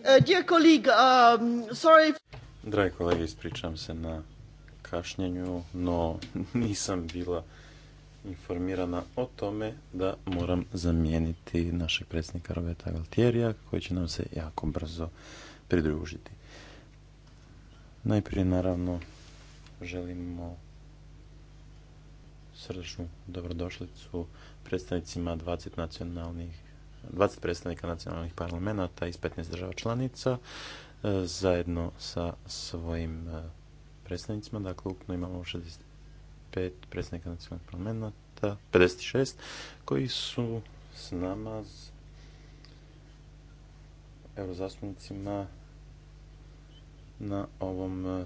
Uh, dear colleague, um, sorry. Dragi kolege, ispričam se na kašnjenju, no nisam bila informirana o tome da moram zamijeniti našeg predsjednika Roberta Galtierija koji će nam se jako brzo pridružiti. Najprije naravno želimo srdečnu dobrodošlicu predstavnicima 20 nacionalnih 20 predstavnika nacionalnih parlamenta iz 15 država članica e, zajedno sa svojim e, predstavnicima. Dakle, ukupno imamo 65 predstavnika nacionalnih parlamenta, 56, koji su s nama, z eurozastupnicima na ovom e,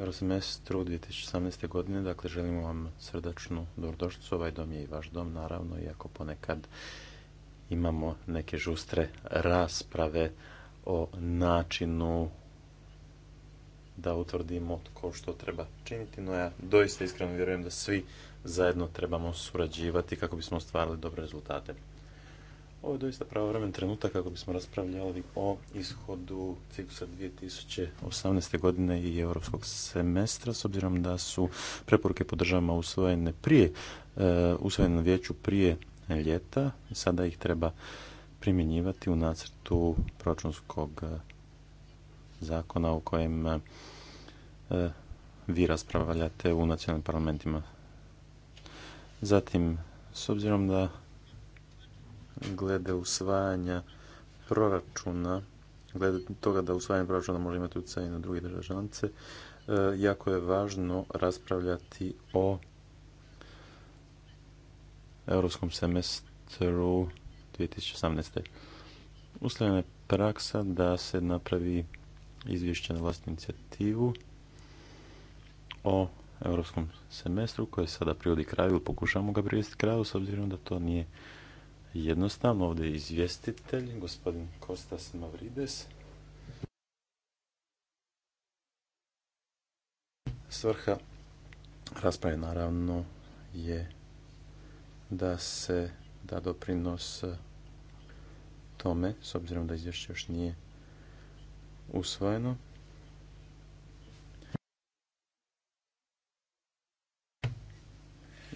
Eurosemestru 2018. godine, dakle želimo vam srdačnu dobrodošlicu, ovaj dom je i vaš dom naravno, iako ponekad imamo neke žustre rasprave o načinu da utvrdimo tko što treba činiti, no ja doista iskreno vjerujem da svi zajedno trebamo surađivati kako bismo ostvarili dobre rezultate. Ovo je doista pravovremen trenutak kako bismo raspravljali o ishodu ciklusa 2018. godine i europskog semestra, s obzirom da su preporuke po državama usvojene prije, e, usvojene na vijeću prije ljeta i sada ih treba primjenjivati u nacrtu proračunskog e, zakona u kojem e, vi raspravljate u nacionalnim parlamentima. Zatim, s obzirom da glede usvajanja proračuna, glede toga da usvajanje proračuna može imati utjecaj na druge države e, jako je važno raspravljati o europskom semestru 2018. Ustavljena je praksa da se napravi izvješće na vlastnu inicijativu o europskom semestru koje sada privodi kraju ili pokušamo ga privesti kraju s obzirom da to nije jednostavno. Ovdje je izvjestitelj, gospodin Kostas Mavrides. Svrha rasprave naravno je da se da doprinos tome, s obzirom da izvješće još nije usvojeno.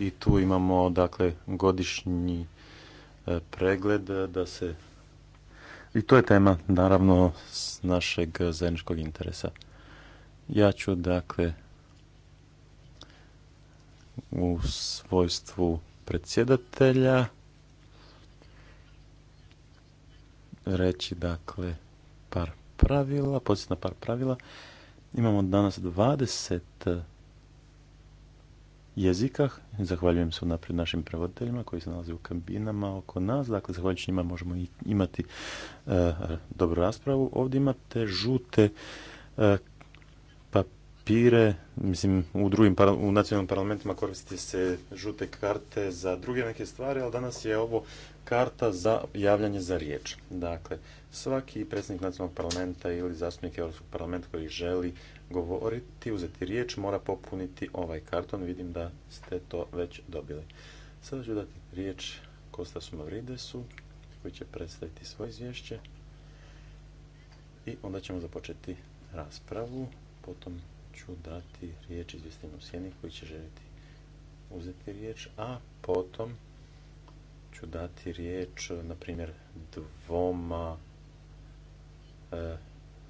I tu imamo dakle godišnji E, pregled e, da se i to je tema naravno s našeg zajedničkog interesa. Ja ću dakle u svojstvu predsjedatelja reći dakle par pravila, posjetna par pravila. Imamo danas 20 jezika. Zahvaljujem se unaprijed našim prevoditeljima koji se nalaze u kabinama oko nas. Dakle, zahvaljujući njima možemo imati e, dobru raspravu. Ovdje imate žute e, papire, mislim u drugim u nacionalnim parlamentima koriste se žute karte za druge neke stvari, ali danas je ovo karta za javljanje za riječ. Dakle, svaki predsjednik nacionalnog parlamenta ili zastupnik Europskog parlamenta koji želi govoriti, uzeti riječ, mora popuniti ovaj karton. Vidim da ste to već dobili. Sada ću dati riječ Kostasu Mavridesu koji će predstaviti svoje izvješće i onda ćemo započeti raspravu. Potom ću dati riječ izvjestinu sjeni koji će željeti uzeti riječ, a potom ću dati riječ, na primjer, dvoma e,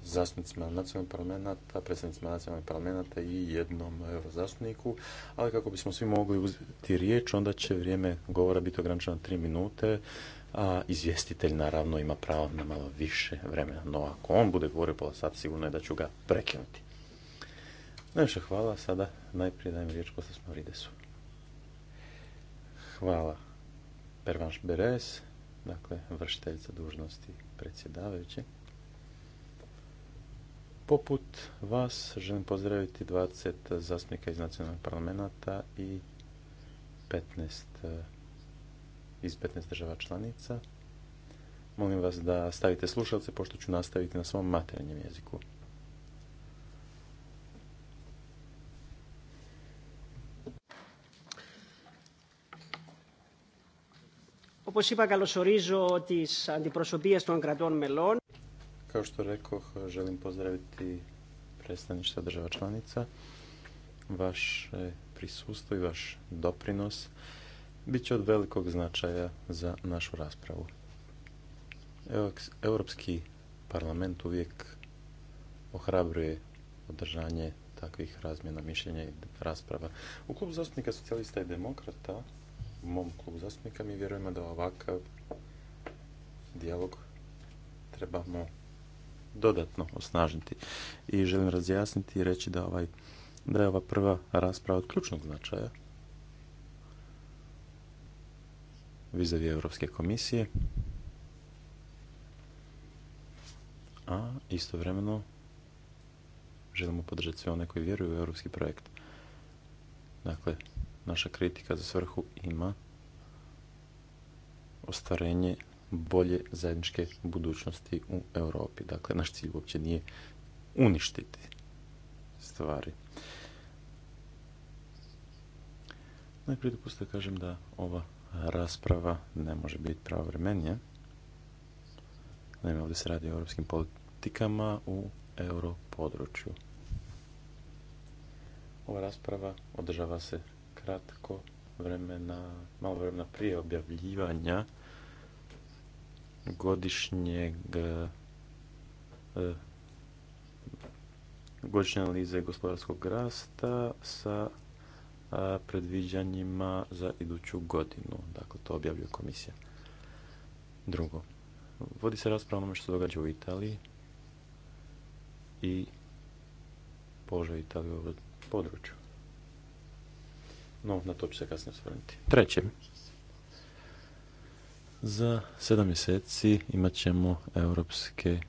zastupnicima nacionalnih parlamenta, predstavnicima nacionalnih parlamenta i jednom zastupniku, ali kako bismo svi mogli uzeti riječ, onda će vrijeme govora biti ograničeno na tri minute, a izvjestitelj naravno ima pravo na malo više vremena. No ako on bude govorio pola sata, sigurno je da ću ga prekinuti. Najviše hvala, sada najprije dajem riječ posle su Hvala Pervanš Beres, dakle vršiteljica dužnosti predsjedavajući. Poput vas želim pozdraviti 20 zastupnika iz nacionalnog parlamenta i 15 e, iz 15 država članica. Molim vas da stavite slušalce, pošto ću nastaviti na svom maternjem jeziku. Όπως είπα, καλωσορίζω τις αντιπροσωπείες των κρατών kao što rekoh, želim pozdraviti predstavništva država članica. Vaše prisustvo i vaš doprinos bit će od velikog značaja za našu raspravu. Europski parlament uvijek ohrabruje održanje takvih razmjena mišljenja i rasprava. U klubu zastupnika socijalista i demokrata, u mom klubu zastupnika, mi vjerujemo da ovakav dijalog trebamo dodatno osnažiti. I želim razjasniti i reći da, ovaj, je ova prva rasprava od ključnog značaja vizavi Europske komisije, a istovremeno želimo podržati sve one koji vjeruju u europski projekt. Dakle, naša kritika za svrhu ima ostvarenje bolje zajedničke budućnosti u Europi. Dakle, naš cilj uopće nije uništiti stvari. Najprije dopustite kažem da ova rasprava ne može biti pravovremenija. Naime, ovdje se radi o europskim politikama u europodručju. Ova rasprava održava se kratko vremena, malo vremena prije objavljivanja godišnjeg e, godišnje analize gospodarskog rasta sa e, predviđanjima za iduću godinu. Dakle, to objavljuje komisija. Drugo, vodi se rasprava onome što se događa u Italiji i položaj Italije u području. No, na to ću se kasnije osvrniti. Treće, za sedam mjeseci imat ćemo europske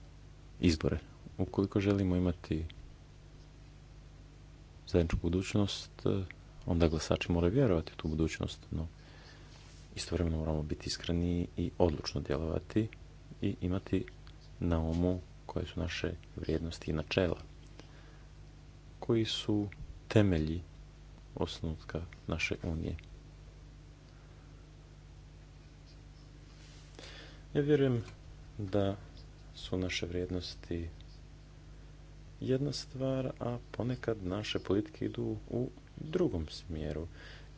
izbore. Ukoliko želimo imati zajedničku budućnost, onda glasači moraju vjerovati u tu budućnost, no istovremeno moramo biti iskreni i odlučno djelovati i imati na umu koje su naše vrijednosti i načela, koji su temelji osnutka naše unije. Ja vjerujem da su naše vrijednosti jedna stvar, a ponekad naše politike idu u drugom smjeru.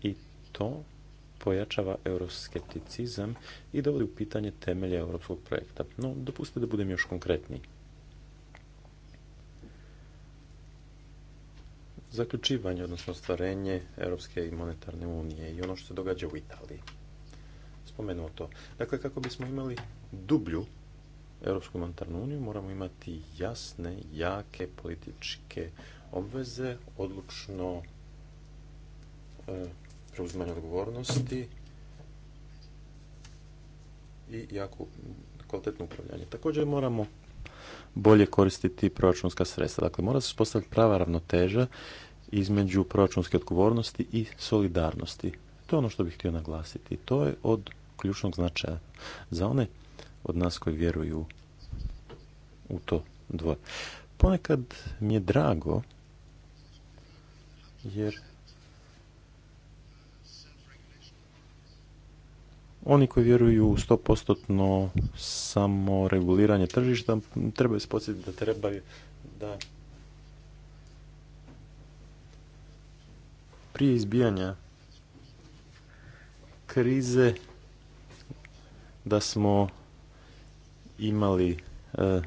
I to pojačava euroskepticizam i dovodi u pitanje temelje europskog projekta. No, dopustite da budem još konkretniji. Zaključivanje, odnosno stvarenje Europske i monetarne unije i ono što se događa u Italiji to. Dakle, kako bismo imali dublju Europsku monetarnu uniju, moramo imati jasne, jake političke obveze, odlučno e, preuzimanje odgovornosti i jako kvalitetno upravljanje. Također moramo bolje koristiti proračunska sredstva. Dakle, mora se postaviti prava ravnoteža između proračunske odgovornosti i solidarnosti. To je ono što bih htio naglasiti. To je od ključnog značaja za one od nas koji vjeruju u to dvoje. Ponekad mi je drago jer oni koji vjeruju u sto postotno samo reguliranje tržišta trebaju podsjetiti da trebaju da prije izbijanja krize da smo imali e,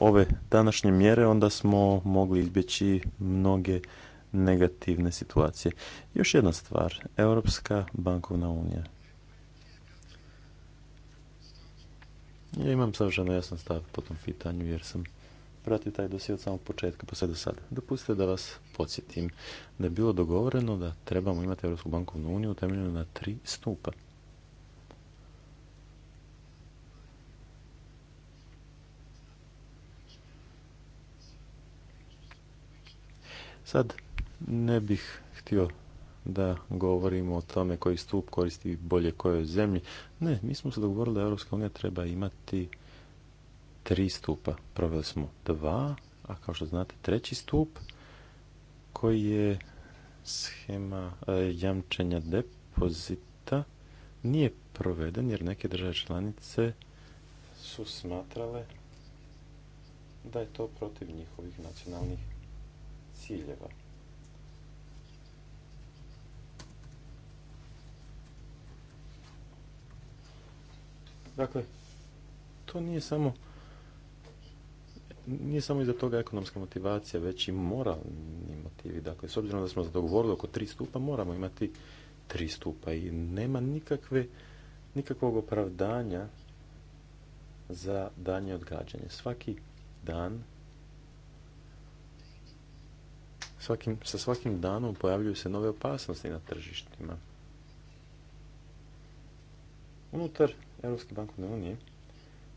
ove današnje mjere, onda smo mogli izbjeći mnoge negativne situacije. Još jedna stvar, Europska bankovna unija. Ja imam savršeno jasan stav po tom pitanju jer sam pratio taj dosje od samog početka pa sve do sada. Dopustite da vas podsjetim da je bilo dogovoreno da trebamo imati Europsku bankovnu uniju utemeljenu na tri stupa. Sad ne bih htio da govorimo o tome koji stup koristi bolje kojoj zemlji. Ne, mi smo se dogovorili da Europska unija treba imati tri stupa. Proveli smo dva, a kao što znate treći stup koji je schema e, jamčenja depozita nije proveden jer neke države članice su smatrale da je to protiv njihovih nacionalnih ciljeva. Dakle, to nije samo nije samo iza toga ekonomska motivacija, već i moralni motivi. Dakle, s obzirom da smo se dogovorili oko tri stupa, moramo imati tri stupa i nema nikakve, nikakvog opravdanja za danje odgađanje. Svaki dan svakim, sa svakim danom pojavljuju se nove opasnosti na tržištima. Unutar Europske bankovne unije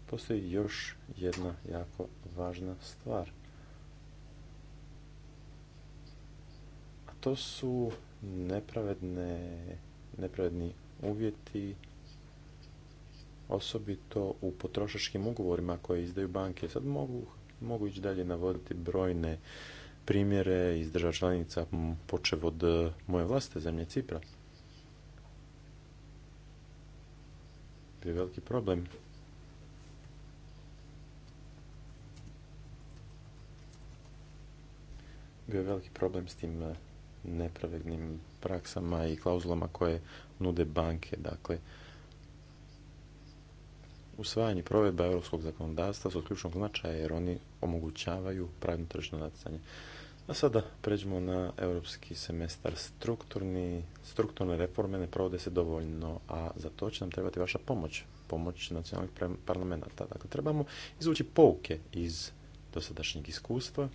postoji još jedna jako važna stvar. A to su nepravedne, nepravedni uvjeti osobito u potrošačkim ugovorima koje izdaju banke. Sad mogu, mogu ići dalje navoditi brojne primjere iz država članica, počev od e, moje vlaste, zemlje Cipra. Bio je veliki problem. Bio je veliki problem s tim e, nepravednim praksama i klauzulama koje nude banke. Dakle, usvajanje provedba europskog zakonodavstva su ključnog značaja jer oni omogućavaju pravno tržišno natjecanje. A sada pređemo na europski semestar strukturni. Strukturne reforme ne provode se dovoljno, a za to će nam trebati vaša pomoć, pomoć nacionalnih parlamenta. Dakle, trebamo izvući pouke iz dosadašnjeg iskustva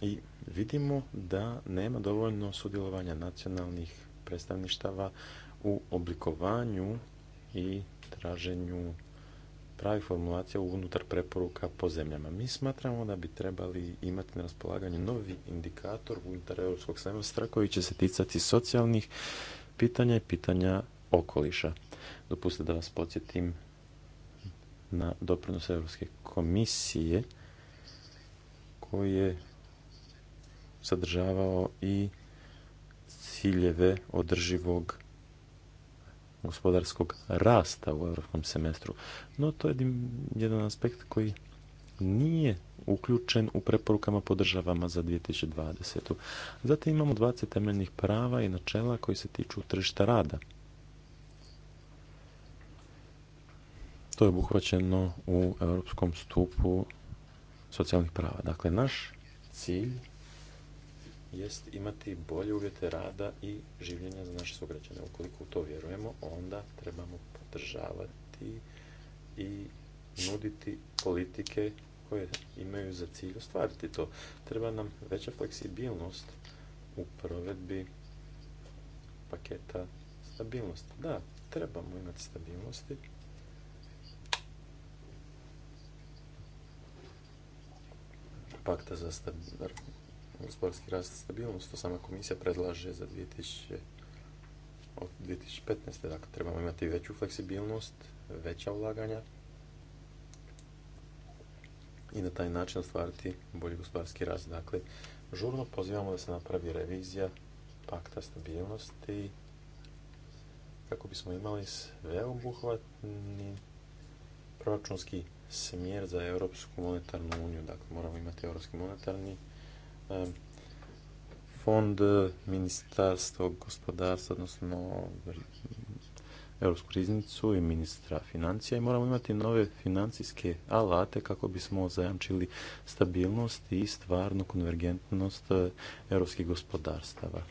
i vidimo da nema dovoljno sudjelovanja nacionalnih predstavništava u oblikovanju i traženju pravih formulacija unutar preporuka po zemljama. Mi smatramo da bi trebali imati na raspolaganju novi indikator unutar europskog semestra koji će se ticati socijalnih pitanja i pitanja okoliša. Dopustite da vas podsjetim na doprinos Europske komisije koji je sadržavao i ciljeve održivog gospodarskog rasta u europskom semestru. No to je jedan aspekt koji nije uključen u preporukama po državama za 2020. Zatim imamo 20 temeljnih prava i načela koji se tiču tržišta rada. To je obuhvaćeno u europskom stupu socijalnih prava. Dakle, naš cilj jest imati bolje uvjete rada i življenja za naše sugrađane. Ukoliko u to vjerujemo, onda trebamo podržavati i nuditi politike koje imaju za cilj ostvariti to. Treba nam veća fleksibilnost u provedbi paketa stabilnosti. Da, trebamo imati stabilnosti. Pakta za stabilnost gospodarski rast stabilnost, to sama komisija predlaže za 2000, od 2015. Dakle, trebamo imati veću fleksibilnost, veća ulaganja i na taj način ostvariti bolji gospodarski rast. Dakle, žurno pozivamo da se napravi revizija pakta stabilnosti kako bismo imali sveobuhvatni proračunski smjer za Europsku monetarnu uniju. Dakle, moramo imati Europski monetarni fond eh, ministarstva gospodarstva, odnosno Europsku riznicu i ministra financija i moramo imati nove financijske alate kako bismo zajamčili stabilnost i stvarnu konvergentnost eh, europskih gospodarstava.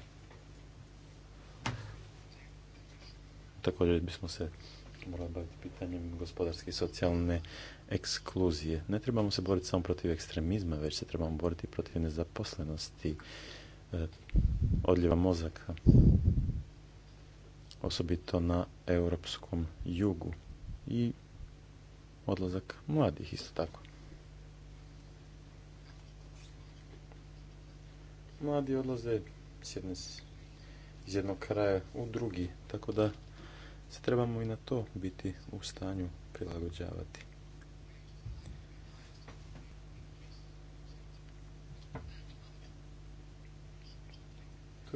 Također bismo se morali baviti pitanjem gospodarske i socijalne ekskluzije. Ne trebamo se boriti samo protiv ekstremizma, već se trebamo boriti protiv nezaposlenosti, e, odljeva mozaka, osobito na europskom jugu i odlazak mladih isto tako. Mladi odlaze iz jednog kraja u drugi, tako da se trebamo i na to biti u stanju prilagođavati.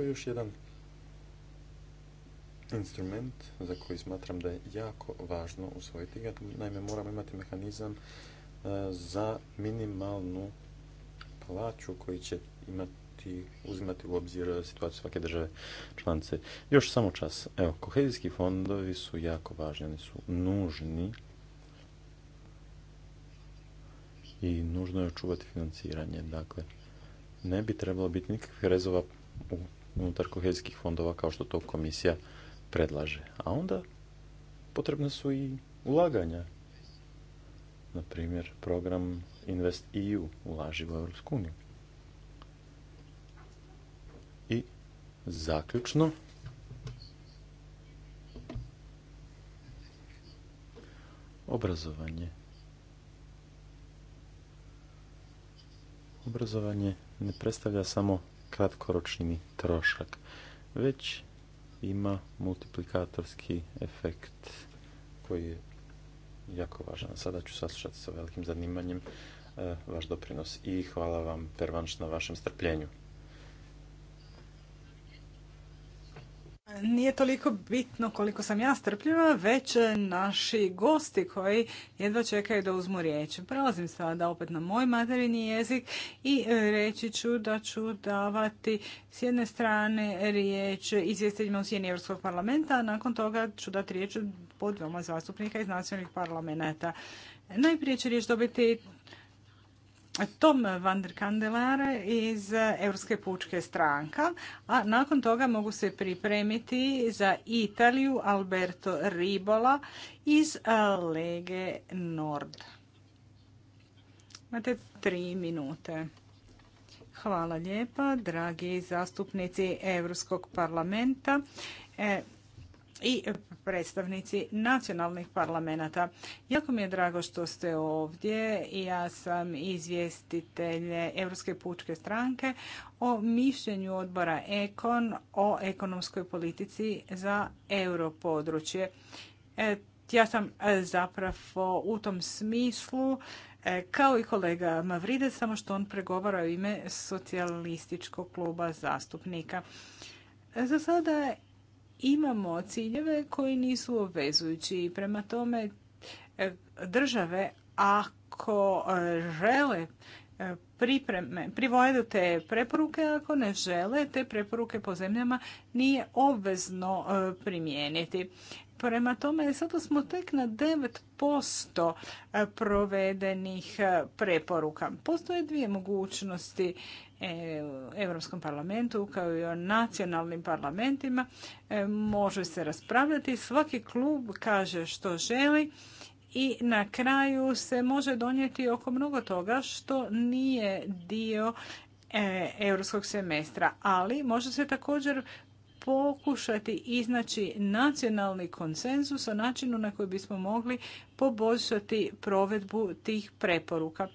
još jedan instrument za koji smatram da je jako važno usvojiti ga. Naime, moramo imati mehanizam e, za minimalnu plaću koji će imati, uzimati u obzir situaciju svake države članice. Još samo čas. Evo, kohezijski fondovi su jako važni, oni su nužni i nužno je očuvati financiranje. Dakle, ne bi trebalo biti nikakvih rezova u unutar kohezijskih fondova kao što to komisija predlaže. A onda potrebna su i ulaganja. Na primjer, program Invest EU ulaži u Europsku uniju. I zaključno, obrazovanje. Obrazovanje ne predstavlja samo kratkoročni trošak, već ima multiplikatorski efekt koji je jako važan. Sada ću saslušati sa velikim zanimanjem eh, vaš doprinos i hvala vam pervanč na vašem strpljenju. Nije toliko bitno koliko sam ja strpljiva, već naši gosti koji jedva čekaju da uzmu riječ. Prelazim sada opet na moj materijni jezik i e, reći ću da ću davati s jedne strane riječ izvjestiteljima u Sjeni Evropskog parlamenta, a nakon toga ću dati riječ po dvoma zastupnika iz nacionalnih parlamenta. Najprije će riječ dobiti Tom van der Kandelare iz Europske pučke stranka, a nakon toga mogu se pripremiti za Italiju Alberto Ribola iz Lege Nord. Imate tri minute. Hvala lijepa, dragi zastupnici Europskog parlamenta. E, i predstavnici nacionalnih parlamenta. Jako mi je drago što ste ovdje. Ja sam izvjestitelj Europske pučke stranke o mišljenju odbora Ekon o ekonomskoj politici za europodručje. E, ja sam e, zapravo u tom smislu e, kao i kolega Mavride, samo što on pregovara u ime socijalističkog kluba zastupnika. Za sada imamo ciljeve koji nisu obvezujući i prema tome e, države ako e, žele e, pripreme, privojedu te preporuke, ako ne žele te preporuke po zemljama nije obvezno primijeniti. Prema tome, sada smo tek na 9% provedenih preporuka. Postoje dvije mogućnosti E, Europskom parlamentu kao i o nacionalnim parlamentima e, može se raspravljati. Svaki klub kaže što želi i na kraju se može donijeti oko mnogo toga što nije dio e, europskog semestra, ali može se također pokušati iznaći nacionalni konsenzus o načinu na koji bismo mogli poboljšati provedbu tih preporuka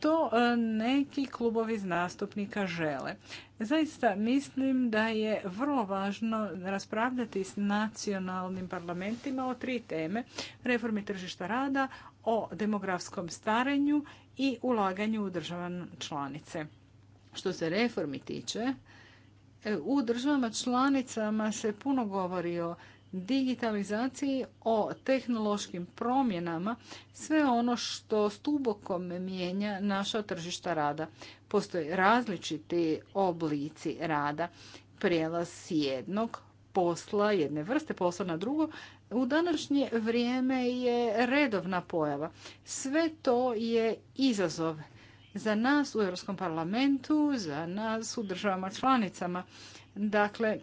to e, neki klubovi zastupnika žele. Zaista mislim da je vrlo važno raspravljati s nacionalnim parlamentima o tri teme. Reformi tržišta rada, o demografskom starenju i ulaganju u državan članice. Što se reformi tiče, e, u državama članicama se puno govori o digitalizaciji, o tehnološkim promjenama, sve ono što stubokom mijenja naša tržišta rada. Postoje različiti oblici rada, prijelaz jednog posla, jedne vrste posla na drugo, u današnje vrijeme je redovna pojava. Sve to je izazov za nas u Europskom parlamentu, za nas u državama članicama. Dakle,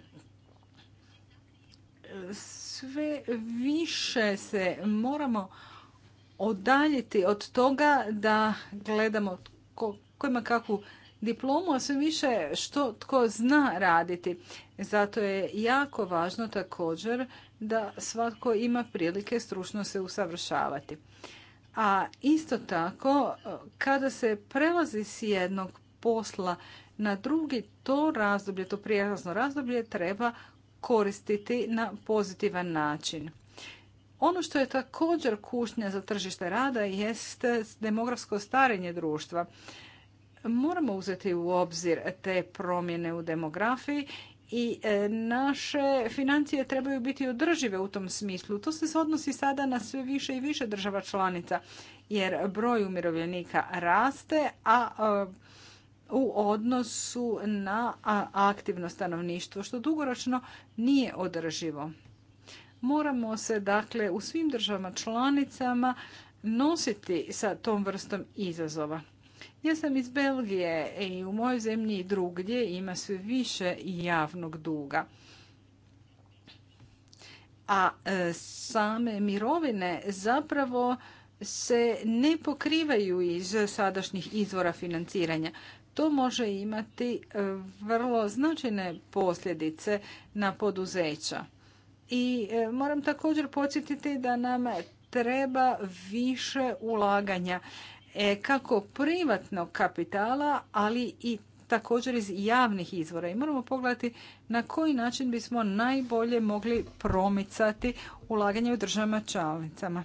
sve više se moramo odaljiti od toga da gledamo ko, ima kakvu diplomu, a sve više što tko zna raditi. Zato je jako važno također da svatko ima prilike stručno se usavršavati. A isto tako, kada se prelazi s jednog posla na drugi, to razdoblje, to prijelazno razdoblje treba koristiti na pozitivan način. Ono što je također kušnja za tržište rada jest demografsko starenje društva. Moramo uzeti u obzir te promjene u demografiji i e, naše financije trebaju biti održive u tom smislu. To se odnosi sada na sve više i više država članica jer broj umirovljenika raste, a e, u odnosu na aktivno stanovništvo, što dugoročno nije održivo. Moramo se dakle u svim državama članicama nositi sa tom vrstom izazova. Ja sam iz Belgije i u mojoj zemlji i drugdje ima sve više javnog duga. A e, same mirovine zapravo se ne pokrivaju iz sadašnjih izvora financiranja to može imati e, vrlo značajne posljedice na poduzeća. I e, moram također podsjetiti da nam treba više ulaganja e, kako privatnog kapitala, ali i također iz javnih izvora. I moramo pogledati na koji način bismo najbolje mogli promicati ulaganje u državama članicama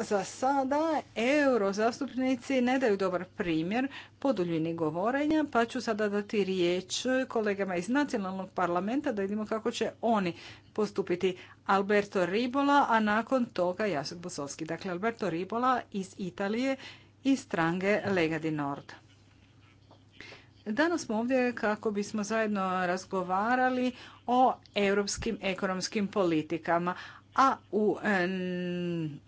za sada euro zastupnici ne daju dobar primjer po duljini govorenja, pa ću sada dati riječ kolegama iz nacionalnog parlamenta da vidimo kako će oni postupiti Alberto Ribola, a nakon toga Jasut Bosovski. Dakle, Alberto Ribola iz Italije i strange Lega di Nord. Danas smo ovdje kako bismo zajedno razgovarali o europskim ekonomskim politikama, a u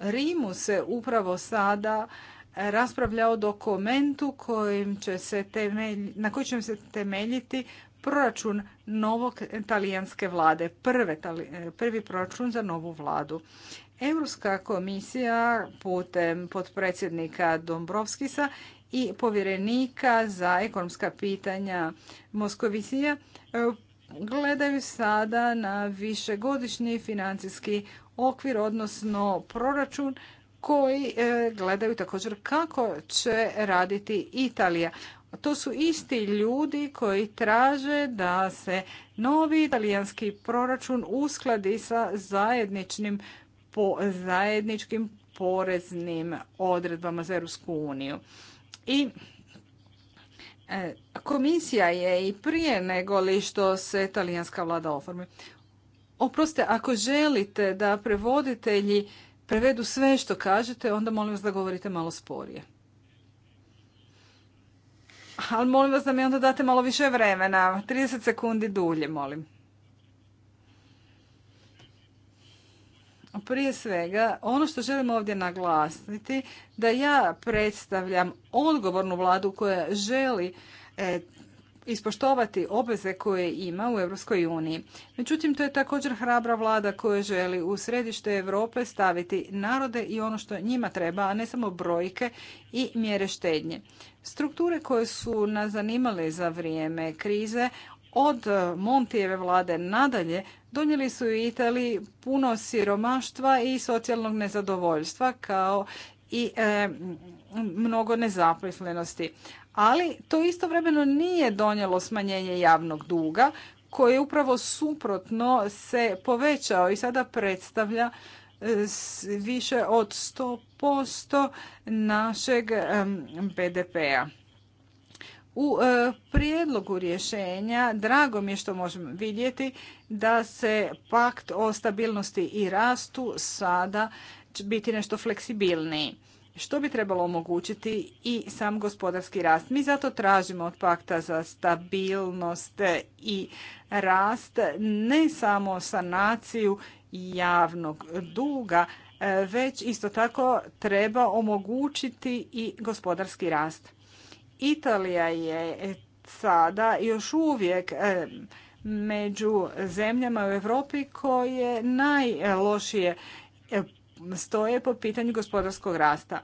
Rimu se upravo sada raspravlja o dokumentu kojim će se temelj, na koji će se temeljiti proračun novog talijanske vlade, prve, e, prvi proračun za novu vladu. Europska komisija putem potpredsjednika Dombrovskisa i povjerenika za ekonomska pitanja Moskovisija e, gledaju sada na višegodišnji financijski okvir, odnosno proračun koji e, gledaju također kako će raditi Italija. To su isti ljudi koji traže da se novi italijanski proračun uskladi sa zajedničnim, po, zajedničkim poreznim odredbama za Europsku uniju. I E, komisija je i prije nego li što se talijanska vlada oformi. Oprostite, ako želite da prevoditelji prevedu sve što kažete, onda molim vas da govorite malo sporije. Ali molim vas da mi onda date malo više vremena, 30 sekundi dulje, molim. prije svega, ono što želim ovdje naglasiti, da ja predstavljam odgovornu vladu koja želi e, ispoštovati obveze koje ima u Europskoj uniji. Međutim, to je također hrabra vlada koja želi u središte Europe staviti narode i ono što njima treba, a ne samo brojke i mjere štednje. Strukture koje su nas zanimale za vrijeme krize, od e, Montijeve vlade nadalje donijeli su u Italiji puno siromaštva i socijalnog nezadovoljstva kao i e, mnogo nezaposlenosti. Ali to istovremeno nije donijelo smanjenje javnog duga koji je upravo suprotno se povećao i sada predstavlja e, više od 100% našeg BDP-a. U e, prijedlogu rješenja drago mi je što možemo vidjeti da se pakt o stabilnosti i rastu sada će biti nešto fleksibilniji što bi trebalo omogućiti i sam gospodarski rast. Mi zato tražimo od pakta za stabilnost i rast ne samo sanaciju javnog duga, e, već isto tako treba omogućiti i gospodarski rast. Italija je sada još uvijek e, među zemljama u Europi koje najlošije e, stoje po pitanju gospodarskog rasta.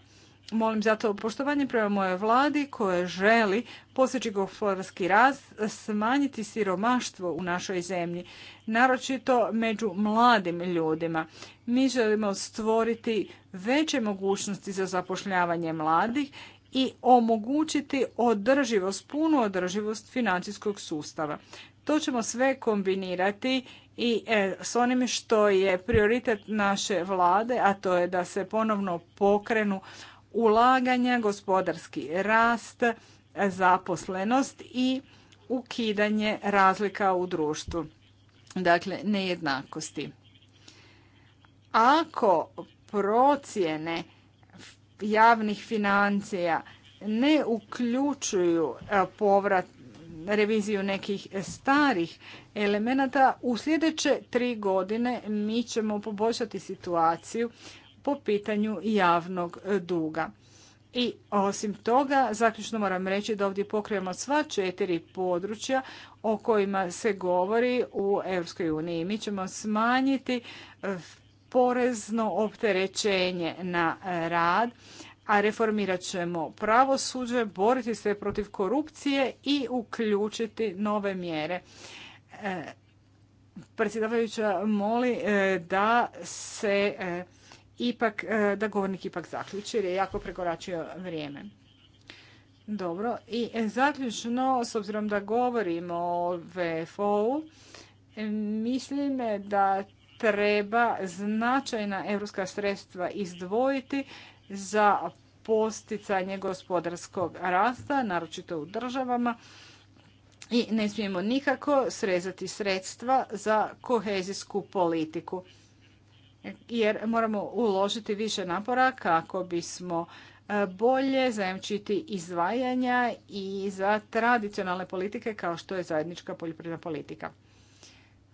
Molim zato poštovanje prema moje vladi koje želi posjeći gospodarski rast, smanjiti siromaštvo u našoj zemlji, naročito među mladim ljudima. Mi želimo stvoriti veće mogućnosti za zapošljavanje mladih i omogućiti održivost, punu održivost financijskog sustava. To ćemo sve kombinirati i e, s onim što je prioritet naše vlade, a to je da se ponovno pokrenu ulaganja, gospodarski rast, zaposlenost i ukidanje razlika u društvu, dakle nejednakosti. Ako procjene javnih financija ne uključuju e, povrat reviziju nekih starih elemenata, u sljedeće tri godine mi ćemo poboljšati situaciju po pitanju javnog duga. I osim toga, zaključno moram reći da ovdje pokrijemo sva četiri područja o kojima se govori u EU. Mi ćemo smanjiti e, porezno opterećenje na rad, a reformirat ćemo pravosuđe, boriti se protiv korupcije i uključiti nove mjere. E, predsjedavajuća moli e, da se e, ipak, da govornik ipak zaključi jer je jako prekoračio vrijeme. Dobro, i zaključno, s obzirom da govorimo o VFO-u, mislim da treba značajna europska sredstva izdvojiti za posticanje gospodarskog rasta, naročito u državama. I ne smijemo nikako srezati sredstva za kohezijsku politiku. Jer moramo uložiti više napora kako bismo e, bolje zajamčiti izdvajanja i za tradicionalne politike kao što je zajednička poljoprivredna politika.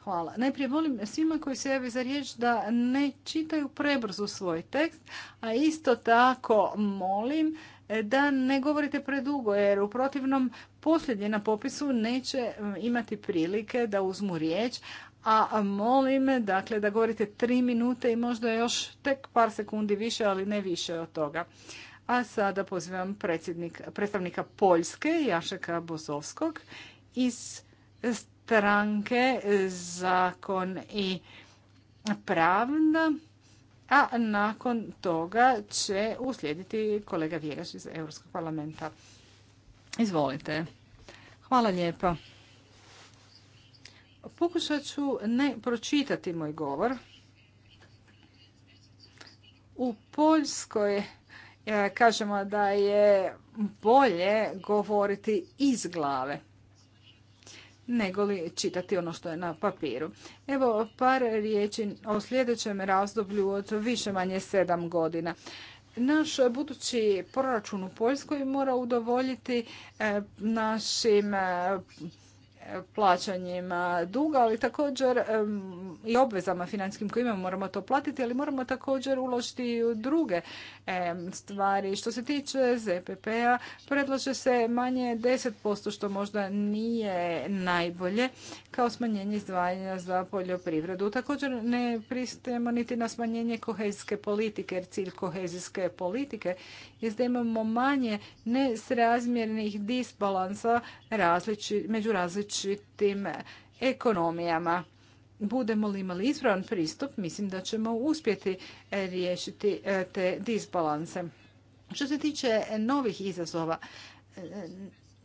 Hvala. Najprije molim svima koji se jave za riječ da ne čitaju prebrzo svoj tekst, a isto tako molim e, da ne govorite predugo jer u protivnom posljednje na popisu neće imati prilike da uzmu riječ, a molim dakle, da govorite tri minute i možda još tek par sekundi više, ali ne više od toga. A sada pozivam predsjednik, predstavnika Poljske, Jašeka Bozovskog, iz stranke, zakon i pravda. A nakon toga će uslijediti kolega Vjegaš iz Europskog parlamenta. Izvolite. Hvala lijepa. Pokušat ću ne pročitati moj govor. U Poljskoj e, kažemo da je bolje govoriti iz glave nego li čitati ono što je na papiru. Evo par riječi o sljedećem razdoblju od više manje sedam godina. Naš budući proračun u Poljskoj mora udovoljiti e, našim e, plaćanjima duga, ali također i obvezama financijskim koje imamo moramo to platiti, ali moramo također uložiti i u druge stvari. Što se tiče ZPP-a, predlaže se manje 10%, što možda nije najbolje, kao smanjenje izdvajanja za poljoprivredu. Također ne pristajemo niti na smanjenje kohezijske politike, jer cilj kohezijske politike je da imamo manje nesrazmjernih disbalansa među različitim različitim ekonomijama. Budemo li imali ispravan pristup, mislim da ćemo uspjeti e, riješiti e, te disbalanse. Što se tiče novih izazova, e,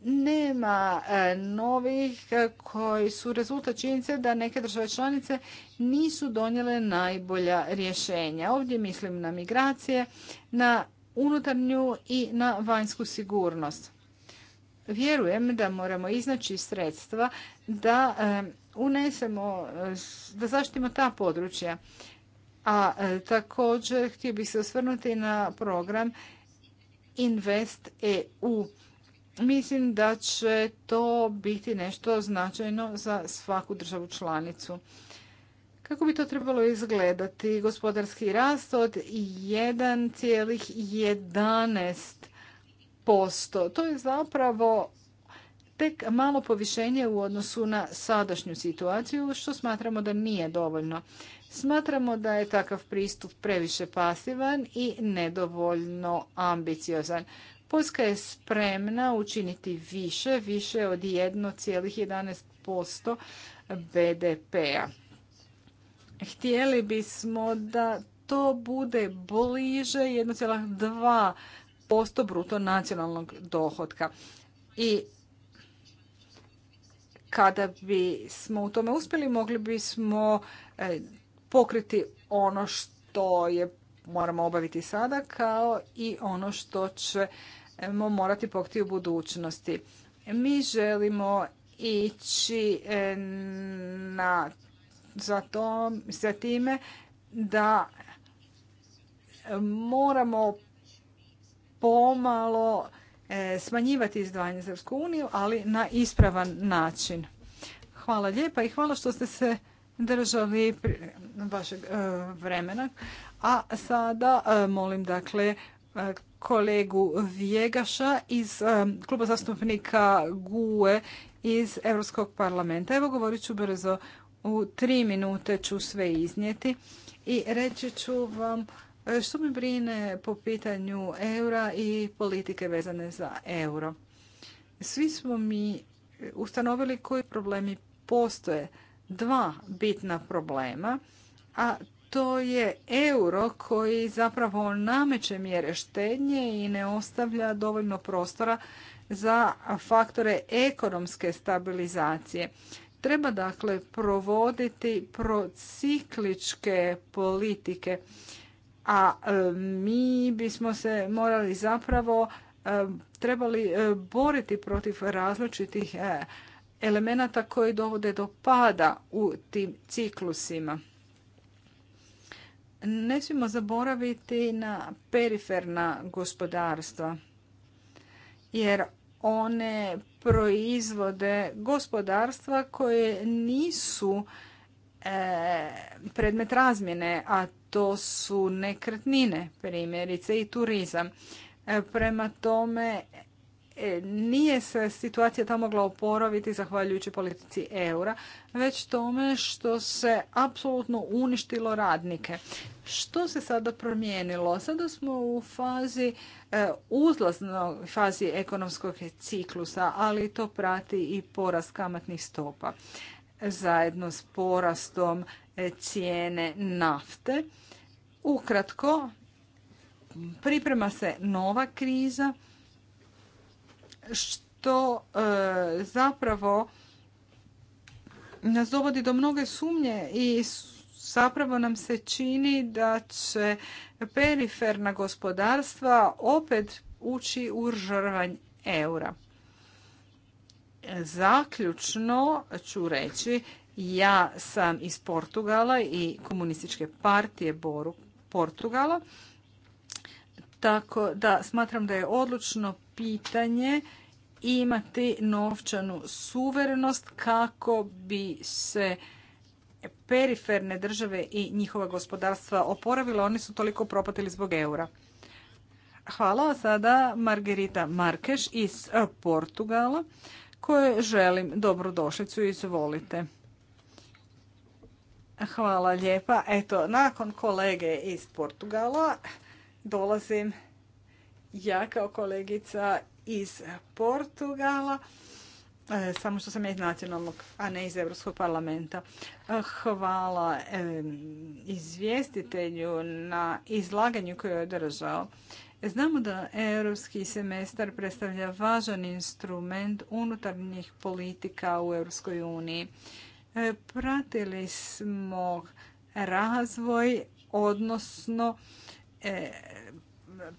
nema novih koji su rezultat činjenice da neke države članice nisu donijele najbolja rješenja. Ovdje mislim na migracije, na unutarnju i na vanjsku sigurnost vjerujem da moramo iznaći sredstva da unesemo, da zaštitimo ta područja. A e, također htio bih se osvrnuti na program Invest EU. Mislim da će to biti nešto značajno za svaku državu članicu. Kako bi to trebalo izgledati? Gospodarski rast od 1,11 to je zapravo tek malo povišenje u odnosu na sadašnju situaciju, što smatramo da nije dovoljno. Smatramo da je takav pristup previše pasivan i nedovoljno ambiciozan. Poljska je spremna učiniti više, više od 1,11% BDP-a. Htjeli bismo da to bude bliže 1,2% posto bruto nacionalnog dohodka. I kada bi smo u tome uspjeli, mogli bismo e, pokriti ono što je moramo obaviti sada kao i ono što ćemo morati pokriti u budućnosti. Mi želimo ići e, na, za, to, za time da moramo pomalo e, smanjivati izdvajanje za Europsku uniju, ali na ispravan način. Hvala lijepa i hvala što ste se držali vašeg e, vremena. A sada e, molim dakle kolegu Vjegaša iz kluba zastupnika GUE iz Europskog parlamenta. Evo govorit ću brzo, u tri minute ću sve iznijeti i reći ću vam E, što me brine po pitanju eura i politike vezane za euro? Svi smo mi ustanovili koji problemi postoje. Dva bitna problema, a to je euro koji zapravo nameće mjere štednje i ne ostavlja dovoljno prostora za faktore ekonomske stabilizacije. Treba dakle provoditi procikličke politike a e, mi bismo se morali zapravo e, trebali e, boriti protiv različitih elemenata koji dovode do pada u tim ciklusima. Ne smijemo zaboraviti na periferna gospodarstva jer one proizvode gospodarstva koje nisu predmet razmjene, a to su nekretnine primjerice i turizam. E, prema tome e, nije se situacija ta mogla oporaviti zahvaljujući politici eura, već tome što se apsolutno uništilo radnike. Što se sada promijenilo? Sada smo u fazi e, uzlaznoj fazi ekonomskog ciklusa, ali to prati i porast kamatnih stopa. Zajedno s porastom cijene nafte. Ukratko, priprema se nova kriza što e, zapravo nas dovodi do mnoge sumnje i zapravo nam se čini da će periferna gospodarstva opet ući u žrvanj eura. Zaključno ću reći ja sam iz Portugala i komunističke partije Boru Portugala. Tako da smatram da je odlučno pitanje imati novčanu suverenost kako bi se periferne države i njihova gospodarstva oporavila. Oni su toliko propatili zbog eura. Hvala sada Margarita Markeš iz Portugala koje želim dobrodošlicu. Izvolite. Hvala lijepa. Eto, nakon kolege iz Portugala dolazim ja kao kolegica iz Portugala, e, samo što sam iz nacionalnog, a ne iz Europskog parlamenta. E, hvala e, izvjestitelju na izlaganju koje je održao. Znamo da europski semestar predstavlja važan instrument unutarnjih politika u Europskoj uniji. E, pratili smo razvoj, odnosno e,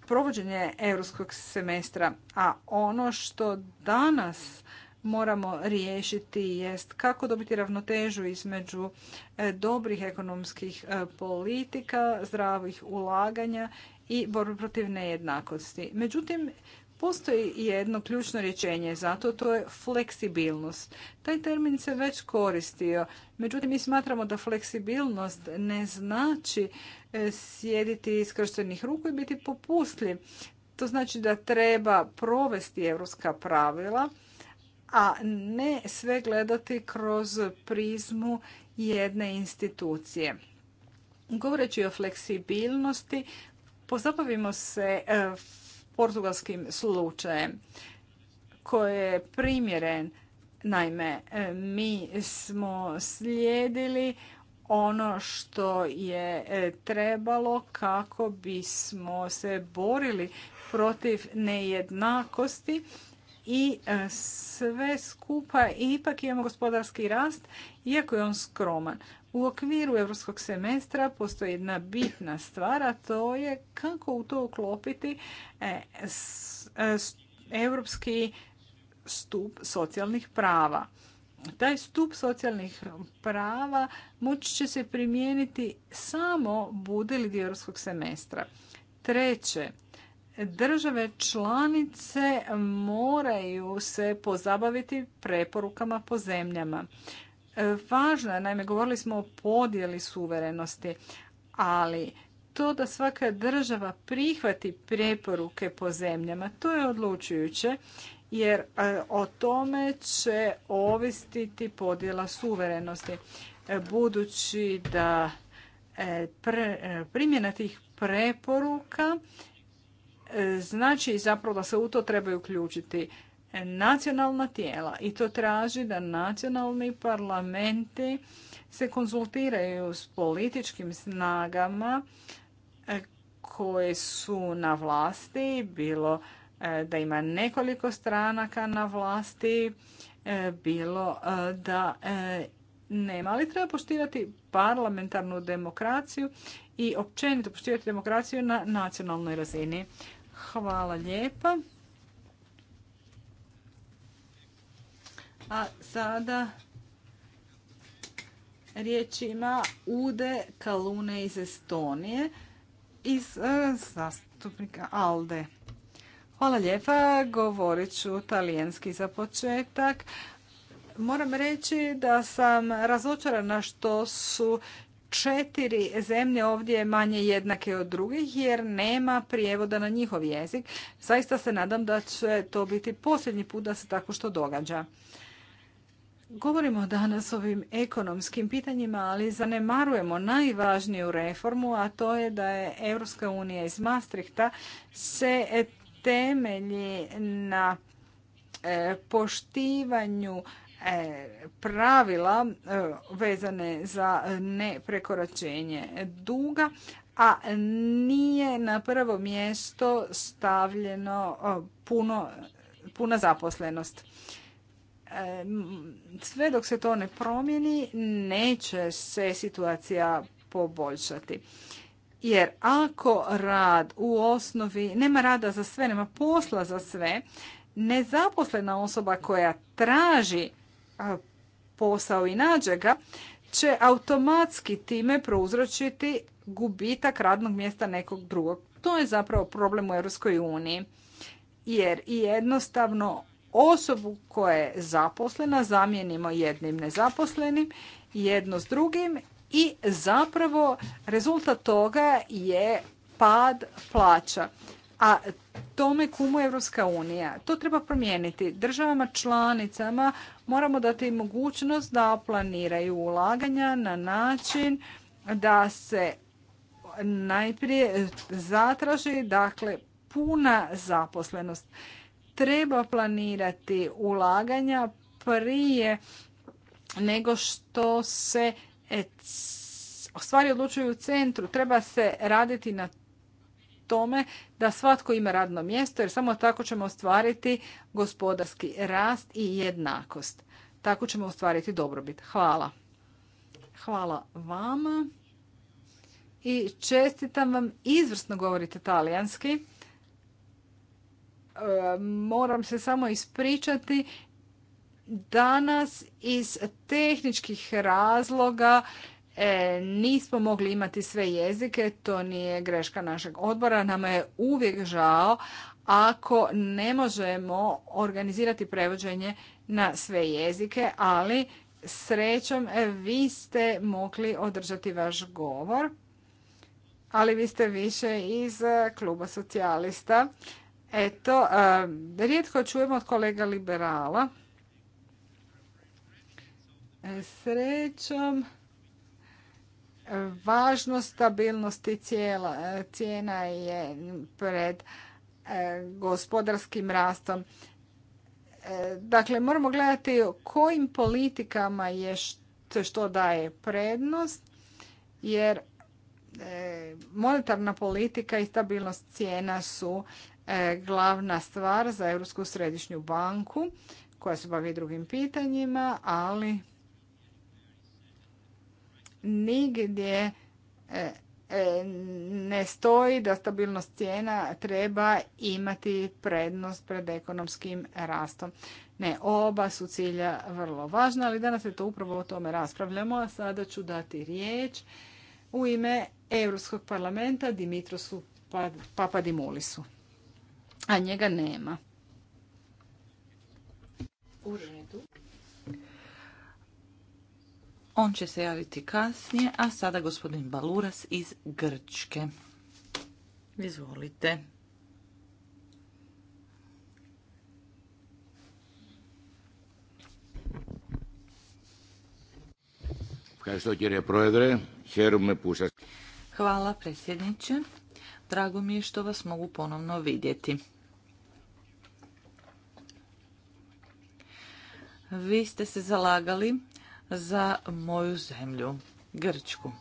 provođenje europskog semestra, a ono što danas moramo riješiti jest kako dobiti ravnotežu između e, dobrih ekonomskih politika, zdravih ulaganja i borbe protiv nejednakosti. Međutim, Postoji jedno ključno rječenje, zato to je fleksibilnost. Taj termin se već koristio, međutim mi smatramo da fleksibilnost ne znači e, sjediti iskrštenih ruku i biti popustljiv. To znači da treba provesti evropska pravila, a ne sve gledati kroz prizmu jedne institucije. Govoreći o fleksibilnosti, pozabavimo se e, portugalskim slučajem koji je primjeren. Naime, e, mi smo slijedili ono što je e, trebalo kako bismo se borili protiv nejednakosti i e, sve skupa ipak imamo gospodarski rast, iako je on skroman. U okviru europskog semestra postoji jedna bitna stvar, a to je kako u to uklopiti e, e, europski stup socijalnih prava. Taj stup socijalnih prava moći će se primijeniti samo bude li dio europskog semestra. Treće, države članice moraju se pozabaviti preporukama po zemljama važno je, naime govorili smo o podjeli suverenosti, ali to da svaka država prihvati preporuke po zemljama, to je odlučujuće jer e, o tome će ovistiti podjela suverenosti. E, budući da e, primjena tih preporuka znači zapravo da se u to trebaju uključiti nacionalna tijela i to traži da nacionalni parlamenti se konzultiraju s političkim snagama e, koje su na vlasti, bilo e, da ima nekoliko stranaka na vlasti, e, bilo da nema, ali treba poštivati parlamentarnu demokraciju i općenito poštivati demokraciju na nacionalnoj razini. Hvala lijepa. A sada riječ ima Ude Kalune iz Estonije iz e, zastupnika Alde. Hvala lijepa, govorit ću talijanski za početak. Moram reći da sam razočarana što su četiri zemlje ovdje manje jednake od drugih jer nema prijevoda na njihov jezik. Zaista se nadam da će to biti posljednji put da se tako što događa. Govorimo danas o ovim ekonomskim pitanjima, ali zanemarujemo najvažniju reformu, a to je da je Europska unija iz Maastrichta se temelji na e, poštivanju e, pravila e, vezane za neprekoračenje duga, a nije na prvo mjesto stavljeno puno, puna zaposlenost sve dok se to ne promijeni neće se situacija poboljšati. Jer ako rad u osnovi, nema rada za sve, nema posla za sve, nezaposlena osoba koja traži posao i nađe ga, će automatski time prouzročiti gubitak radnog mjesta nekog drugog. To je zapravo problem u EU. uniji. Jer jednostavno osobu koja je zaposlena zamijenimo jednim nezaposlenim, jedno s drugim i zapravo rezultat toga je pad plaća. A tome kumu Evropska unija. To treba promijeniti. Državama članicama moramo dati mogućnost da planiraju ulaganja na način da se najprije zatraži dakle puna zaposlenost treba planirati ulaganja prije nego što se e, stvari odlučuju u centru. Treba se raditi na tome da svatko ima radno mjesto jer samo tako ćemo ostvariti gospodarski rast i jednakost. Tako ćemo ostvariti dobrobit. Hvala. Hvala vama i čestitam vam. Izvrsno govorite talijanski moram se samo ispričati. Danas iz tehničkih razloga e, nismo mogli imati sve jezike, to nije greška našeg odbora, nama je uvijek žao ako ne možemo organizirati prevođenje na sve jezike, ali srećom e, vi ste mogli održati vaš govor, ali vi ste više iz kluba socijalista. Eto, rijetko čujemo od kolega liberala. E, srećom, važnost stabilnosti e, cijena je pred e, gospodarskim rastom. Dakle, moramo gledati kojim politikama je što daje prednost, jer monetarna politika i stabilnost cijena su E, glavna stvar za Europsku središnju banku koja se bavi drugim pitanjima, ali nigdje e, e, ne stoji da stabilnost cijena treba imati prednost pred ekonomskim rastom. Ne, oba su cilja vrlo važna, ali danas je to upravo o tome raspravljamo. A sada ću dati riječ u ime Europskog parlamenta Dimitrosu pa- Papadimulisu a njega nema. U redu. On će se javiti kasnije, a sada gospodin Baluras iz Grčke. Izvolite. Hvala predsjedniče. Drago mi je što vas mogu ponovno vidjeti. Vi ste se zalagali za moju zemlju, Grčku.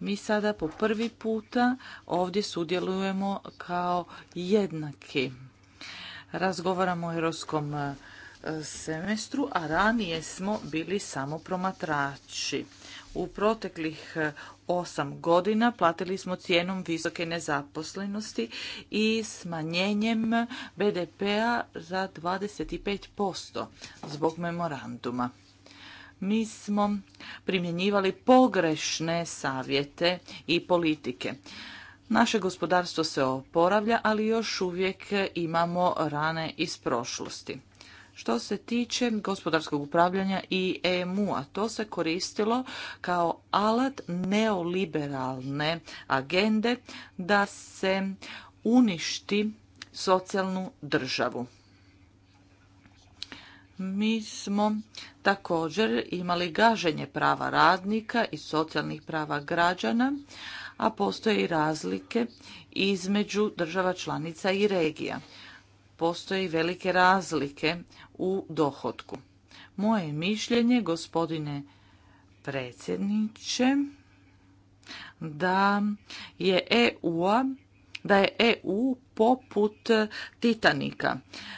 Mi sada po prvi puta ovdje sudjelujemo kao jednaki. Razgovaramo o europskom e, semestru, a ranije smo bili samo promatrači. U proteklih e, osam godina platili smo cijenom visoke nezaposlenosti i smanjenjem BDP-a za 25% zbog memoranduma. Mi smo primjenjivali pogrešne savjete i politike. Naše gospodarstvo se oporavlja, ali još uvijek imamo rane iz prošlosti što se tiče gospodarskog upravljanja i EMU-a. To se koristilo kao alat neoliberalne agende da se uništi socijalnu državu. Mi smo također imali gaženje prava radnika i socijalnih prava građana, a postoje i razlike između država članica i regija. Postoje i velike razlike u dohodku. Moje mišljenje, gospodine predsjedniče, da je eu da je EU poput Titanika.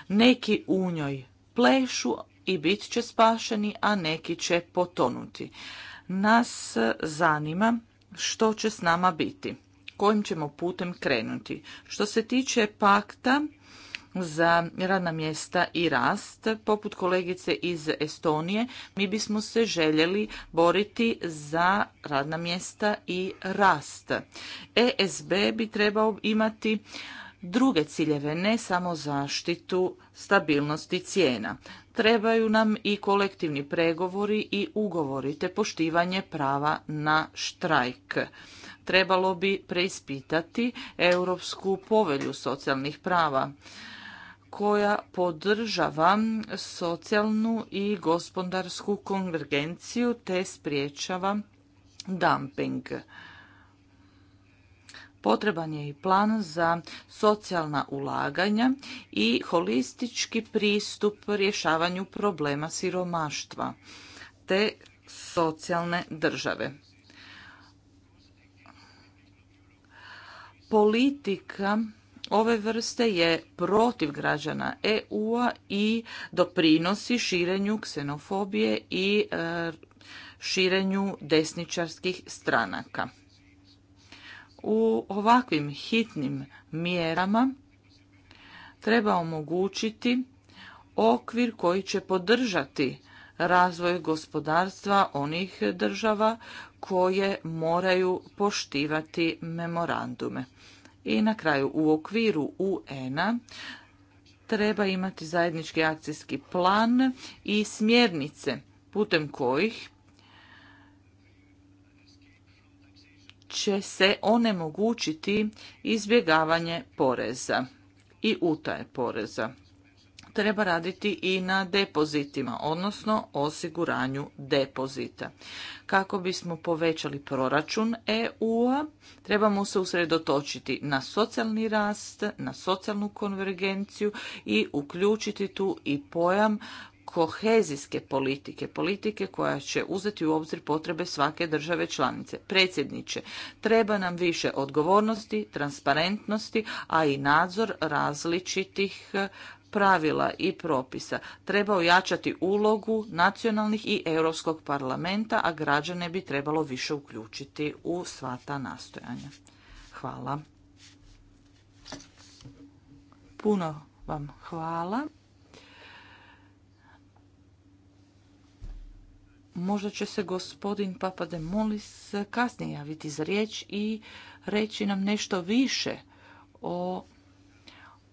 Neki u njoj plešu i bit će spašeni, a neki će potonuti. Nas zanima što će s nama biti, kojim ćemo putem krenuti. Što se tiče pakta za radna mjesta i rast, poput kolegice iz Estonije, mi bismo se željeli boriti za radna mjesta i rast. ESB bi trebao imati druge ciljeve, ne samo zaštitu stabilnosti cijena. Trebaju nam i kolektivni pregovori i ugovori te poštivanje prava na štrajk. Trebalo bi preispitati Europsku povelju socijalnih prava koja podržava socijalnu i gospodarsku konvergenciju te spriječava dumping. Potreban je i plan za socijalna ulaganja i holistički pristup rješavanju problema siromaštva te socijalne države. Politika ove vrste je protiv građana EU-a i doprinosi širenju ksenofobije i e, širenju desničarskih stranaka. U ovakvim hitnim mjerama treba omogućiti okvir koji će podržati razvoj gospodarstva onih država koje moraju poštivati memorandume. I na kraju, u okviru UN-a treba imati zajednički akcijski plan i smjernice putem kojih će se onemogućiti izbjegavanje poreza i utaje poreza treba raditi i na depozitima, odnosno osiguranju depozita. Kako bismo povećali proračun EU-a, trebamo se usredotočiti na socijalni rast, na socijalnu konvergenciju i uključiti tu i pojam kohezijske politike, politike koja će uzeti u obzir potrebe svake države članice. Predsjedniče, treba nam više odgovornosti, transparentnosti, a i nadzor različitih pravila i propisa treba ojačati ulogu nacionalnih i Europskog parlamenta, a građane bi trebalo više uključiti u sva ta nastojanja. Hvala. Puno vam hvala. Možda će se gospodin Papademolis kasnije javiti za riječ i reći nam nešto više o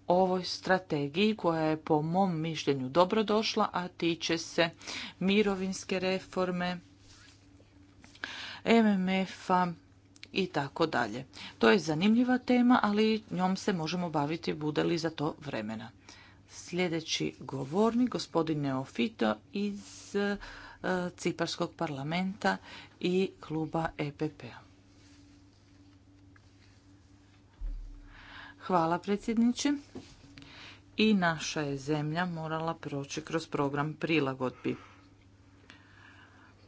ovoj strategiji koja je po mom mišljenju dobro došla, a tiče se mirovinske reforme, MMF-a i tako dalje. To je zanimljiva tema, ali njom se možemo baviti bude li za to vremena. Sljedeći govornik, gospodin Neofito iz e, Ciparskog parlamenta i kluba EPP-a. Hvala predsjedniče. I naša je zemlja morala proći kroz program prilagodbi.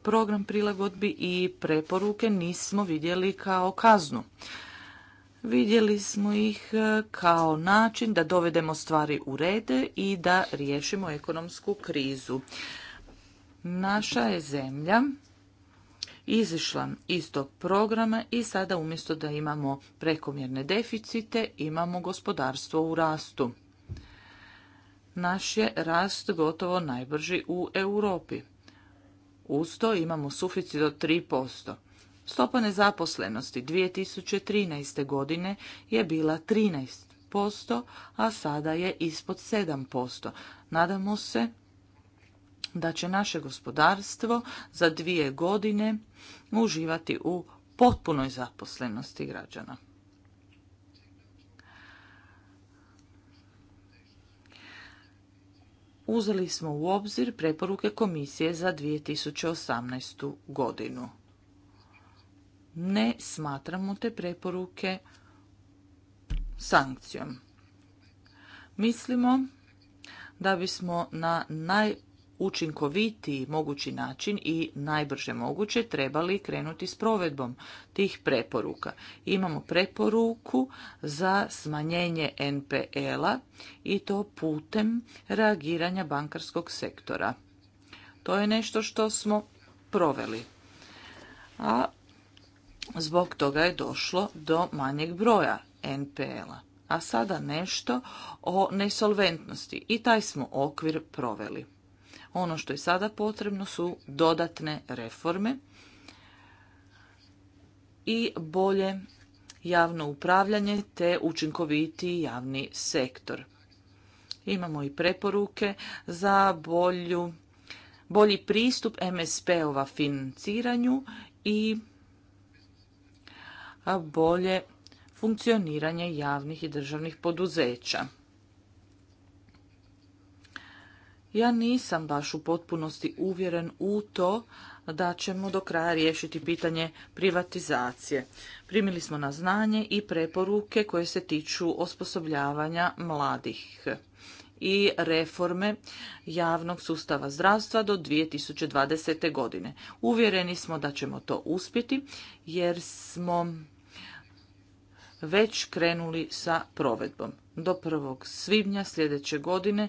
Program prilagodbi i preporuke nismo vidjeli kao kaznu. Vidjeli smo ih e, kao način da dovedemo stvari u rede i da riješimo ekonomsku krizu. Naša je zemlja izišla iz tog programa i sada umjesto da imamo prekomjerne deficite, imamo gospodarstvo u rastu. Naš je rast gotovo najbrži u Europi. Uz to imamo suficit od 3%. Stopa nezaposlenosti 2013. godine je bila 13%, a sada je ispod 7%. Nadamo se da će naše gospodarstvo za dvije godine uživati u potpunoj zaposlenosti građana. Uzeli smo u obzir preporuke komisije za 2018. godinu. Ne smatramo te preporuke sankcijom. Mislimo da bismo na naj učinkovitiji mogući način i najbrže moguće trebali krenuti s provedbom tih preporuka. Imamo preporuku za smanjenje NPL-a i to putem reagiranja bankarskog sektora. To je nešto što smo proveli. A zbog toga je došlo do manjeg broja NPL-a. A sada nešto o nesolventnosti i taj smo okvir proveli. Ono što je sada potrebno su dodatne reforme i bolje javno upravljanje te učinkovitiji javni sektor. Imamo i preporuke za bolju, bolji pristup MSP-ova financiranju i bolje funkcioniranje javnih i državnih poduzeća. Ja nisam baš u potpunosti uvjeren u to da ćemo do kraja riješiti pitanje privatizacije. Primili smo na znanje i preporuke koje se tiču osposobljavanja mladih i reforme javnog sustava zdravstva do 2020. godine. Uvjereni smo da ćemo to uspjeti jer smo već krenuli sa provedbom. Do 1. svibnja sljedeće godine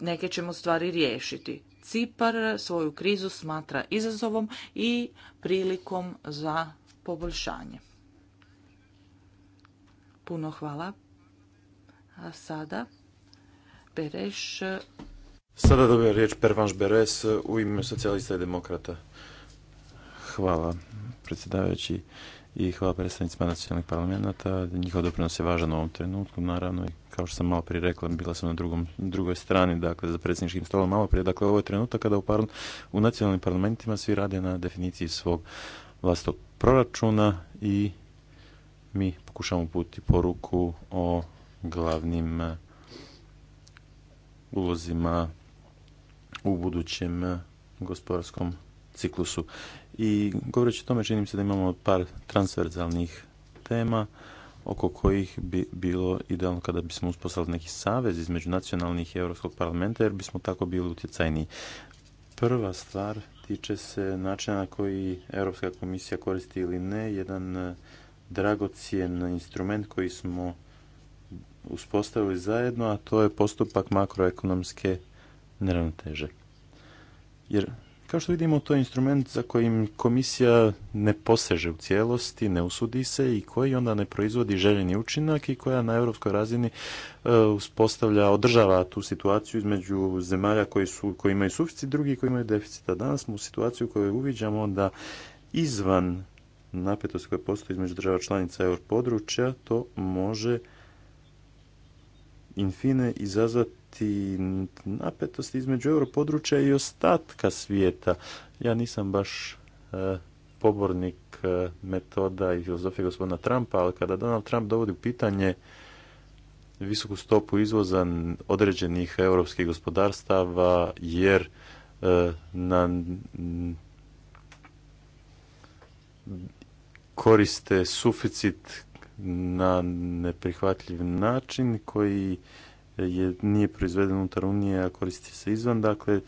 neke ćemo stvari riješiti. Cipar svoju krizu smatra izazovom i prilikom za poboljšanje. Puno hvala. A sada Bereš. Sada dobija riječ Pervanš Beres u ime socijalista i demokrata. Hvala, predsjedavajući i hvala predstavnicima nacionalnih parlamenta. Njihov doprinos je važan u ovom trenutku, naravno, i kao što sam malo prije rekla, bila sam na drugoj strani, dakle, za predsjedničkim stolom malo prije. Dakle, ovo je trenutak kada u, u nacionalnim parlamentima svi rade na definiciji svog vlastog proračuna i mi pokušamo puti poruku o glavnim eh, ulozima u budućem eh, gospodarskom ciklusu. I govoreći o tome, čini mi se da imamo par transverzalnih tema oko kojih bi bilo idealno kada bismo uspostavili neki savez između nacionalnih i Europskog parlamenta jer bismo tako bili utjecajniji. Prva stvar tiče se načina na koji Europska komisija koristi ili ne, jedan eh, dragocijen instrument koji smo uspostavili zajedno, a to je postupak makroekonomske neravnoteže. Jer kao što vidimo, to je instrument za kojim komisija ne poseže u cijelosti, ne usudi se i koji onda ne proizvodi željeni učinak i koja na europskoj razini e, uspostavlja, održava tu situaciju između zemalja koji, su, koji imaju suficit, drugi koji imaju deficita. Danas smo u situaciju u kojoj uviđamo da izvan napetosti koje postoji između država članica područja to može infine izazvati napetosti između europodručja i ostatka svijeta. Ja nisam baš e, pobornik e, metoda i filozofije gospodina Trumpa, ali kada Donald Trump dovodi u pitanje visoku stopu izvoza određenih europskih gospodarstava jer e, na koriste suficit na neprihvatljiv način koji je, nije proizveden unutar Unije, a koristi se izvan. Dakle,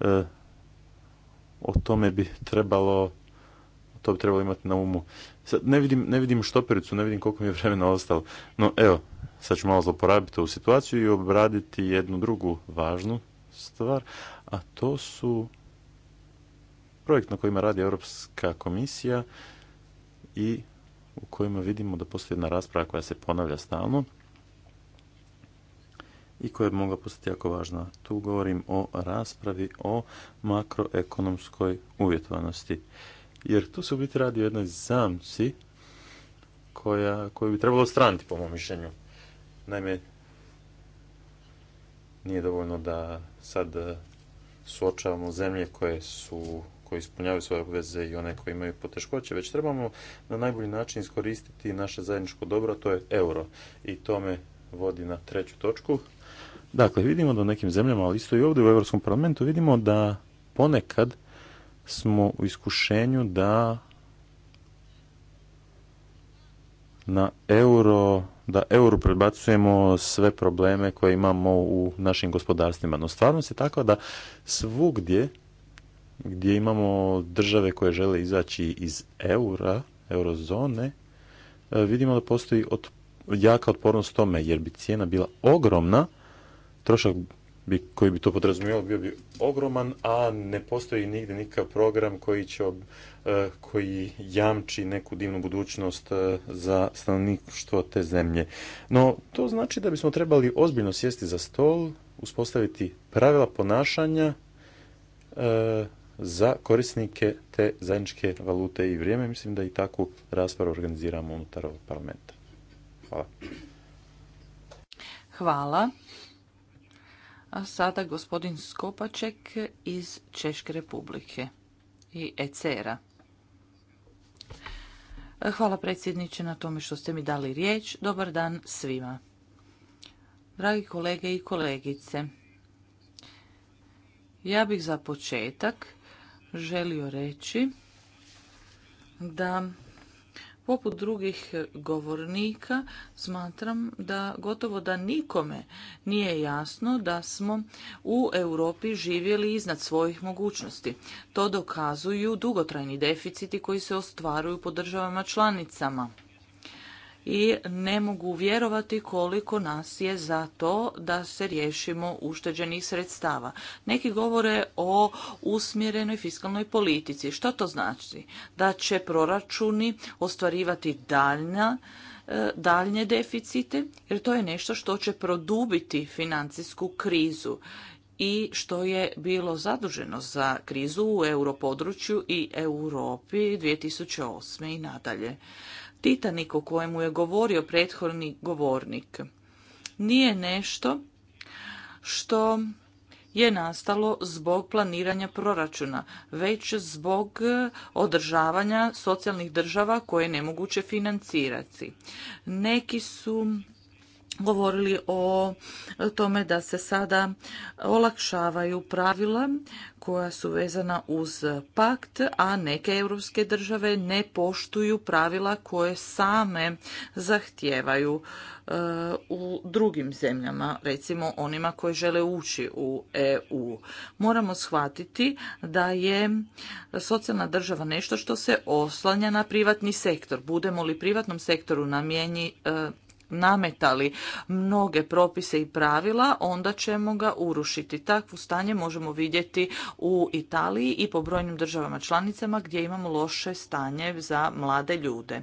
e, o tome bi trebalo to bi trebalo imati na umu. Sad, ne vidim, ne vidim štopericu, ne vidim koliko mi je vremena ostalo. No evo, sad ću malo zloporabiti ovu situaciju i obraditi jednu drugu važnu stvar, a to su projekt na kojima radi Europska komisija i u kojima vidimo da postoji jedna rasprava koja se ponavlja stalno i koja je mogla postati jako važna. Tu govorim o raspravi o makroekonomskoj uvjetovanosti. Jer tu se u biti radi o jednoj zamci koja, koju bi trebalo straniti, po mom mišljenju. Naime, nije dovoljno da sad suočavamo zemlje koje su koji ispunjavaju svoje obveze i one koji imaju poteškoće, već trebamo na najbolji način iskoristiti naše zajedničko dobro, to je euro. I to me vodi na treću točku. Dakle, vidimo da u nekim zemljama, ali isto i ovdje u Europskom parlamentu, vidimo da ponekad smo u iskušenju da na euro, da euro prebacujemo sve probleme koje imamo u našim gospodarstvima. No stvarnost je takva da svugdje gdje imamo države koje žele izaći iz eura, eurozone, e, vidimo da postoji od, jaka otpornost tome, jer bi cijena bila ogromna, trošak bi, koji bi to podrazumijelo bio bi ogroman, a ne postoji nigdje nikakav program koji će e, koji jamči neku divnu budućnost e, za stanovništvo te zemlje. No, to znači da bismo trebali ozbiljno sjesti za stol, uspostaviti pravila ponašanja za korisnike te zajedničke valute i vrijeme. Mislim da i takvu raspravu organiziramo unutar ovog parlamenta. Hvala. Hvala. A sada gospodin Skopaček iz Češke republike i ECR-a. Hvala predsjedniče na tome što ste mi dali riječ. Dobar dan svima. Dragi kolege i kolegice, ja bih za početak želio reći da poput drugih govornika smatram da gotovo da nikome nije jasno da smo u Europi živjeli iznad svojih mogućnosti. To dokazuju dugotrajni deficiti koji se ostvaruju po državama članicama i ne mogu vjerovati koliko nas je za to da se riješimo ušteđenih sredstava. Neki govore o usmjerenoj fiskalnoj politici. Što to znači? Da će proračuni ostvarivati daljna e, daljnje deficite, jer to je nešto što će produbiti financijsku krizu i što je bilo zaduženo za krizu u europodručju i Europi 2008. i nadalje. Titanik o kojemu je govorio prethodni govornik nije nešto što je nastalo zbog planiranja proračuna, već zbog održavanja socijalnih država koje je nemoguće financirati. Neki su govorili o tome da se sada olakšavaju pravila koja su vezana uz pakt, a neke europske države ne poštuju pravila koje same zahtijevaju e, u drugim zemljama, recimo onima koji žele ući u EU. Moramo shvatiti da je socijalna država nešto što se oslanja na privatni sektor. Budemo li privatnom sektoru namjeni... E, nametali mnoge propise i pravila, onda ćemo ga urušiti. Takvo stanje možemo vidjeti u Italiji i po brojnim državama članicama gdje imamo loše stanje za mlade ljude.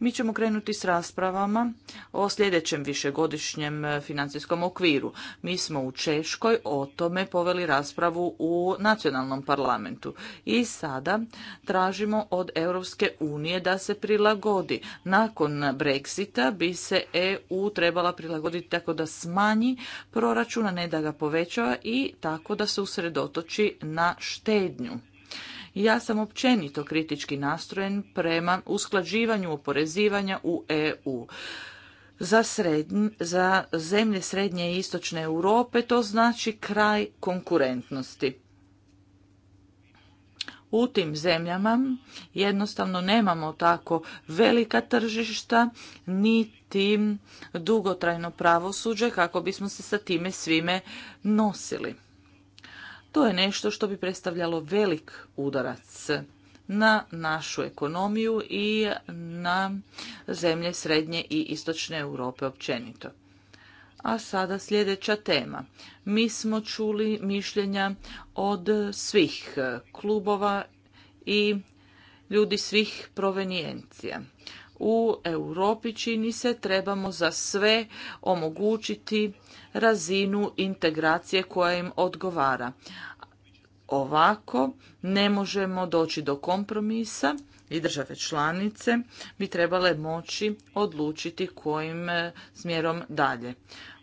Mi ćemo krenuti s raspravama o sljedećem višegodišnjem e, financijskom okviru. Mi smo u Češkoj o tome poveli raspravu u nacionalnom parlamentu i sada tražimo od Europske unije da se prilagodi. Nakon Brexita bi se EU trebala prilagoditi tako da smanji proračuna, ne da ga povećava i tako da se usredotoči na štednju. Ja sam općenito kritički nastrojen prema usklađivanju oporezivanja u EU. Za, za zemlje srednje i istočne Europe to znači kraj konkurentnosti. U tim zemljama jednostavno nemamo tako velika tržišta niti dugotrajno pravosuđe kako bismo se sa time svime nosili. To je nešto što bi predstavljalo velik udarac na našu ekonomiju i na zemlje srednje i istočne Europe općenito. A sada sljedeća tema. Mi smo čuli mišljenja od svih klubova i ljudi svih provenijencija. U Europi čini se trebamo za sve omogućiti razinu integracije koja im odgovara. Ovako ne možemo doći do kompromisa i države članice bi trebale moći odlučiti kojim e, smjerom dalje.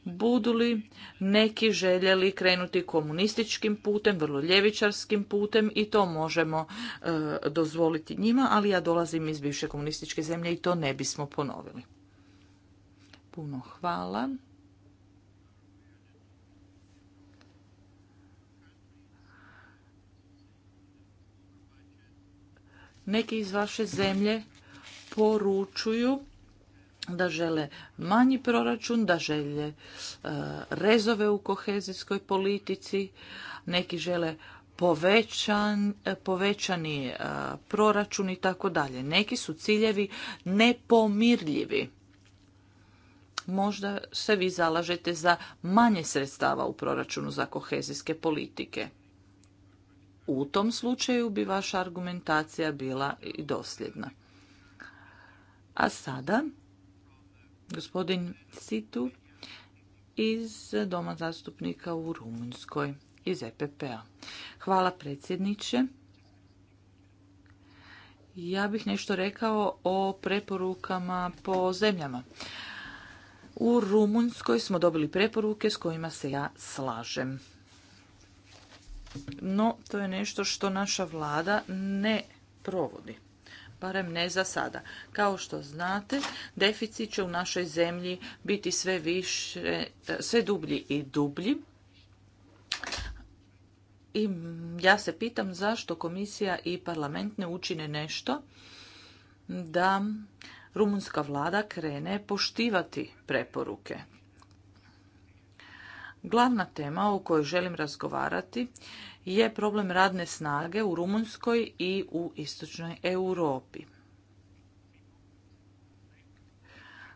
Budu li neki željeli krenuti komunističkim putem, vrlo ljevičarskim putem i to možemo e, dozvoliti njima, ali ja dolazim iz bivše komunističke zemlje i to ne bismo ponovili. Puno hvala. Neki iz vaše zemlje poručuju da žele manji proračun, da žele e, rezove u kohezijskoj politici, neki žele povećan, e, povećani e, proračun i tako dalje. Neki su ciljevi nepomirljivi. Možda se vi zalažete za manje sredstava u proračunu za kohezijske politike u tom slučaju bi vaša argumentacija bila i dosljedna. A sada, gospodin Situ iz Doma zastupnika u Rumunjskoj, iz EPP-a. Hvala predsjedniče. Ja bih nešto rekao o preporukama po zemljama. U Rumunjskoj smo dobili preporuke s kojima se ja slažem no to je nešto što naša vlada ne provodi barem ne za sada. Kao što znate, deficit će u našoj zemlji biti sve više, sve dublji i dublji. I ja se pitam zašto komisija i parlament ne učine nešto da rumunska vlada krene poštivati preporuke Glavna tema o kojoj želim razgovarati je problem radne snage u Rumunjskoj i u istočnoj Europi.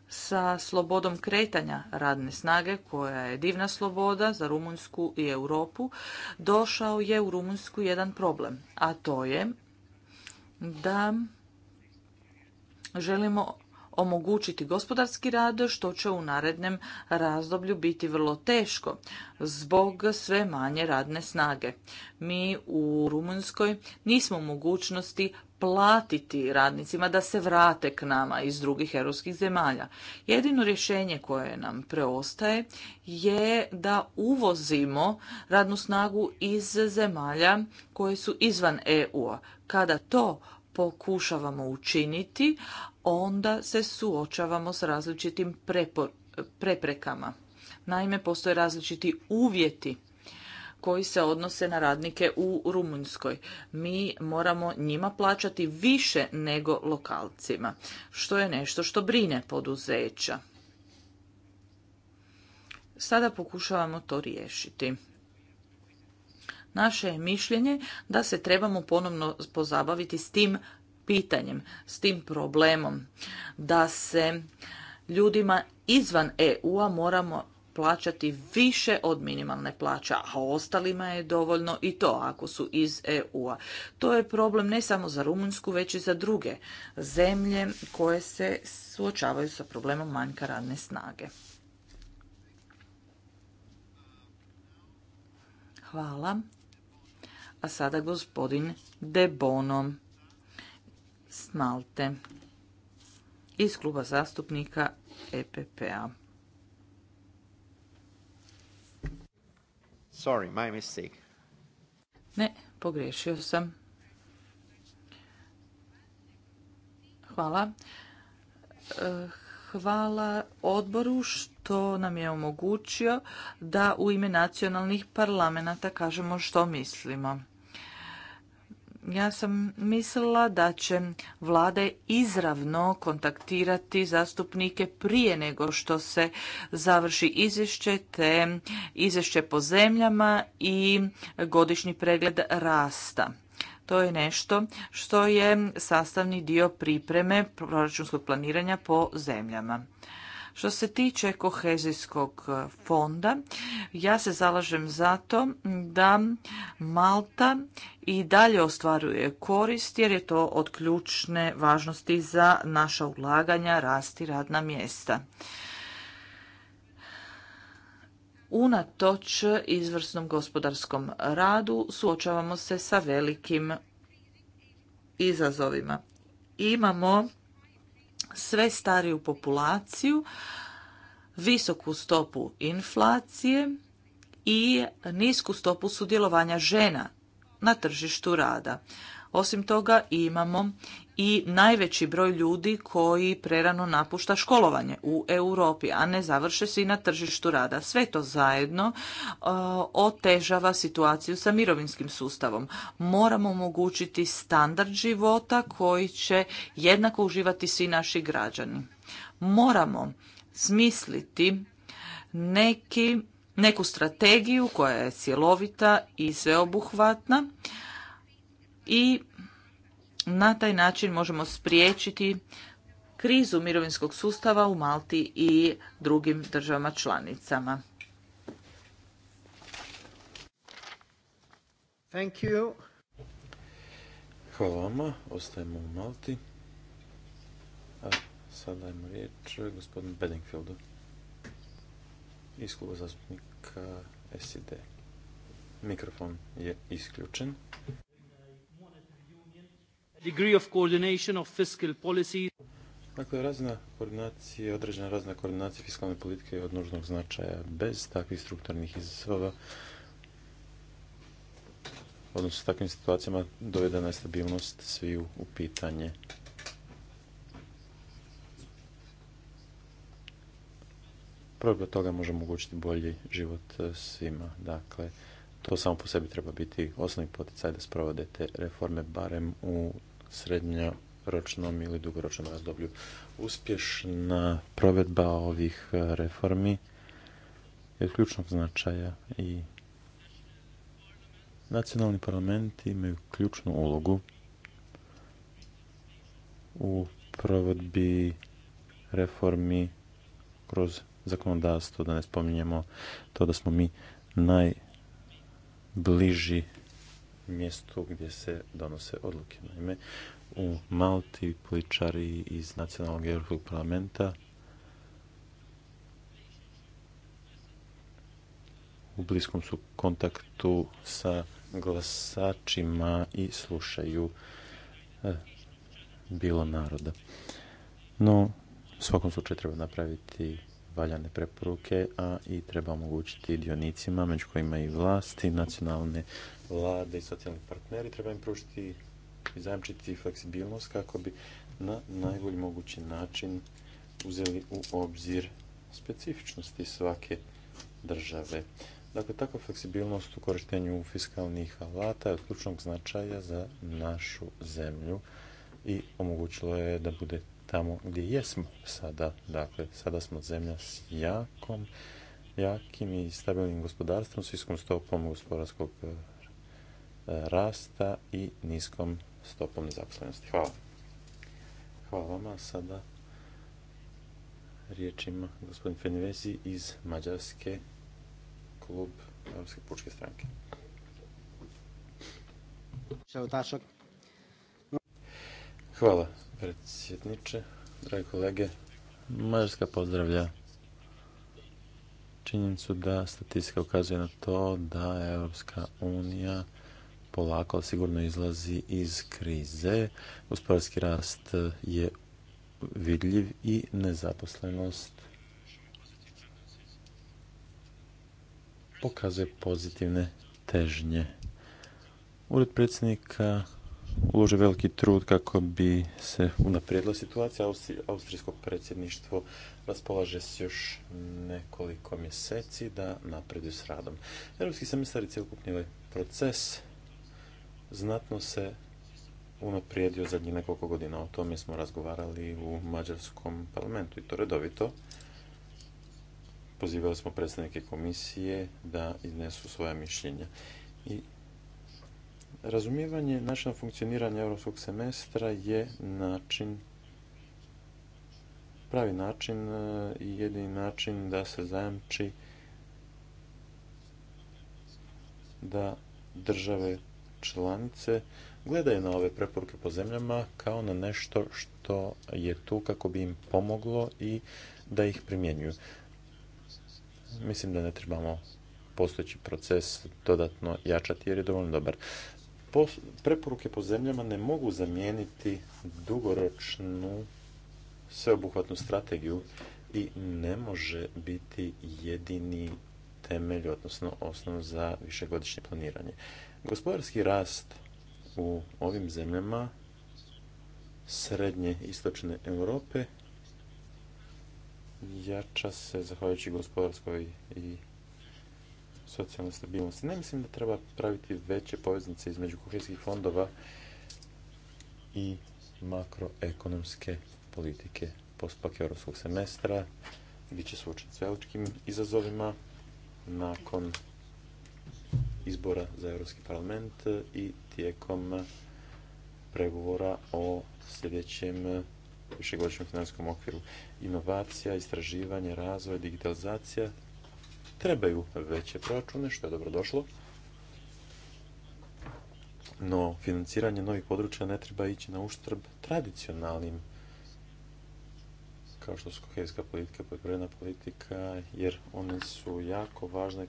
Sa slobodom kretanja radne snage, koja je divna sloboda za Rumunjsku i Europu, došao je u Rumunjsku jedan problem, a to je da želimo omogućiti gospodarski rad, što će u narednem razdoblju biti vrlo teško zbog sve manje radne snage. Mi u Rumunjskoj nismo u mogućnosti platiti radnicima da se vrate k nama iz drugih europskih zemalja. Jedino rješenje koje nam preostaje je da uvozimo radnu snagu iz zemalja koje su izvan EU-a. Kada to pokušavamo učiniti, onda se suočavamo s različitim preprekama. Naime, postoje različiti uvjeti koji se odnose na radnike u Rumunjskoj. Mi moramo njima plaćati više nego lokalcima, što je nešto što brine poduzeća. Sada pokušavamo to riješiti. Naše je mišljenje da se trebamo ponovno pozabaviti s tim pitanjem, s tim problemom da se ljudima izvan EU-a moramo plaćati više od minimalne plaće, a ostalima je dovoljno i to ako su iz EU-a. To je problem ne samo za Rumunjsku, već i za druge zemlje koje se suočavaju sa problemom manjka radne snage. Hvala. A sada gospodin De s Malte iz kluba zastupnika EPP-a. Sorry, my mistake. Ne, pogriješio sam. Hvala. E, hvala odboru što nam je omogućio da u ime nacionalnih parlamenta kažemo što mislimo. Ja sam mislila da će vlade izravno kontaktirati zastupnike prije nego što se završi izvješće, te izvješće po zemljama i godišnji pregled rasta. To je nešto što je sastavni dio pripreme proračunskog planiranja po zemljama. Što se tiče kohezijskog e, fonda, ja se zalažem za to da Malta i dalje ostvaruje korist jer je to od ključne važnosti za naša ulaganja, rasti radna mjesta. Unatoč izvrsnom gospodarskom radu suočavamo se sa velikim izazovima. Imamo sve stariju populaciju, visoku stopu inflacije i nisku stopu sudjelovanja žena na tržištu rada. Osim toga imamo i najveći broj ljudi koji prerano napušta školovanje u Europi, a ne završe se i na tržištu rada. Sve to zajedno e, otežava situaciju sa mirovinskim sustavom. Moramo omogućiti standard života koji će jednako uživati svi naši građani. Moramo smisliti neki, neku strategiju koja je cjelovita i sveobuhvatna i na taj način možemo spriječiti krizu mirovinskog sustava u Malti i drugim državama članicama. Thank you. Hvala vama, ostajemo u Malti. A sad dajmo riječ gospodinu Bedingfieldu iz kluba zastupnika SID. Mikrofon je isključen degree je coordination of Dakle, razna određena razna koordinacija fiskalne politike je od nužnog značaja. Bez takvih strukturnih izazova, odnosno s takvim situacijama, dovedena je stabilnost sviju u pitanje. Prvo toga može omogućiti bolji život eh, svima. Dakle, to samo po sebi treba biti osnovni poticaj da sprovode te reforme barem u srednjoročnom ili dugoročnom razdoblju. Uspješna provedba ovih e, reformi je od ključnog značaja i nacionalni parlamenti imaju ključnu ulogu u provedbi reformi kroz zakonodavstvo, da ne spominjemo to da smo mi naj bliži mjestu gdje se donose odluke. Naime, u Malti političari iz Nacionalnog europskog parlamenta u bliskom su kontaktu sa glasačima i slušaju e, bilo naroda. No, u svakom slučaju treba napraviti valjane preporuke, a i treba omogućiti dionicima, među kojima i vlasti, nacionalne vlade i socijalni partneri, treba im pružiti i zajamčiti fleksibilnost kako bi na najbolji mogući način uzeli u obzir specifičnosti svake države. Dakle, takva fleksibilnost u korištenju fiskalnih alata je od ključnog značaja za našu zemlju i omogućilo je da bude tamo gdje jesmo sada. Dakle, sada smo zemlja s jakom, jakim i stabilnim gospodarstvom, s viskom stopom gospodarskog e, rasta i niskom stopom nezaposlenosti. Hvala. Hvala vama. Sada riječ ima gospodin Fenvesi iz Mađarske klub Europske pučke stranke. Hvala predsjedniče, dragi kolege. Mađarska pozdravlja činjenicu da statistika ukazuje na to da Europska unija polako, ali sigurno izlazi iz krize. Gospodarski rast je vidljiv i nezaposlenost pokazuje pozitivne težnje. Ured predsjednika ulože veliki trud kako bi se unaprijedila situacija. Austrijsko predsjedništvo raspolaže s još nekoliko mjeseci da napreduje s radom. Europski semestar i ovaj proces znatno se unaprijedio zadnjih nekoliko godina. O tome smo razgovarali u mađarskom parlamentu i to redovito. Pozivali smo predstavnike komisije da iznesu svoja mišljenja. I Razumijevanje načina funkcioniranja europskog semestra je način, pravi način e, i jedini način da se zajamči da države članice gledaju na ove preporuke po zemljama kao na nešto što je tu kako bi im pomoglo i da ih primjenjuju. Mislim da ne trebamo postojeći proces dodatno jačati jer je dovoljno dobar preporuke po zemljama ne mogu zamijeniti dugoročnu sveobuhvatnu strategiju i ne može biti jedini temelj, odnosno osnov za višegodišnje planiranje. Gospodarski rast u ovim zemljama srednje istočne Europe jača se zahvaljujući gospodarskoj i socijalne stabilnosti. Ne mislim da treba praviti veće poveznice između kohezijskih fondova i makroekonomske politike. Postupak europskog semestra bit će suočen s veličkim izazovima nakon izbora za Europski parlament i tijekom pregovora o sljedećem višegodišnjem financijskom okviru. Inovacija, istraživanje, razvoj, digitalizacija trebaju veće proračune, što je dobro došlo. No, financiranje novih područja ne treba ići na uštrb tradicionalnim, kao što su kohezijska politika, poljoprivredna politika, jer one su jako važne i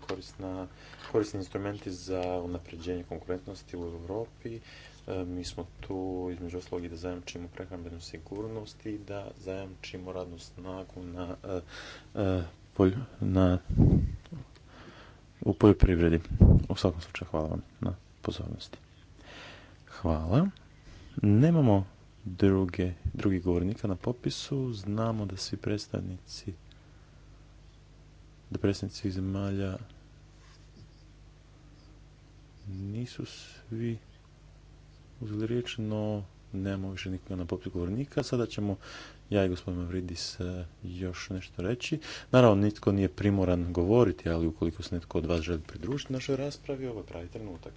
korisni instrumenti za unapređenje konkurentnosti u Europi. E, mi smo tu, između ostalog, i da zajamčimo prehrambenu sigurnost i da zajamčimo radnu snagu na e, e, na u poljoprivredi. U svakom slučaju hvala vam na pozornosti. Hvala. Nemamo druge, drugih govornika na popisu. Znamo da svi predstavnici da predstavnici zemalja nisu svi uzeli riječ, no nemamo više nikoga na popisu govornika. Sada ćemo ja i gospodin Mavridis e, još nešto reći. Naravno, nitko nije primoran govoriti, ali ukoliko se netko od vas želi pridružiti našoj raspravi, ovo je pravi trenutak.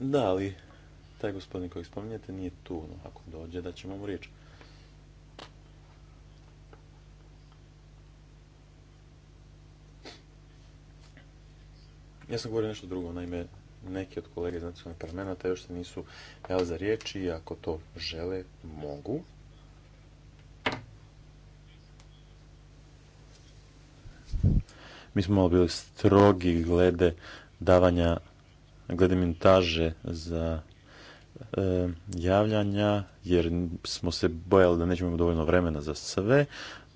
Da, ali taj gospodin koji spominjete nije tu, no, ako dođe da ćemo mu riječi. Ja sam govorio nešto drugo, naime, neki od kolege iz nacionalnih parlamenta još se nisu javili za riječi i ako to žele, mogu. Mi smo malo bili strogi glede davanja, glede za e, javljanja, jer smo se bojali da nećemo imati dovoljno vremena za sve,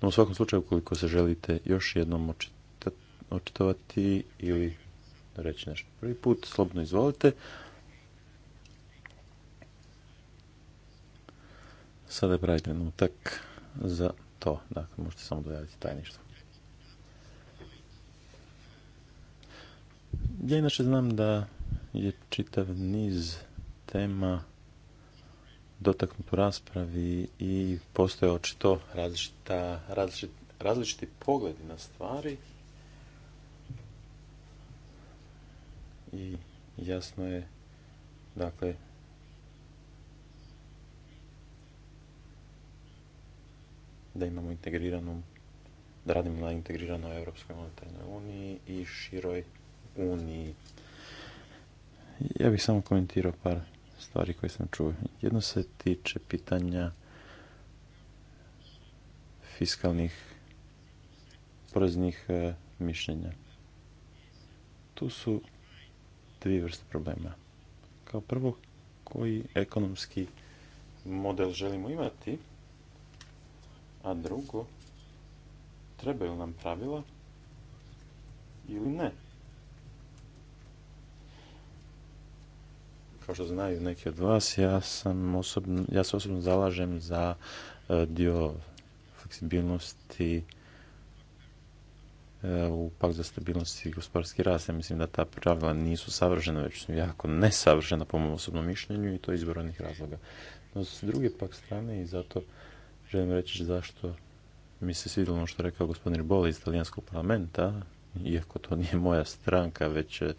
no u svakom slučaju, ukoliko se želite još jednom očitovati ili reći nešto prvi put, slobodno izvolite. Sada je pravi trenutak za to. Dakle, možete samo dojaviti tajništvo. Ja inače znam da je čitav niz tema dotaknut u raspravi i postoje očito različita, različiti pogledi na stvari i jasno je dakle da imamo integriranu da radimo na integriranoj Europskoj monetarnoj uniji i široj uniji. Ja bih samo komentirao par stvari koje sam čuo. Jedno se tiče pitanja fiskalnih poreznih e, mišljenja. Tu su dvije vrste problema. Kao prvo, koji ekonomski model želimo imati, a drugo, trebaju nam pravila ili ne. Kao što znaju neki od vas, ja, sam ja se osobno zalažem za e, dio fleksibilnosti u pak za stabilnost i gospodarski rast. Ja mislim da ta pravila nisu savršena, već su jako nesavršena po mom osobnom mišljenju i to iz razloga. No, s druge pak strane i zato želim reći zašto mi se svidjelo ono što je rekao gospodin Ribola iz talijanskog parlamenta, iako to nije moja stranka, već e,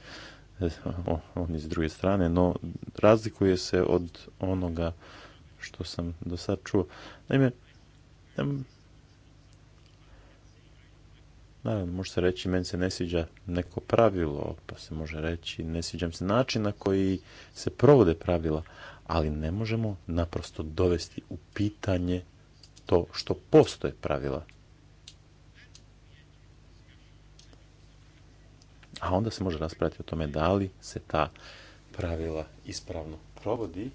oni on iz druge strane, no razlikuje se od onoga što sam do sad čuo. Naime, Naravno, može se reći, meni se ne sviđa neko pravilo, pa se može reći, ne sviđam se način na koji se provode pravila, ali ne možemo naprosto dovesti u pitanje to što postoje pravila. A onda se može raspraviti o tome da li se ta pravila ispravno provodi,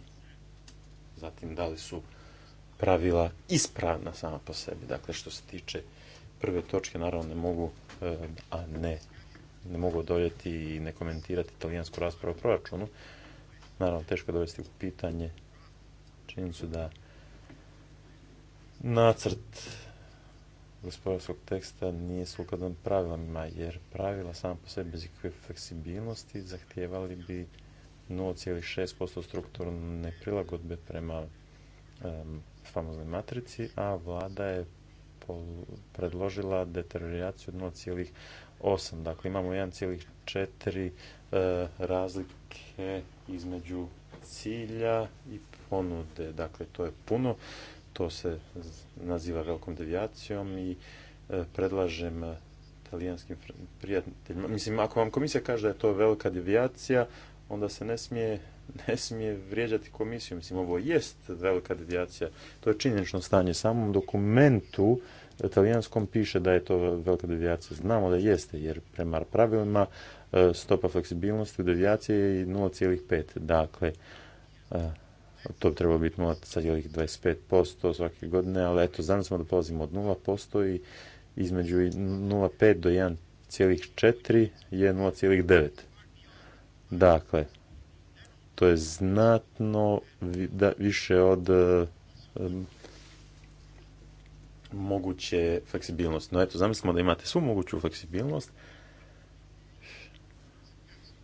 zatim da li su pravila ispravna sama po sebi, dakle što se tiče prve točke naravno ne mogu, e, a ne, ne mogu odoljeti i ne komentirati italijansku raspravu o proračunu. Naravno, teško je dovesti u pitanje činjenicu da nacrt gospodarskog teksta nije sukladan pravilima, jer pravila sama po sebi bez ikakve fleksibilnosti zahtijevali bi 0,6% strukturne prilagodbe prema famoznoj matrici, a vlada je predložila deterioraciju 0,8. Dakle, imamo 1,4 e, razlike između cilja i ponude. Dakle, to je puno. To se naziva velikom devijacijom i e, predlažem e, talijanskim prijateljima. Mislim, ako vam komisija kaže da je to velika devijacija, onda se ne smije, ne smije vrijeđati komisiju. Mislim, ovo jest velika devijacija. To je činjenično stanje. Samom dokumentu italijanskom piše da je to velika devijacija. Znamo da jeste, jer prema pravilima e, stopa fleksibilnosti u devijaciji je 0,5. Dakle, e, to bi trebalo biti 0,25% svake godine, ali eto, znam smo da polazimo od 0% i između 0,5 do 1,4 je 0,9. Dakle, to je znatno više od e, moguće fleksibilnost. No eto, zamislimo da imate svu moguću fleksibilnost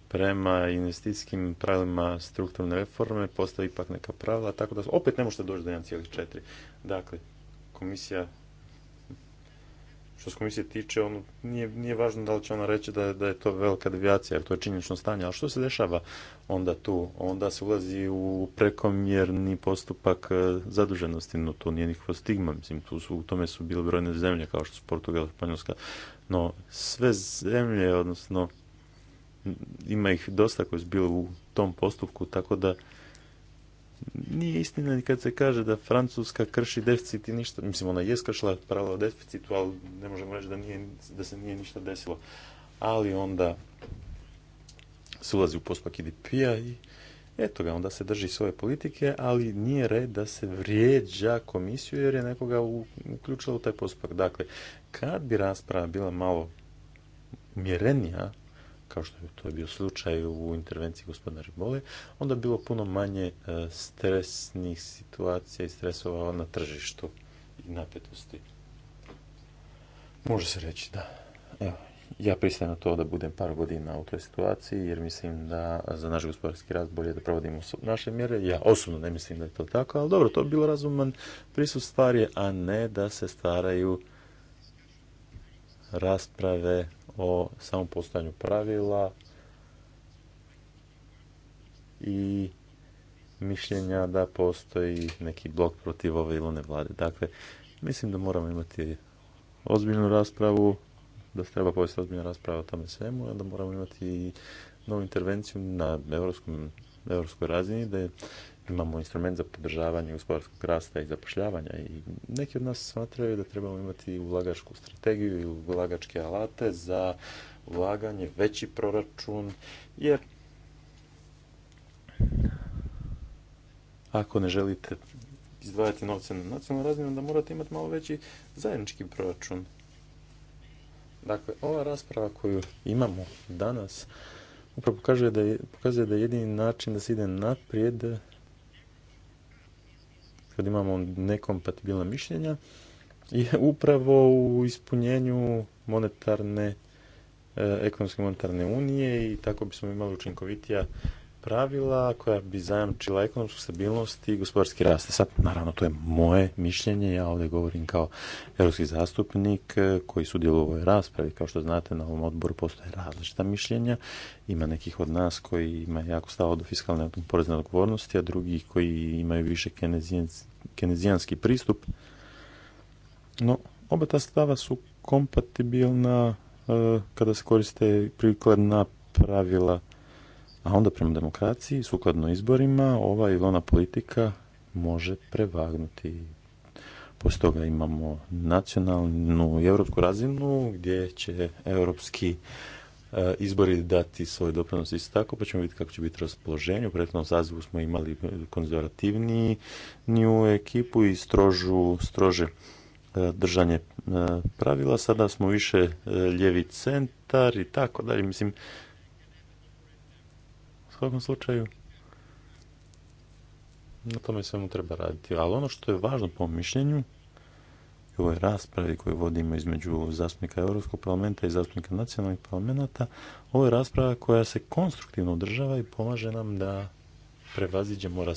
prema investicijskim pravilima strukturne reforme postoji ipak neka pravila, tako da opet ne možete doći do 1,4. Dakle, komisija što se komisije tiče, ono, nije, nije važno da li će ona reći da, da je to velika devijacija, jer to je činjenično stanje, ali što se dešava onda tu? Onda se ulazi u prekomjerni postupak e, zaduženosti, no to nije nikakva stigma, mislim, tu su, u tome su bile brojne zemlje, kao što su Portugal, Španjolska, no sve zemlje, odnosno ima ih dosta koji su bili u tom postupku, tako da nije istina kad se kaže da Francuska krši deficit i ništa. Mislim, ona je skršila pravila o deficitu, ali ne možemo reći da, nije, da se nije ništa desilo. Ali onda se ulazi u postupak IDP-a i eto ga, onda se drži svoje politike, ali nije red da se vrijeđa komisiju jer je nekoga uključila u taj pospak. Dakle, kad bi rasprava bila malo umjerenija, kao što je to bio slučaj u intervenciji gospodina Ribole, onda bilo puno manje e, stresnih situacija i stresova na tržištu i napetosti. Može se reći da. Evo, ja pristajem na to da budem par godina u toj situaciji, jer mislim da za naš gospodarski rast bolje da provodimo naše mjere. Ja osobno ne mislim da je to tako, ali dobro, to je bilo razuman prisut stvari, a ne da se staraju rasprave o samom postojanju pravila i mišljenja da postoji neki blok protiv ove ili one vlade. Dakle, mislim da moramo imati ozbiljnu raspravu, da se treba povesti ozbiljna rasprava o tome svemu, da moramo imati i novu intervenciju na europskoj razini, da je imamo instrument za podržavanje gospodarskog rasta i zapošljavanja i neki od nas smatraju da trebamo imati ulagačku strategiju i ulagačke alate za ulaganje, veći proračun, jer ako ne želite izdvajati novce na nacionalnu razinu, onda morate imati malo veći zajednički proračun. Dakle, ova rasprava koju imamo danas upravo pokazuje da je, pokazuje da je jedini način da se ide naprijed kad imamo nekompatibilna mišljenja, je upravo u ispunjenju monetarne, e, ekonomske monetarne unije i tako bismo imali učinkovitija pravila koja bi zajamčila ekonomsku stabilnost i gospodarski rast. Sad, naravno, to je moje mišljenje, ja ovdje govorim kao europski zastupnik eh, koji sudjeluje u ovoj raspravi. Kao što znate, na ovom odboru postoje različita mišljenja. Ima nekih od nas koji ima jako stavo do fiskalne porezne odgovornosti, a drugih koji imaju više kenezijanski pristup. No, oba ta stava su kompatibilna eh, kada se koriste prikladna pravila a onda prema demokraciji, sukladno izborima, ova ili ona politika može prevagnuti. Poslije toga imamo nacionalnu i europsku razinu gdje će europski e, izbori dati svoj doprinos isto tako, pa ćemo vidjeti kako će biti raspoloženje. U prethodnom sazivu smo imali konzervativniju ekipu i strožu, strože e, držanje e, pravila. Sada smo više ljevi centar i tako dalje. Mislim, svakom slučaju, na tome svemu treba raditi. Ali ono što je važno po mišljenju, i ovoj raspravi koju vodimo između zastupnika Europskog parlamenta i zastupnika nacionalnih parlamenta, ovo je rasprava koja se konstruktivno održava i pomaže nam da prevaziđemo e,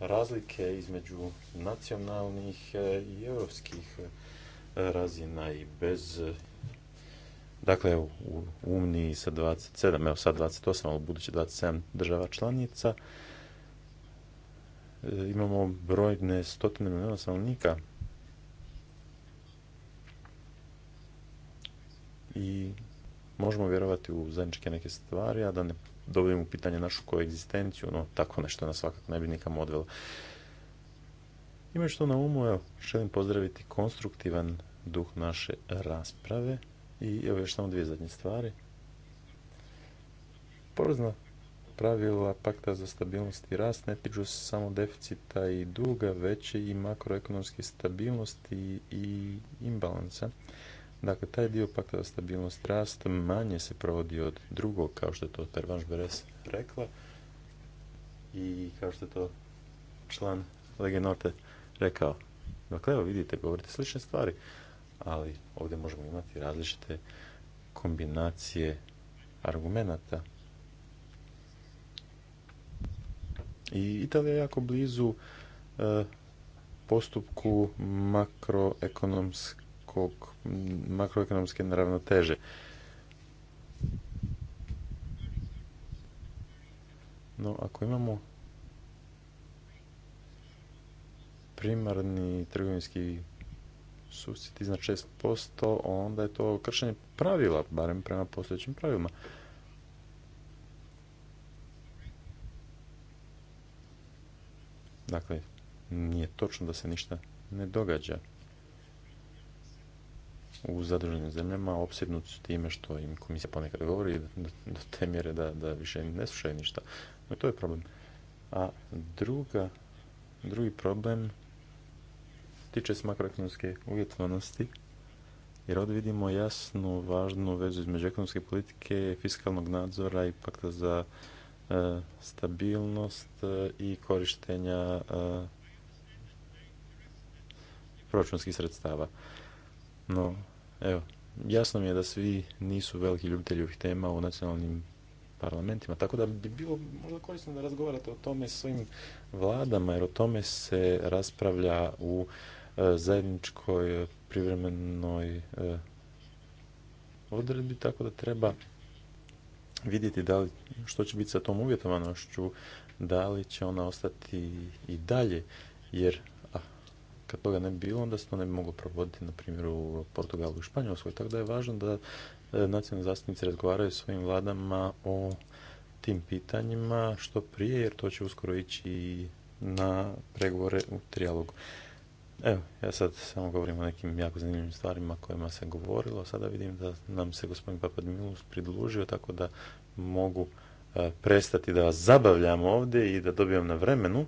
razlike između nacionalnih e, i europskih e, razina i bez Dakle, u Uniji sa 27, evo sad 28, ali budući 27 država članica, e, imamo brojne stotine milijuna stanovnika i možemo vjerovati u zajedničke neke stvari, a da ne dovodim u pitanje našu koegzistenciju, no tako nešto nas svakako ne bi nikamo odvelo. Imajući to na umu, evo, želim pozdraviti konstruktivan duh naše rasprave. I evo još samo dvije zadnje stvari. Porozna pravila pakta za stabilnost i rast ne tiču se samo deficita i duga, već i makroekonomske stabilnosti i imbalansa. Dakle, taj dio pakta za stabilnost rast manje se provodi od drugog, kao što je to Pervanš Beres rekla i kao što je to član Lege Norte rekao. Dakle, evo vidite, govorite slične stvari ali ovdje možemo imati različite kombinacije argumenata. I Italija je jako blizu e, postupku makroekonomske neravnoteže. No, ako imamo primarni trgovinski susjed iznad 6%, onda je to kršenje pravila, barem prema postojećim pravilima. Dakle, nije točno da se ništa ne događa. U zadruženim zemljama opsjednuti su time što im komisija ponekad govori do te mjere da, da više ne slušaju ništa. No, to je problem. A druga, drugi problem tiče se makroekonomske uvjetovanosti, jer ovdje vidimo jasnu, važnu vezu između ekonomske politike, fiskalnog nadzora i pakta za e, stabilnost e, i korištenja e, proračunskih sredstava. No, evo, jasno mi je da svi nisu veliki ljubitelji ovih tema u nacionalnim parlamentima, tako da bi bilo možda korisno da razgovarate o tome s svojim vladama, jer o tome se raspravlja u E, zajedničkoj e, privremenoj e, odredbi, tako da treba vidjeti da što će biti sa tom uvjetovanošću, da li će ona ostati i dalje, jer a, kad toga ne bi bilo, onda se to ne bi moglo provoditi, na primjer, u Portugalu i Španjolskoj. Tako da je važno da nacionalni zastupnici razgovaraju s svojim vladama o tim pitanjima što prije, jer to će uskoro ići na pregovore u trijalogu. Evo, ja sad samo govorim o nekim jako zanimljivim stvarima kojima se govorilo. Sada vidim da nam se gospodin Papadimilus pridružio, tako da mogu e, prestati da vas zabavljam ovdje i da dobijem na vremenu.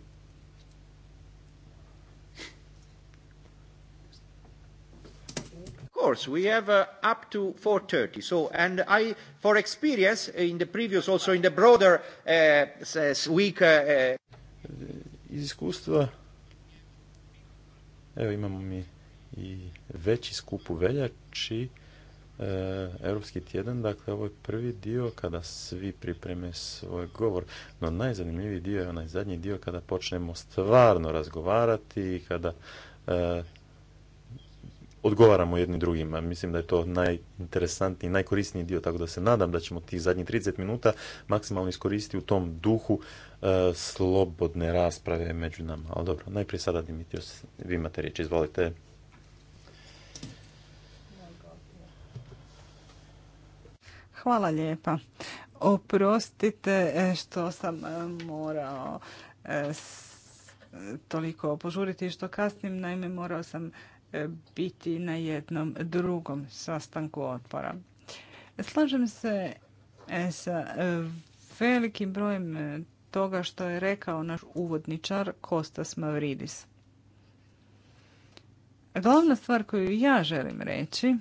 course, we have uh, up to 4.30. So, and I, for experience, in the previous, also in the broader uh, week... Uh, uh, Iz iskustva Evo imamo mi i veći skup u veljači, e, Europski tjedan, dakle ovo je prvi dio kada svi pripreme svoj govor, no najzanimljiviji dio je onaj zadnji dio kada počnemo stvarno razgovarati i kada e, odgovaramo jedni drugima. Mislim da je to najinteresantniji, najkorisniji dio, tako da se nadam da ćemo tih zadnjih 30 minuta maksimalno iskoristiti u tom duhu e, slobodne rasprave među nama. Ali dobro, najprije sada Dimitrios, vi imate riječ, izvolite. Hvala lijepa. Oprostite e, što sam e, morao toliko požuriti što kasnim. Naime, morao sam biti na jednom drugom sastanku otpora. Slažem se e, sa e, velikim brojem e, toga što je rekao naš uvodničar Kostas Mavridis. Glavna stvar koju ja želim reći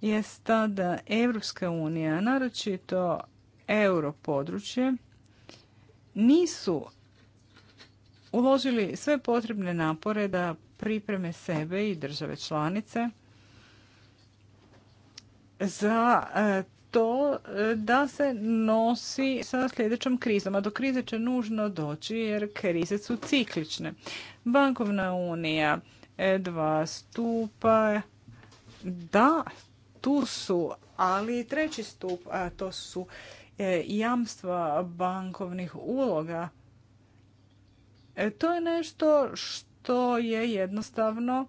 je ta da Evropska unija, naročito europodručje, nisu uložili sve potrebne napore da pripreme sebe i države članice za e, to e, da se nosi sa sljedećom krizom. A do krize će nužno doći jer krize su ciklične. Bankovna unija, e, dva stupa, da, tu su, ali treći stup, a to su jamstva bankovnih uloga E, to je nešto što je jednostavno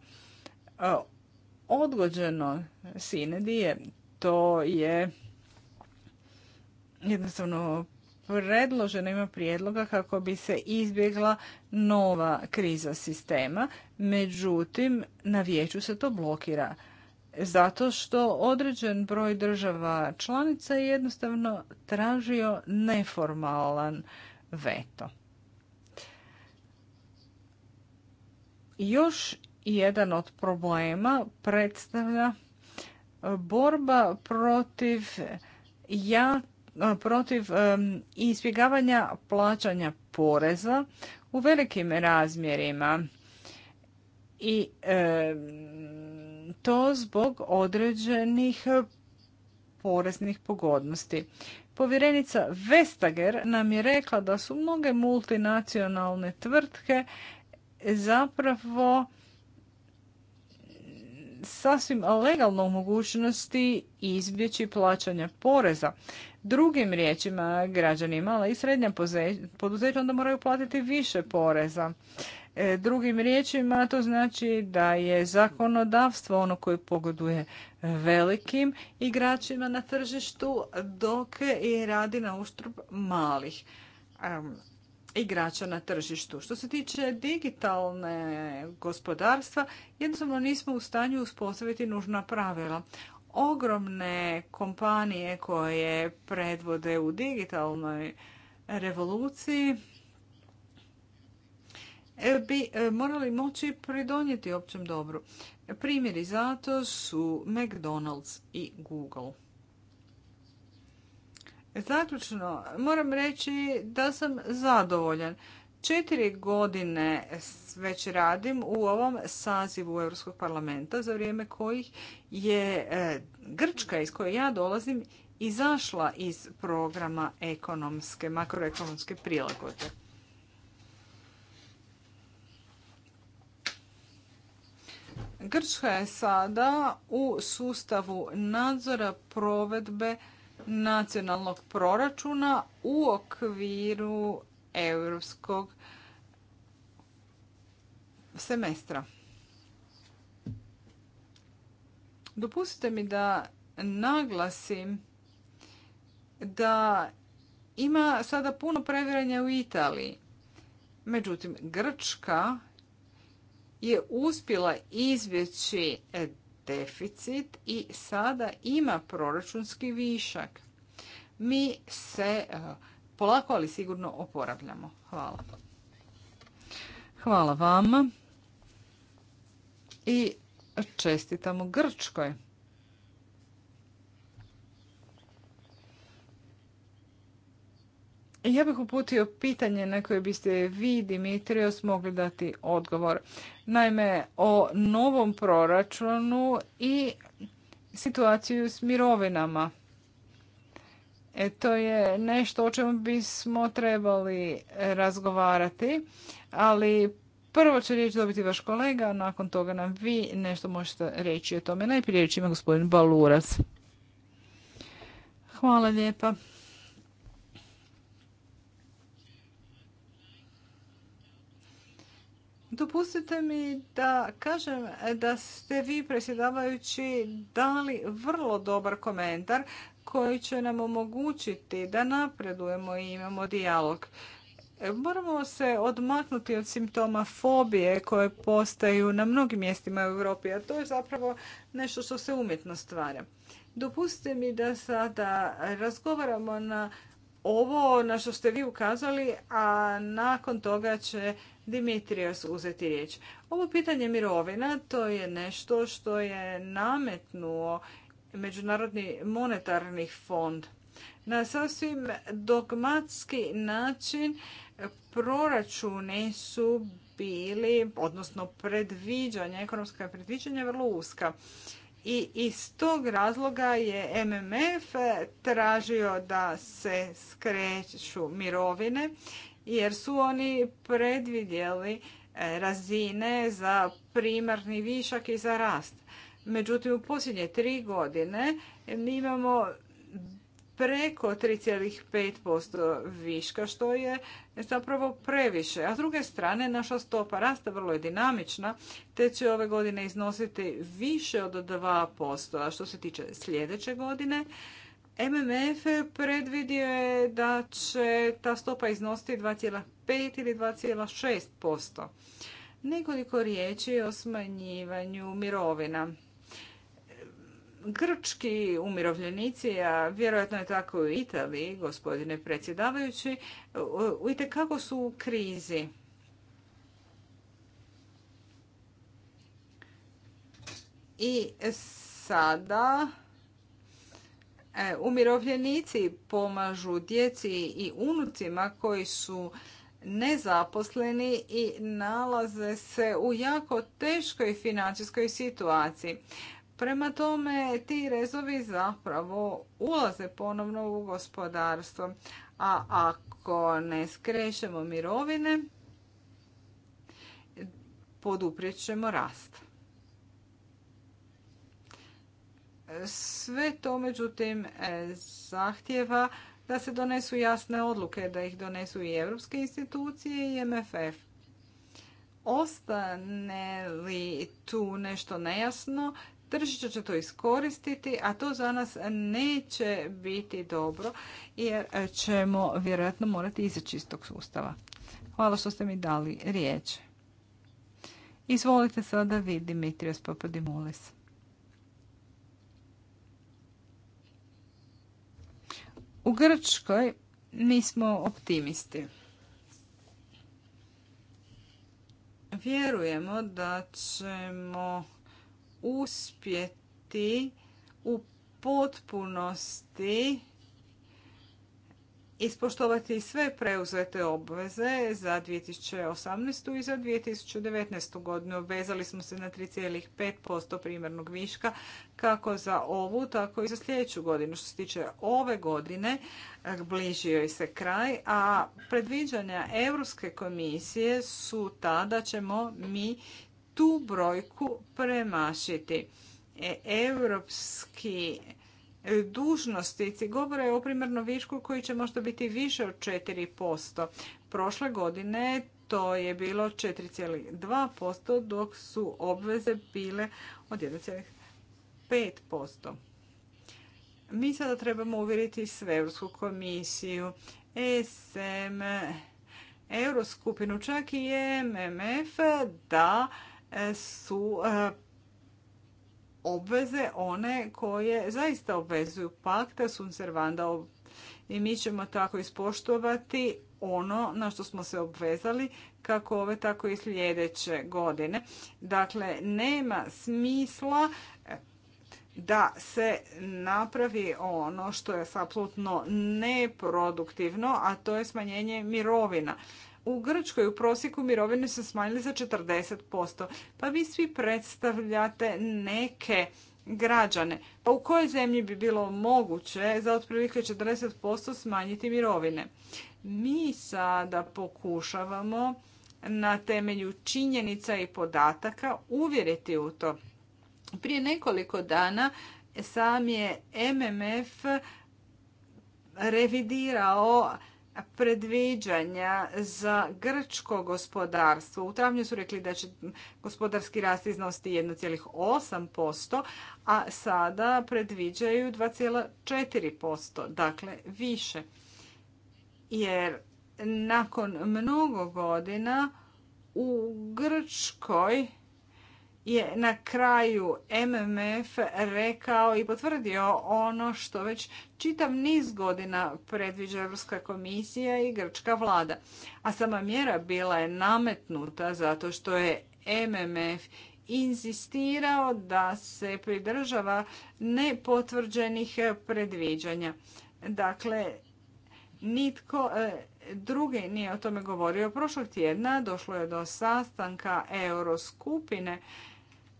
e, odgođeno sinedije. To je jednostavno predloženo, ima prijedloga kako bi se izbjegla nova kriza sistema. Međutim, na vijeću se to blokira. Zato što određen broj država članica je jednostavno tražio neformalan veto. Još jedan od problema predstavlja e, borba protiv ja e, protiv e, izbjegavanja plaćanja poreza u velikim razmjerima i to zbog određenih poreznih pogodnosti. Povjerenica Vestager nam je rekla da su mnoge multinacionalne tvrtke zapravo sasvim legalno u mogućnosti izbjeći plaćanje poreza. Drugim riječima, građani mala i srednja poduzeća onda moraju platiti više poreza. E, drugim riječima to znači da je zakonodavstvo ono koje pogoduje velikim igračima na tržištu dok i radi na uštrb malih igrača na tržištu. Što se tiče digitalne gospodarstva, jednostavno nismo u stanju uspostaviti nužna pravila. Ogromne kompanije koje predvode u digitalnoj revoluciji e, bi e, morali moći pridonijeti općem dobru. Primjeri zato su McDonald's i Google. Zaključno, moram reći da sam zadovoljan. Četiri godine već radim u ovom sazivu Europskog parlamenta za vrijeme kojih je e, Grčka iz koje ja dolazim izašla iz programa ekonomske, makroekonomske prilagode. Grčka je sada u sustavu nadzora provedbe nacionalnog proračuna u okviru europskog semestra. Dopustite mi da naglasim da ima sada puno previranja u Italiji. Međutim, Grčka je uspjela izvjeći deficit i sada ima proračunski višak. Mi se e, polako ali sigurno oporavljamo. Hvala. Hvala vama i čestitamo Grčkoj. Ja bih uputio pitanje na koje biste vi, Dimitrios, mogli dati odgovor. Naime, o novom proračunu i situaciju s mirovinama. E, to je nešto o čemu bismo trebali e, razgovarati, ali prvo će riječ dobiti vaš kolega, a nakon toga nam vi nešto možete reći o tome. Najprije riječ ima gospodin Baluras. Hvala lijepa. Dopustite mi da kažem da ste vi predsjedavajući dali vrlo dobar komentar koji će nam omogućiti da napredujemo i imamo dijalog. Moramo se odmaknuti od simptoma fobije koje postaju na mnogim mjestima u Europi, a to je zapravo nešto što se umjetno stvara. Dopustite mi da sada razgovaramo na ovo na što ste vi ukazali, a nakon toga će Dimitrios uzeti riječ. Ovo pitanje mirovina to je nešto što je nametnuo Međunarodni monetarni fond. Na sasvim dogmatski način proračuni su bili, odnosno predviđanja, ekonomska predviđanja vrlo uska. I iz tog razloga je MMF tražio da se skreću mirovine jer su oni predvidjeli e, razine za primarni višak i za rast. Međutim, u posljednje tri godine imamo preko 3,5% viška, što je zapravo previše. A s druge strane, naša stopa rasta vrlo je dinamična, te će ove godine iznositi više od 2%. A što se tiče sljedeće godine, MMF predvidio je da će ta stopa iznositi 2,5 ili 2,6%. Nekoliko riječi o smanjivanju mirovina. Grčki umirovljenici, a vjerojatno je tako i u Italiji, gospodine predsjedavajući, u itekako su u krizi. I sada E, umirovljenici pomažu djeci i unucima koji su nezaposleni i nalaze se u jako teškoj financijskoj situaciji. Prema tome, ti rezovi zapravo ulaze ponovno u gospodarstvo. A ako ne skrešemo mirovine, poduprijet ćemo rast. Sve to, međutim, e, zahtjeva da se donesu jasne odluke, da ih donesu i evropske institucije i MFF. Ostane li tu nešto nejasno, tržiće će to iskoristiti, a to za nas neće biti dobro jer ćemo vjerojatno morati izaći iz tog sustava. Hvala što ste mi dali riječ. Izvolite sada vi, Dimitrios Papadimulis. U Grčkoj nismo optimisti. Vjerujemo da ćemo uspjeti u potpunosti ispoštovati sve preuzete obveze za 2018. i za 2019. godinu. Obvezali smo se na 3,5% primjernog viška kako za ovu, tako i za sljedeću godinu. Što se tiče ove godine, bližio je se kraj, a predviđanja Europske komisije su ta da ćemo mi tu brojku premašiti. E, Europski E, dužnostici govore o primjerno višku koji će možda biti više od 4%. Prošle godine to je bilo 4,2% dok su obveze bile od 1,5%. Mi sada trebamo uvjeriti sve Europsku komisiju, SM, Euroskupinu, čak i MMF da e, su e, obveze one koje zaista obvezuju pakta su servanda i mi ćemo tako ispoštovati ono na što smo se obvezali kako ove tako i sljedeće godine. Dakle, nema smisla da se napravi ono što je apsolutno neproduktivno, a to je smanjenje mirovina. U Grčkoj u prosjeku mirovine su smanjili za 40%. Pa vi svi predstavljate neke građane. Pa u kojoj zemlji bi bilo moguće za otprilike 40% smanjiti mirovine? Mi sada pokušavamo na temelju činjenica i podataka uvjeriti u to. Prije nekoliko dana sam je MMF revidirao predviđanja za grčko gospodarstvo. U travnju su rekli da će gospodarski rast iznositi 1,8%, a sada predviđaju 2,4%, dakle više. Jer nakon mnogo godina u Grčkoj je na kraju MMF rekao i potvrdio ono što već čitav niz godina predviđa Europska komisija i grčka vlada. A sama mjera bila je nametnuta zato što je MMF inzistirao da se pridržava nepotvrđenih predviđanja. Dakle, nitko e, drugi nije o tome govorio. Prošlog tjedna došlo je do sastanka Euroskupine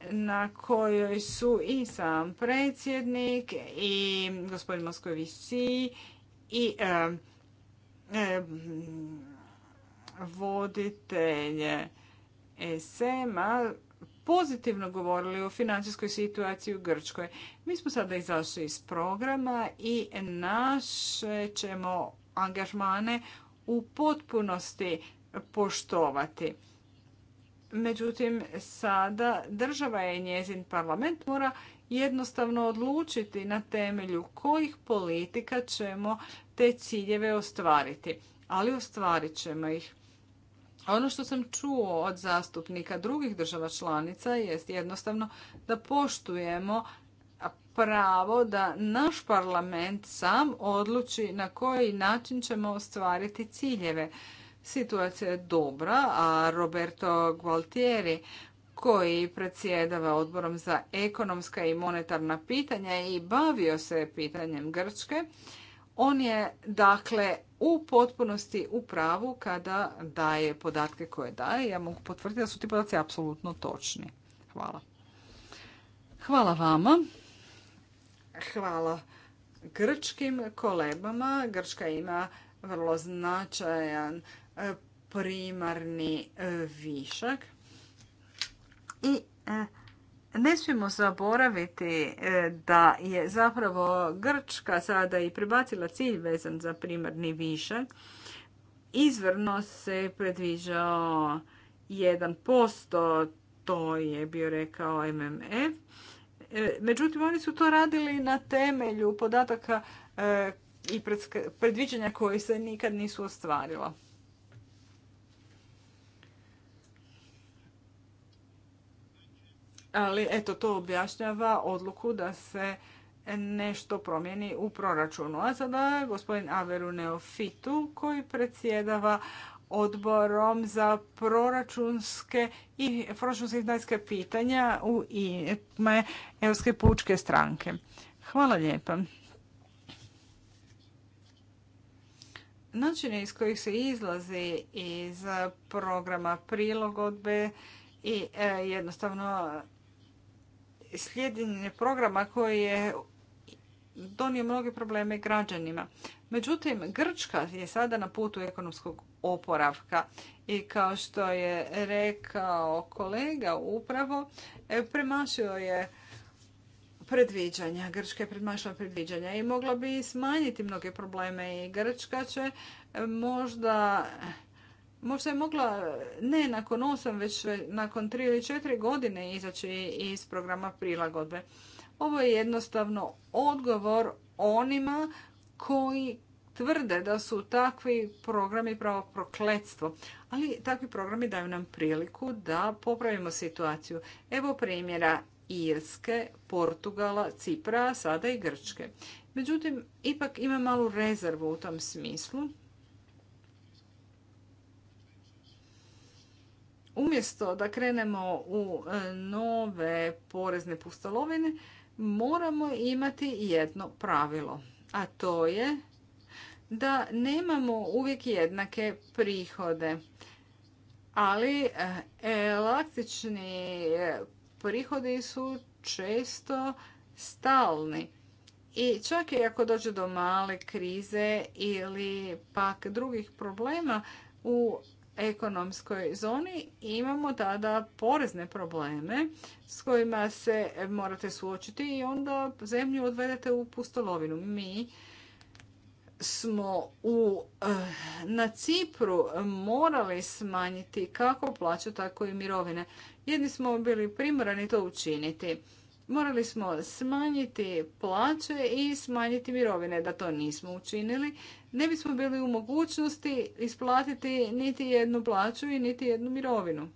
na kojoj su i sam predsjednik i gospodin Moskovići i voditelje e, voditelj pozitivno govorili o financijskoj situaciji u Grčkoj. Mi smo sada izašli iz programa i naše ćemo angažmane u potpunosti poštovati. Međutim, sada država je njezin parlament mora jednostavno odlučiti na temelju kojih politika ćemo te ciljeve ostvariti. Ali ostvarit ćemo ih. Ono što sam čuo od zastupnika drugih država članica jest jednostavno da poštujemo pravo da naš parlament sam odluči na koji način ćemo ostvariti ciljeve. Situacija je dobra, a Roberto Gualtieri koji predsjedava odborom za ekonomska i monetarna pitanja i bavio se pitanjem Grčke, on je dakle u potpunosti u pravu kada daje podatke koje daje. Ja mogu potvrditi da su ti podaci apsolutno točni. Hvala. Hvala vama. Hvala grčkim kolebama. Grčka ima vrlo značajan E, primarni e, višak. I e, ne smijemo zaboraviti da je zapravo Grčka sada i prebacila cilj vezan za primarni višak. Izvrno se predviđao 1%, to je bio rekao MMF. Međutim, oni su to radili na temelju podataka i predviđanja koji se nikad nisu ostvarila. Ali eto, to objašnjava odluku da se nešto promijeni u proračunu. A sada gospodin Averu Neofitu koji predsjedava odborom za proračunske i proračunske pitanja u ime Europske pučke stranke. Hvala lijepa. Načine iz kojih se izlazi iz programa prilogodbe i e, jednostavno slijedjenje programa koji je donio mnoge probleme građanima. Međutim, Grčka je sada na putu ekonomskog oporavka i kao što je rekao kolega upravo, e, premašio je predviđanja. Grčka je premašila predviđanja i mogla bi smanjiti mnoge probleme i Grčka će e, možda možda je mogla ne nakon osam, već nakon tri ili četiri godine izaći iz programa prilagodbe. Ovo je jednostavno odgovor onima koji tvrde da su takvi programi pravo prokletstvo. Ali takvi programi daju nam priliku da popravimo situaciju. Evo primjera Irske, Portugala, Cipra, sada i Grčke. Međutim, ipak ima malu rezervu u tom smislu umjesto da krenemo u e, nove porezne pustolovine, moramo imati jedno pravilo, a to je da nemamo uvijek jednake prihode. Ali e, elastični e, prihodi su često stalni. I čak i ako dođe do male krize ili pak drugih problema u ekonomskoj zoni imamo tada porezne probleme s kojima se morate suočiti i onda zemlju odvedete u pustolovinu. Mi smo u, eh, na Cipru morali smanjiti kako plaću, tako i mirovine. Jedni smo bili primorani to učiniti. Morali smo smanjiti plaće i smanjiti mirovine. Da to nismo učinili, ne bismo bili u mogućnosti isplatiti niti jednu plaću i niti jednu mirovinu.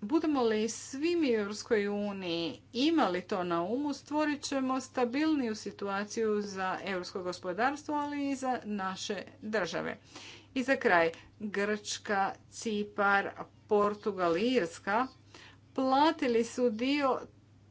Budemo li svi mi u EU uniji imali to na umu, stvorit ćemo stabilniju situaciju za europsko gospodarstvo, ali i za naše države. I za kraj, Grčka, Cipar, Portugal i Irska platili su dio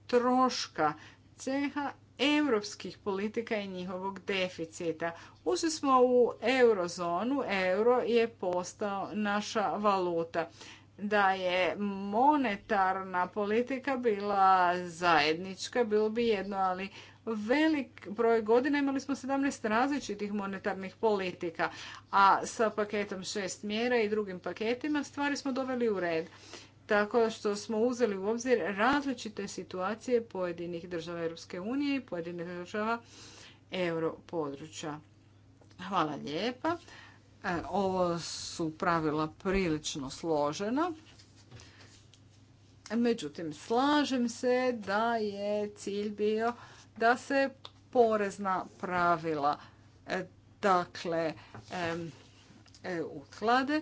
troška ceha europskih politika i njihovog deficita. Ušli smo u eurozonu, euro je postao naša valuta. Da je monetarna politika bila zajednička, bilo bi jedno, ali velik broj godina imali smo 17 različitih monetarnih politika, a sa paketom šest mjera i drugim paketima stvari smo doveli u red tako što smo uzeli u obzir različite situacije pojedinih država Europske unije i pojedinih država europodručja. Hvala lijepa. E, ovo su pravila prilično složena. Međutim, slažem se da je cilj bio da se porezna pravila e, dakle, e, usklade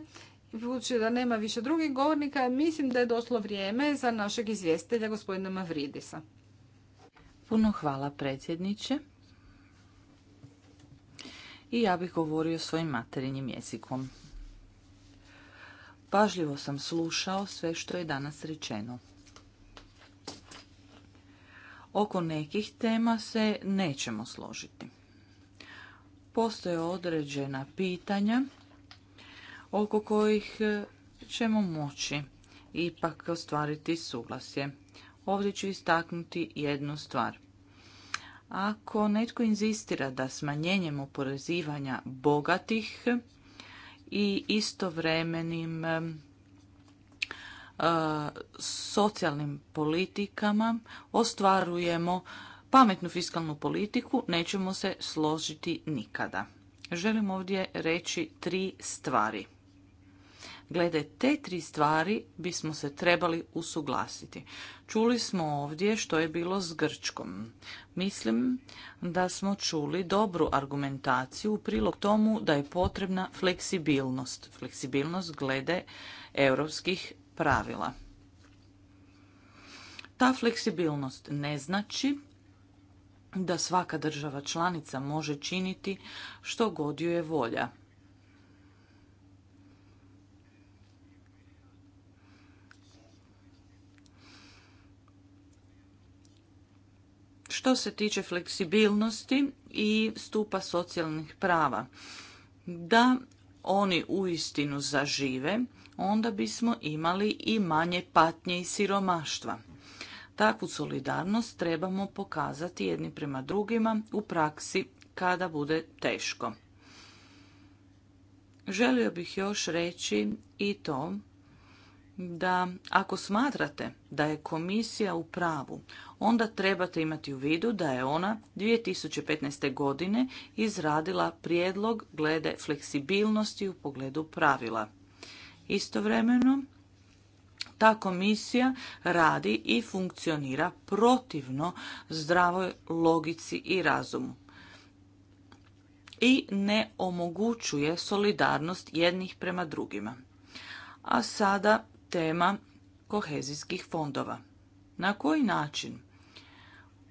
budući da nema više drugih govornika, mislim da je došlo vrijeme za našeg izvjestitelja gospodina Mavridisa. Puno hvala predsjedniče. I ja bih govorio svojim materinjim jezikom. Pažljivo sam slušao sve što je danas rečeno. Oko nekih tema se nećemo složiti. Postoje određena pitanja oko kojih e, ćemo moći ipak ostvariti suglasje. Ovdje ću istaknuti jednu stvar. Ako netko inzistira da smanjenjem oporezivanja bogatih i istovremenim e, socijalnim politikama ostvarujemo pametnu fiskalnu politiku, nećemo se složiti nikada. Želim ovdje reći tri stvari. Glede te tri stvari bismo se trebali usuglasiti. Čuli smo ovdje što je bilo s Grčkom. Mislim da smo čuli dobru argumentaciju u prilog tomu da je potrebna fleksibilnost. Fleksibilnost glede europskih pravila. Ta fleksibilnost ne znači da svaka država članica može činiti što god ju je volja. što se tiče fleksibilnosti i stupa socijalnih prava. Da oni uistinu zažive, onda bismo imali i manje patnje i siromaštva. Takvu solidarnost trebamo pokazati jedni prema drugima u praksi kada bude teško. Želio bih još reći i to da ako smatrate da je komisija u pravu, onda trebate imati u vidu da je ona 2015. godine izradila prijedlog glede fleksibilnosti u pogledu pravila. Istovremeno, ta komisija radi i funkcionira protivno zdravoj logici i razumu i ne omogućuje solidarnost jednih prema drugima. A sada tema kohezijskih fondova. Na koji način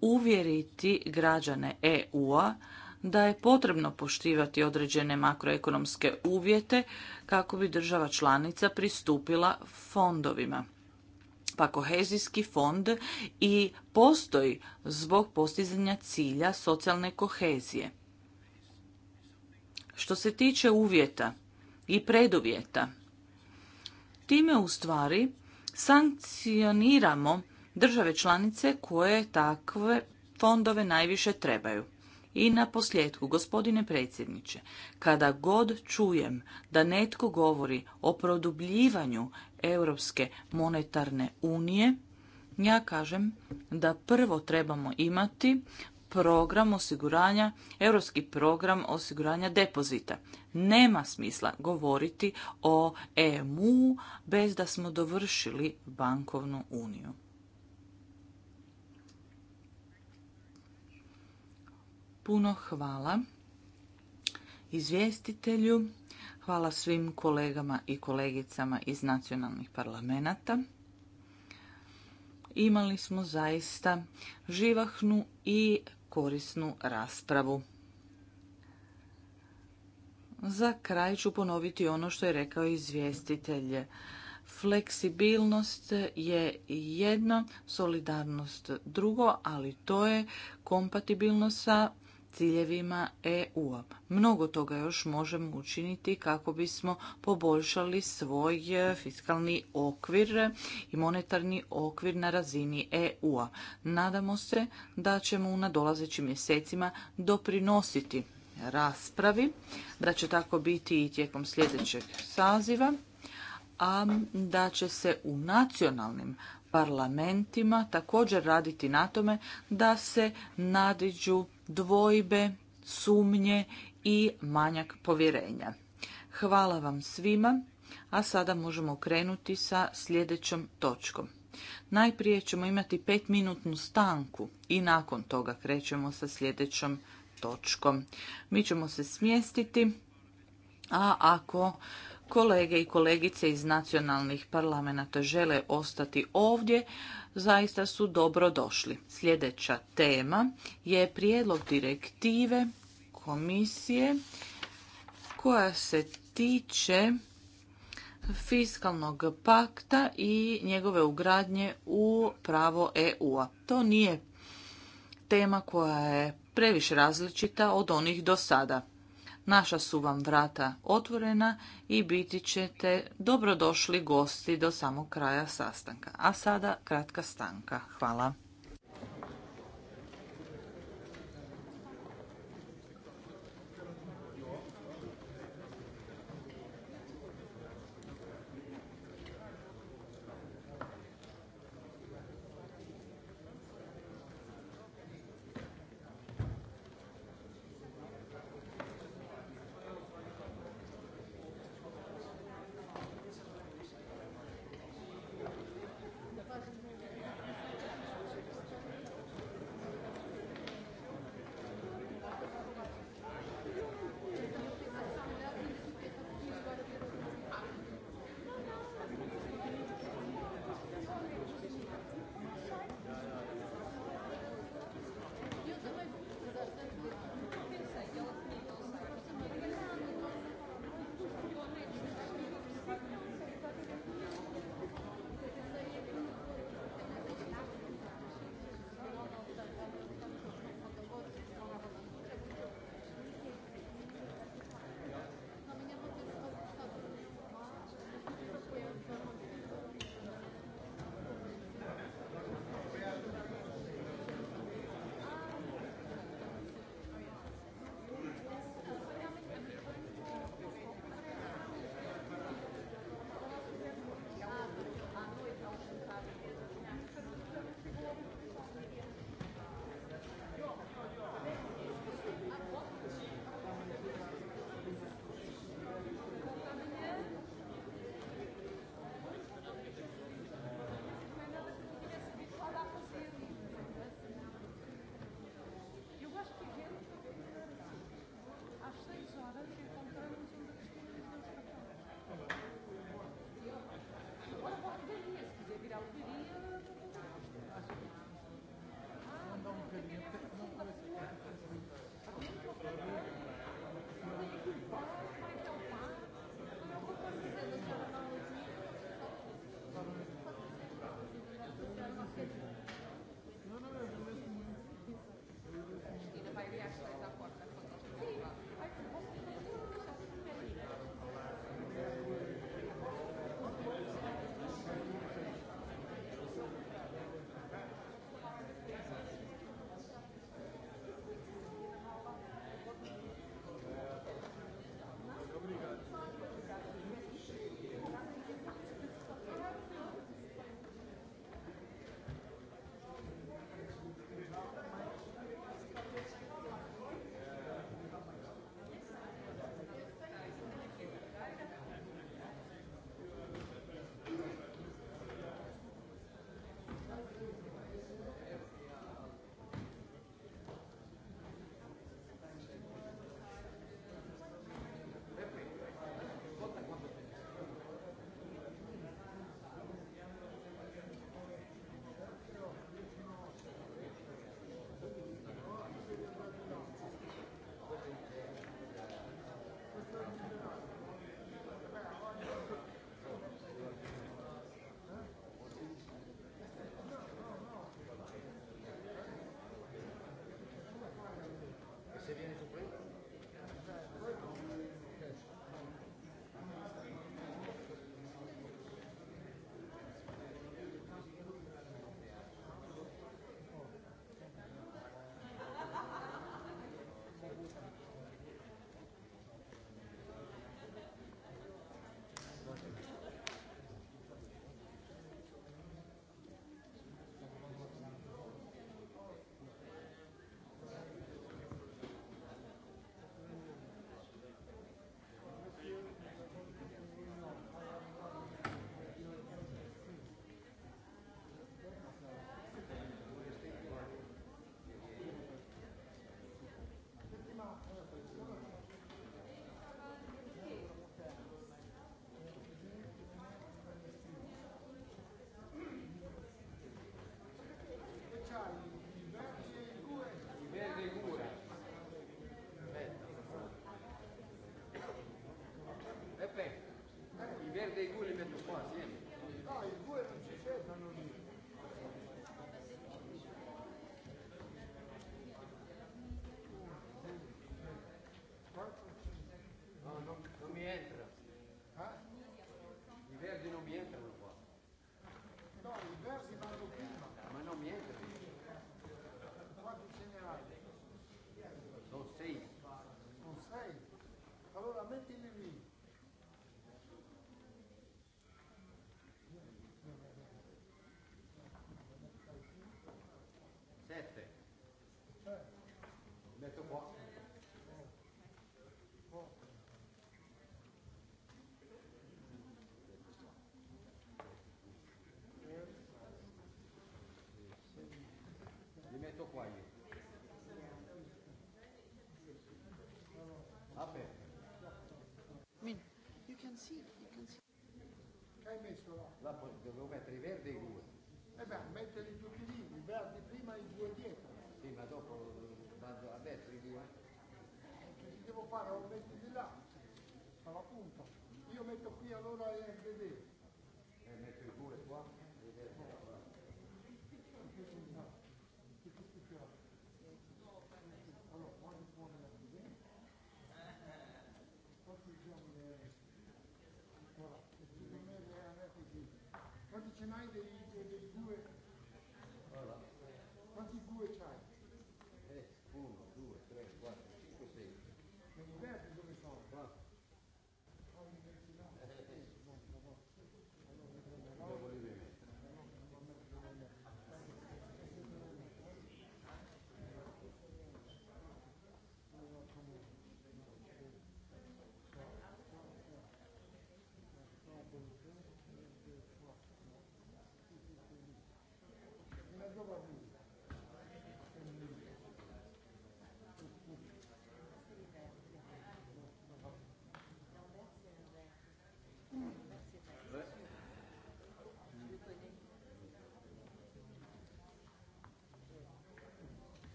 uvjeriti građane EU-a da je potrebno poštivati određene makroekonomske uvjete kako bi država članica pristupila fondovima. Pa kohezijski fond i postoji zbog postizanja cilja socijalne kohezije. Što se tiče uvjeta i preduvjeta, Time u stvari sankcioniramo države članice koje takve fondove najviše trebaju. I na posljedku, gospodine predsjedniče, kada god čujem da netko govori o produbljivanju Europske monetarne unije, ja kažem da prvo trebamo imati program osiguranja, europski program osiguranja depozita. Nema smisla govoriti o EMU bez da smo dovršili bankovnu uniju. Puno hvala izvjestitelju, hvala svim kolegama i kolegicama iz nacionalnih parlamenata imali smo zaista živahnu i korisnu raspravu. Za kraj ću ponoviti ono što je rekao izvjestitelj. Fleksibilnost je jedno, solidarnost drugo, ali to je kompatibilno sa ciljevima EU-a. Mnogo toga još možemo učiniti kako bismo poboljšali svoj e, fiskalni okvir i monetarni okvir na razini EU-a. Nadamo se da ćemo u nadolazećim mjesecima doprinositi raspravi, da će tako biti i tijekom sljedećeg saziva, a da će se u nacionalnim parlamentima također raditi na tome da se nadiđu dvojbe, sumnje i manjak povjerenja. Hvala vam svima, a sada možemo krenuti sa sljedećom točkom. Najprije ćemo imati petminutnu stanku i nakon toga krećemo sa sljedećom točkom. Mi ćemo se smjestiti, a ako kolege i kolegice iz nacionalnih parlamenta žele ostati ovdje, zaista su dobro došli. Sljedeća tema je prijedlog direktive komisije koja se tiče fiskalnog pakta i njegove ugradnje u pravo EU-a. To nije tema koja je previše različita od onih do sada. Naša su vam vrata otvorena i biti ćete dobrodošli gosti do samog kraja sastanka. A sada kratka stanka. Hvala. Yeah, mi entra. Ha? para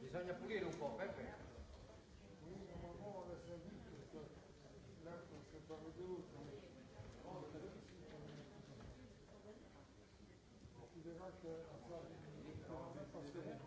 bisogna pulire un po', da se radi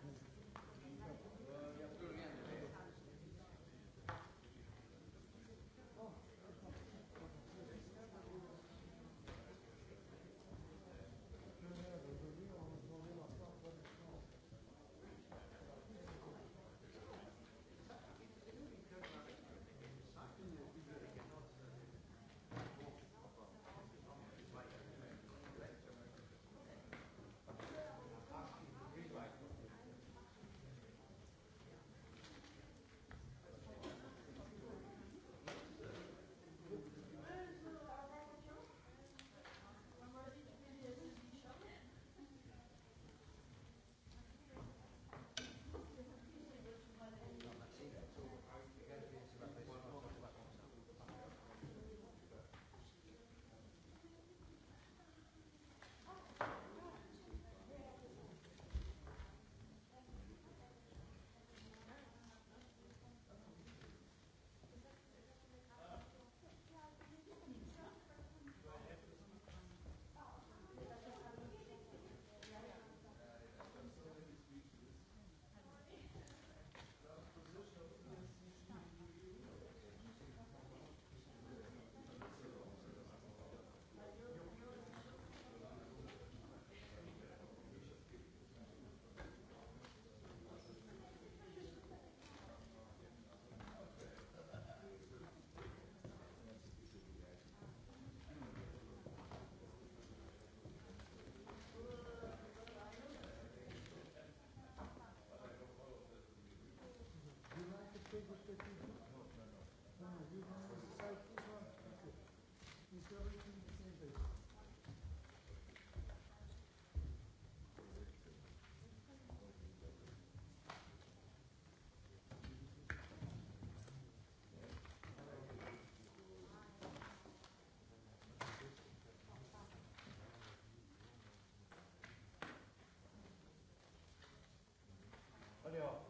Hvala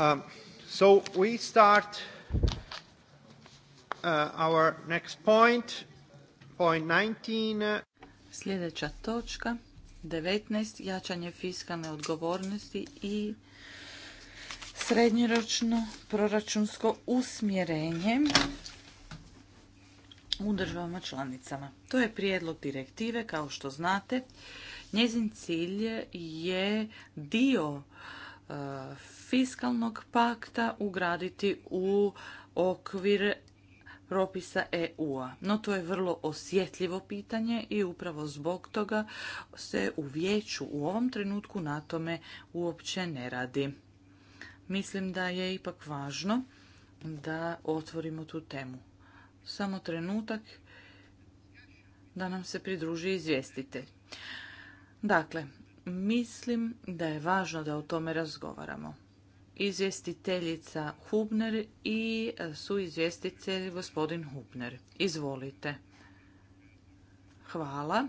Um, so we start uh, our next point, point 19. Uh, Sljedeća točka, 19. Jačanje fiskalne odgovornosti i srednjoročno proračunsko usmjerenje u državama članicama. To je prijedlog direktive, kao što znate. Njezin cilj je dio uh, fiskalnog pakta ugraditi u okvir propisa EU-a. No to je vrlo osjetljivo pitanje i upravo zbog toga se u vijeću u ovom trenutku na tome uopće ne radi. Mislim da je ipak važno da otvorimo tu temu. Samo trenutak da nam se pridruži izvjestite. Dakle, mislim da je važno da o tome razgovaramo izvjestiteljica Hubner i su izvjestitelj gospodin Hubner. Izvolite. Hvala.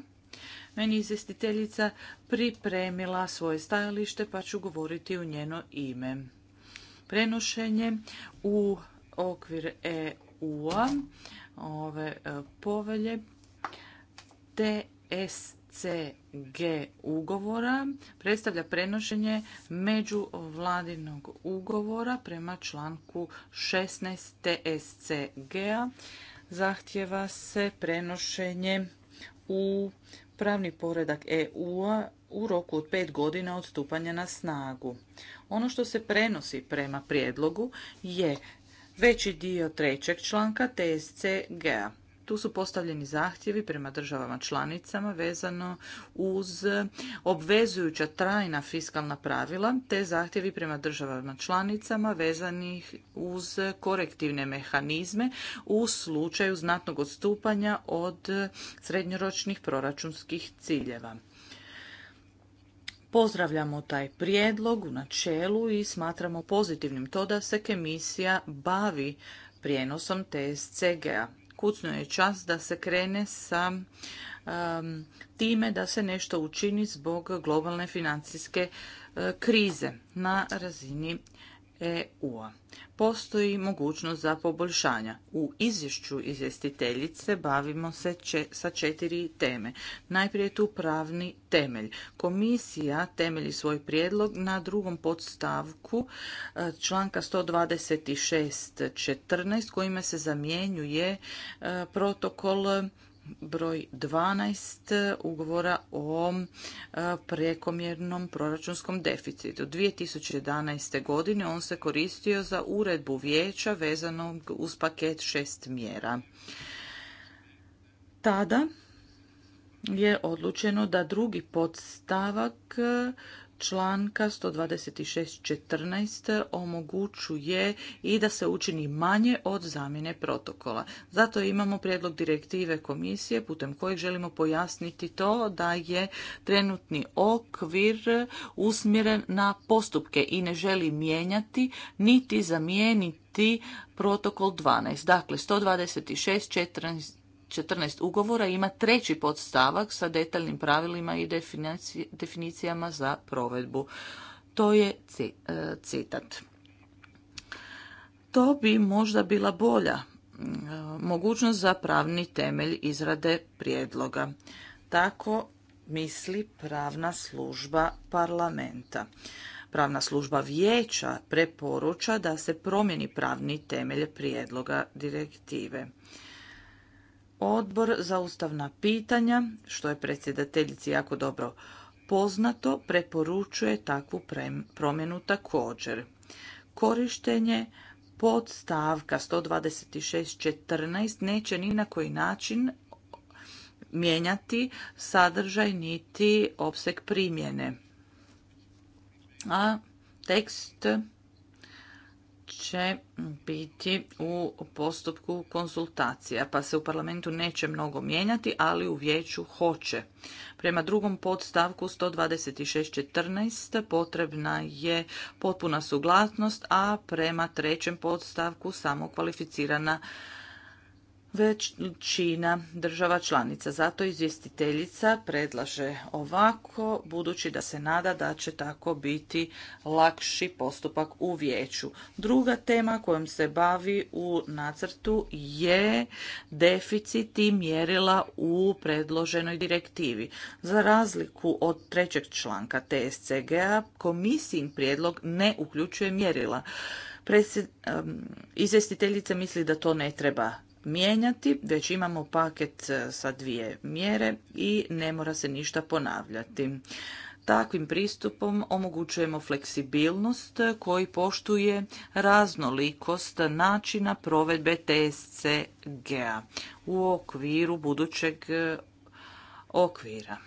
Meni izvjestiteljica pripremila svoje stajalište pa ću govoriti u njeno ime. Prenošenje u okvir EU-a ove e, povelje TS CG ugovora predstavlja prenošenje međuvladinog ugovora prema članku 16 TSCG-a. Zahtjeva se prenošenje u pravni poredak EU-a u roku od pet godina od stupanja na snagu. Ono što se prenosi prema prijedlogu je veći dio trećeg članka TSCG-a. Tu su postavljeni zahtjevi prema državama članicama vezano uz obvezujuća trajna fiskalna pravila te zahtjevi prema državama članicama vezanih uz korektivne mehanizme u slučaju znatnog odstupanja od srednjoročnih proračunskih ciljeva. Pozdravljamo taj prijedlog u načelu i smatramo pozitivnim to da se komisija bavi prijenosom TSCG-a kucno je čas da se krene sa um, time da se nešto učini zbog globalne financijske uh, krize na razini EU-a. Postoji mogućnost za poboljšanja. U izvješću izvjestiteljice bavimo se sa četiri teme. Najprije je tu pravni temelj. Komisija temelji svoj prijedlog na drugom podstavku e, članka 126.14 kojima se zamjenjuje e, protokol broj 12 ugovora o e, prekomjernom proračunskom deficitu. 2011. godine on se koristio za uredbu vijeća vezanog uz paket šest mjera. Tada je odlučeno da drugi podstavak članka 126.14 omogućuje i da se učini manje od zamjene protokola. Zato imamo prijedlog direktive komisije putem kojeg želimo pojasniti to da je trenutni okvir usmjeren na postupke i ne želi mijenjati niti zamijeniti protokol 12. Dakle, 126.14 14 ugovora ima treći podstavak sa detaljnim pravilima i definicijama za provedbu. To je e, citat. To bi možda bila bolja mogućnost za pravni temelj izrade prijedloga. Tako misli pravna služba parlamenta. Pravna služba vijeća preporuča da se promjeni pravni temelj prijedloga direktive. Odbor za ustavna pitanja, što je predsjedateljici jako dobro poznato, preporučuje takvu promjenu također. Korištenje podstavka 126.14 neće ni na koji način mijenjati sadržaj niti opseg primjene. A tekst će biti u postupku konsultacija, pa se u parlamentu neće mnogo mijenjati, ali u vijeću hoće. Prema drugom podstavku 126.14 potrebna je potpuna suglasnost, a prema trećem podstavku samo kvalificirana većina država članica. Zato izvjestiteljica predlaže ovako, budući da se nada da će tako biti lakši postupak u vijeću. Druga tema kojom se bavi u nacrtu je deficit i mjerila u predloženoj direktivi. Za razliku od trećeg članka TSCG-a, komisijin prijedlog ne uključuje mjerila. Izvjestiteljica misli da to ne treba mijenjati, već imamo paket e, sa dvije mjere i ne mora se ništa ponavljati. Takvim pristupom omogućujemo fleksibilnost koji poštuje raznolikost načina provedbe TSCG-a u okviru budućeg e, okvira.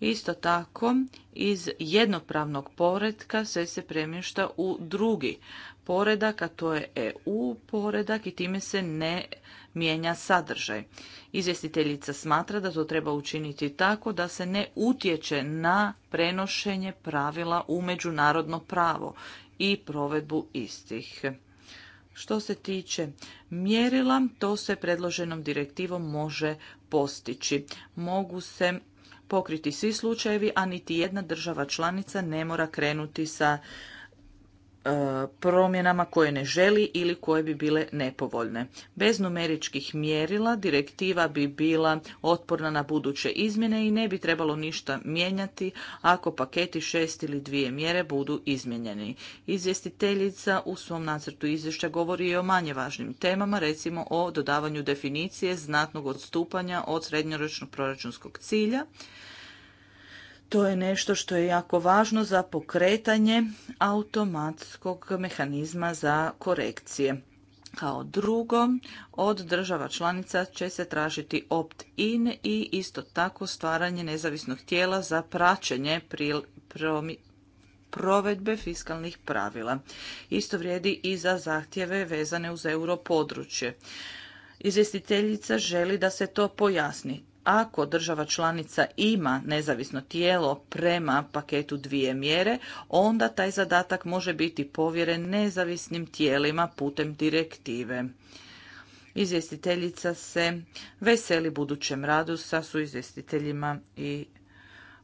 Isto tako, iz jednopravnog poredka sve se premješta u drugi poredak, a to je EU poredak i time se ne mijenja sadržaj. Izvjestiteljica smatra da to treba učiniti tako da se ne utječe na prenošenje pravila u međunarodno pravo i provedbu istih. Što se tiče mjerila, to se predloženom direktivom može postići. Mogu se pokriti svi slučajevi, a niti jedna država članica ne mora krenuti sa E, promjenama koje ne želi ili koje bi bile nepovoljne. Bez numeričkih mjerila direktiva bi bila otporna na buduće izmjene i ne bi trebalo ništa mijenjati ako paketi šest ili dvije mjere budu izmijenjeni. Izvjestiteljica u svom nacrtu izvješća govori i o manje važnim temama, recimo o dodavanju definicije znatnog odstupanja od srednjoročnog proračunskog cilja to je nešto što je jako važno za pokretanje automatskog mehanizma za korekcije. Kao drugo, od država članica će se tražiti opt-in i isto tako stvaranje nezavisnog tijela za praćenje provedbe fiskalnih pravila. Isto vrijedi i za zahtjeve vezane uz euro područje. Izvjestiteljica želi da se to pojasni ako država članica ima nezavisno tijelo prema paketu dvije mjere, onda taj zadatak može biti povjeren nezavisnim tijelima putem direktive. Izvjestiteljica se veseli budućem radu sa suizvjestiteljima i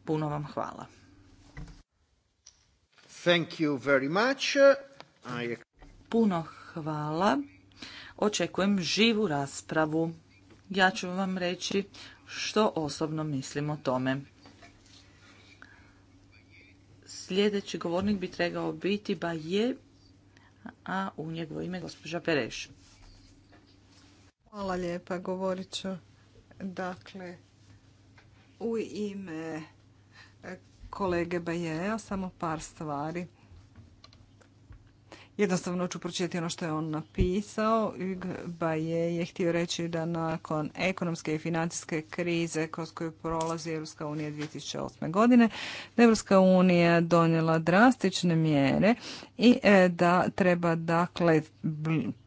puno vam hvala. Thank you very much. Puno hvala. Očekujem živu raspravu. Ja ću vam reći što osobno mislim o tome. Sljedeći govornik bi trebao biti je, a u njegovo ime gospođa Pereš. Hvala lijepa, govorit ću. Dakle, u ime kolege Bajeja samo par stvari jednostavno ću pročitati ono što je on napisao. Ba je, je htio reći da nakon ekonomske i financijske krize kroz koju prolazi Europska unija 2008. godine, da Europska unija donijela drastične mjere i e, da treba dakle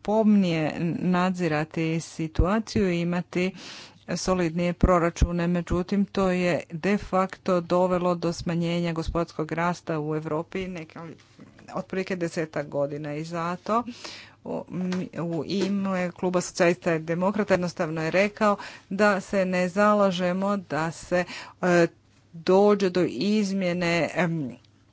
pomnije nadzirati situaciju i imati solidnije proračune, međutim to je de facto dovelo do smanjenja gospodarskog rasta u Europi, neke otprilike desetak godina i zato u ime kluba socijalista i demokrata jednostavno je rekao da se ne zalažemo da se e, dođe do izmjene e,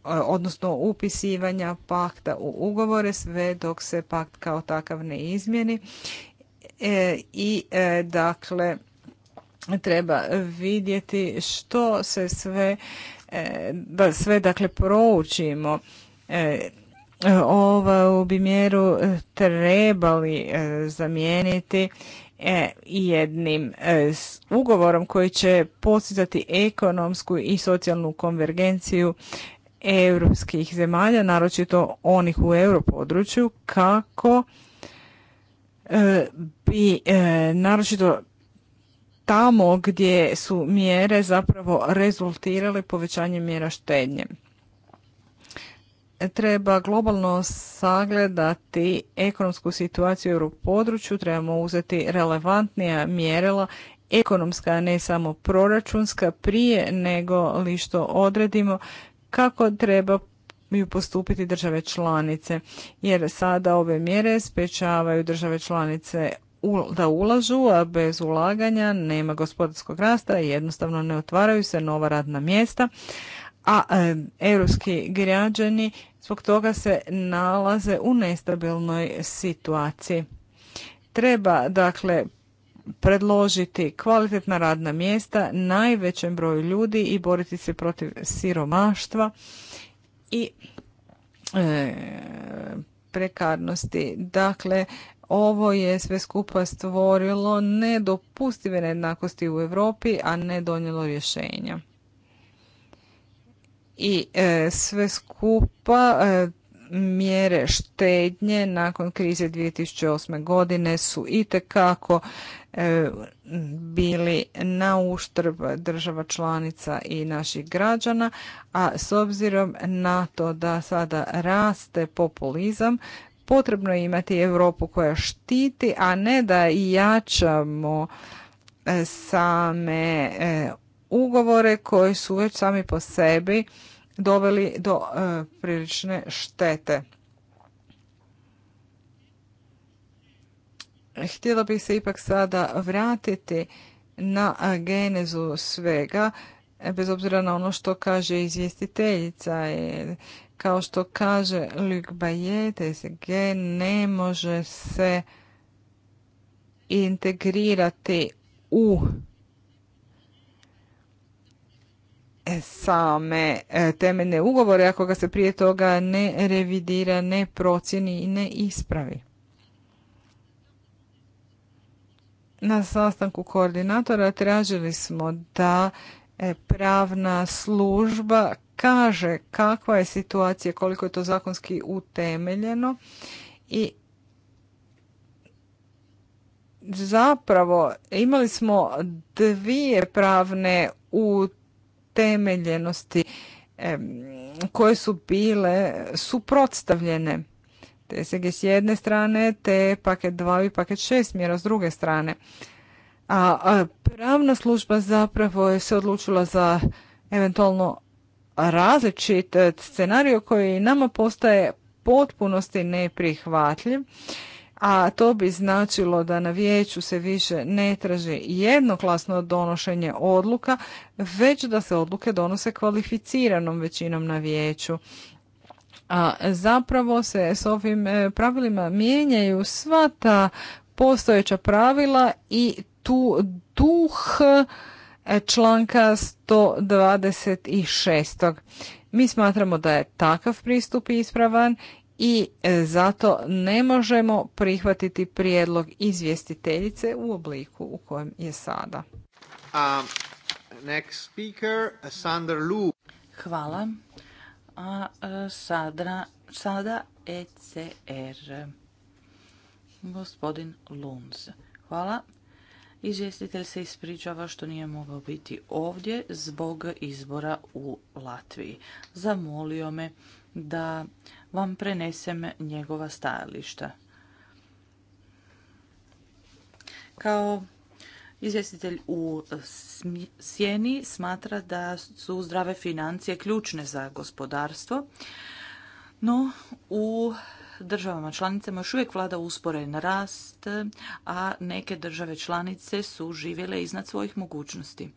odnosno upisivanja pakta u ugovore sve dok se pakt kao takav ne izmjeni e, i dakle treba vidjeti što se sve da sve dakle proučimo E, e, ovu bi mjeru e, trebali zamijeniti jednim ugovorom koji će postizati ekonomsku i socijalnu konvergenciju europskih zemalja, naročito onih u europodručju, kako bi naročito tamo gdje su mjere zapravo rezultirale povećanjem mjera štednje treba globalno sagledati ekonomsku situaciju u europodručju, trebamo uzeti relevantnija mjerila ekonomska, ne samo proračunska, prije nego li što odredimo kako treba ju postupiti države članice. Jer sada ove mjere sprečavaju države članice da ulažu, a bez ulaganja nema gospodarskog rasta i jednostavno ne otvaraju se nova radna mjesta, a e, europski građani zbog toga se nalaze u nestabilnoj situaciji. Treba dakle predložiti kvalitetna radna mjesta najvećem broju ljudi i boriti se protiv siromaštva i e, prekarnosti. Dakle, ovo je sve skupa stvorilo nedopustive nejednakosti u Europi, a ne donijelo rješenja i e, sve skupa e, mjere štednje nakon krize 2008. godine su itekako e, bili na uštrb država članica i naših građana, a s obzirom na to da sada raste populizam, potrebno je imati Europu koja štiti, a ne da jačamo same ugovore koji su već sami po sebi doveli do e, prilične štete. Htjela bih se ipak sada vratiti na genezu svega, bez obzira na ono što kaže izvjestiteljica. E, kao što kaže Luc se gen ne može se integrirati u E, same e, temeljne ugovore ako ga se prije toga ne revidira, ne procjeni i ne ispravi. Na sastanku koordinatora tražili smo da e, pravna služba kaže kakva je situacija, koliko je to zakonski utemeljeno i zapravo imali smo dvije pravne u utemeljenosti koje su bile suprotstavljene. TSG s jedne strane, te paket 2 i paket 6 mjera s druge strane. A pravna služba zapravo je se odlučila za eventualno različit e, scenarij koji nama postaje potpunosti neprihvatljiv a to bi značilo da na vijeću se više ne traži jednoklasno donošenje odluka, već da se odluke donose kvalificiranom većinom na vijeću. A zapravo se s ovim e, pravilima mijenjaju sva ta postojeća pravila i tu duh e, članka 126. Mi smatramo da je takav pristup ispravan i e, zato ne možemo prihvatiti prijedlog izvjestiteljice u obliku u kojem je sada. Um, Hvala. A e, sada ECR. Gospodin Lunz. Hvala. Izvjestitelj se ispričava što nije mogao biti ovdje zbog izbora u Latviji. Zamolio me da vam prenesem njegova stajališta. Kao Izvjestitelj u sjeni smatra da su zdrave financije ključne za gospodarstvo, no u državama članicama još uvijek vlada usporen rast, a neke države članice su živjele iznad svojih mogućnosti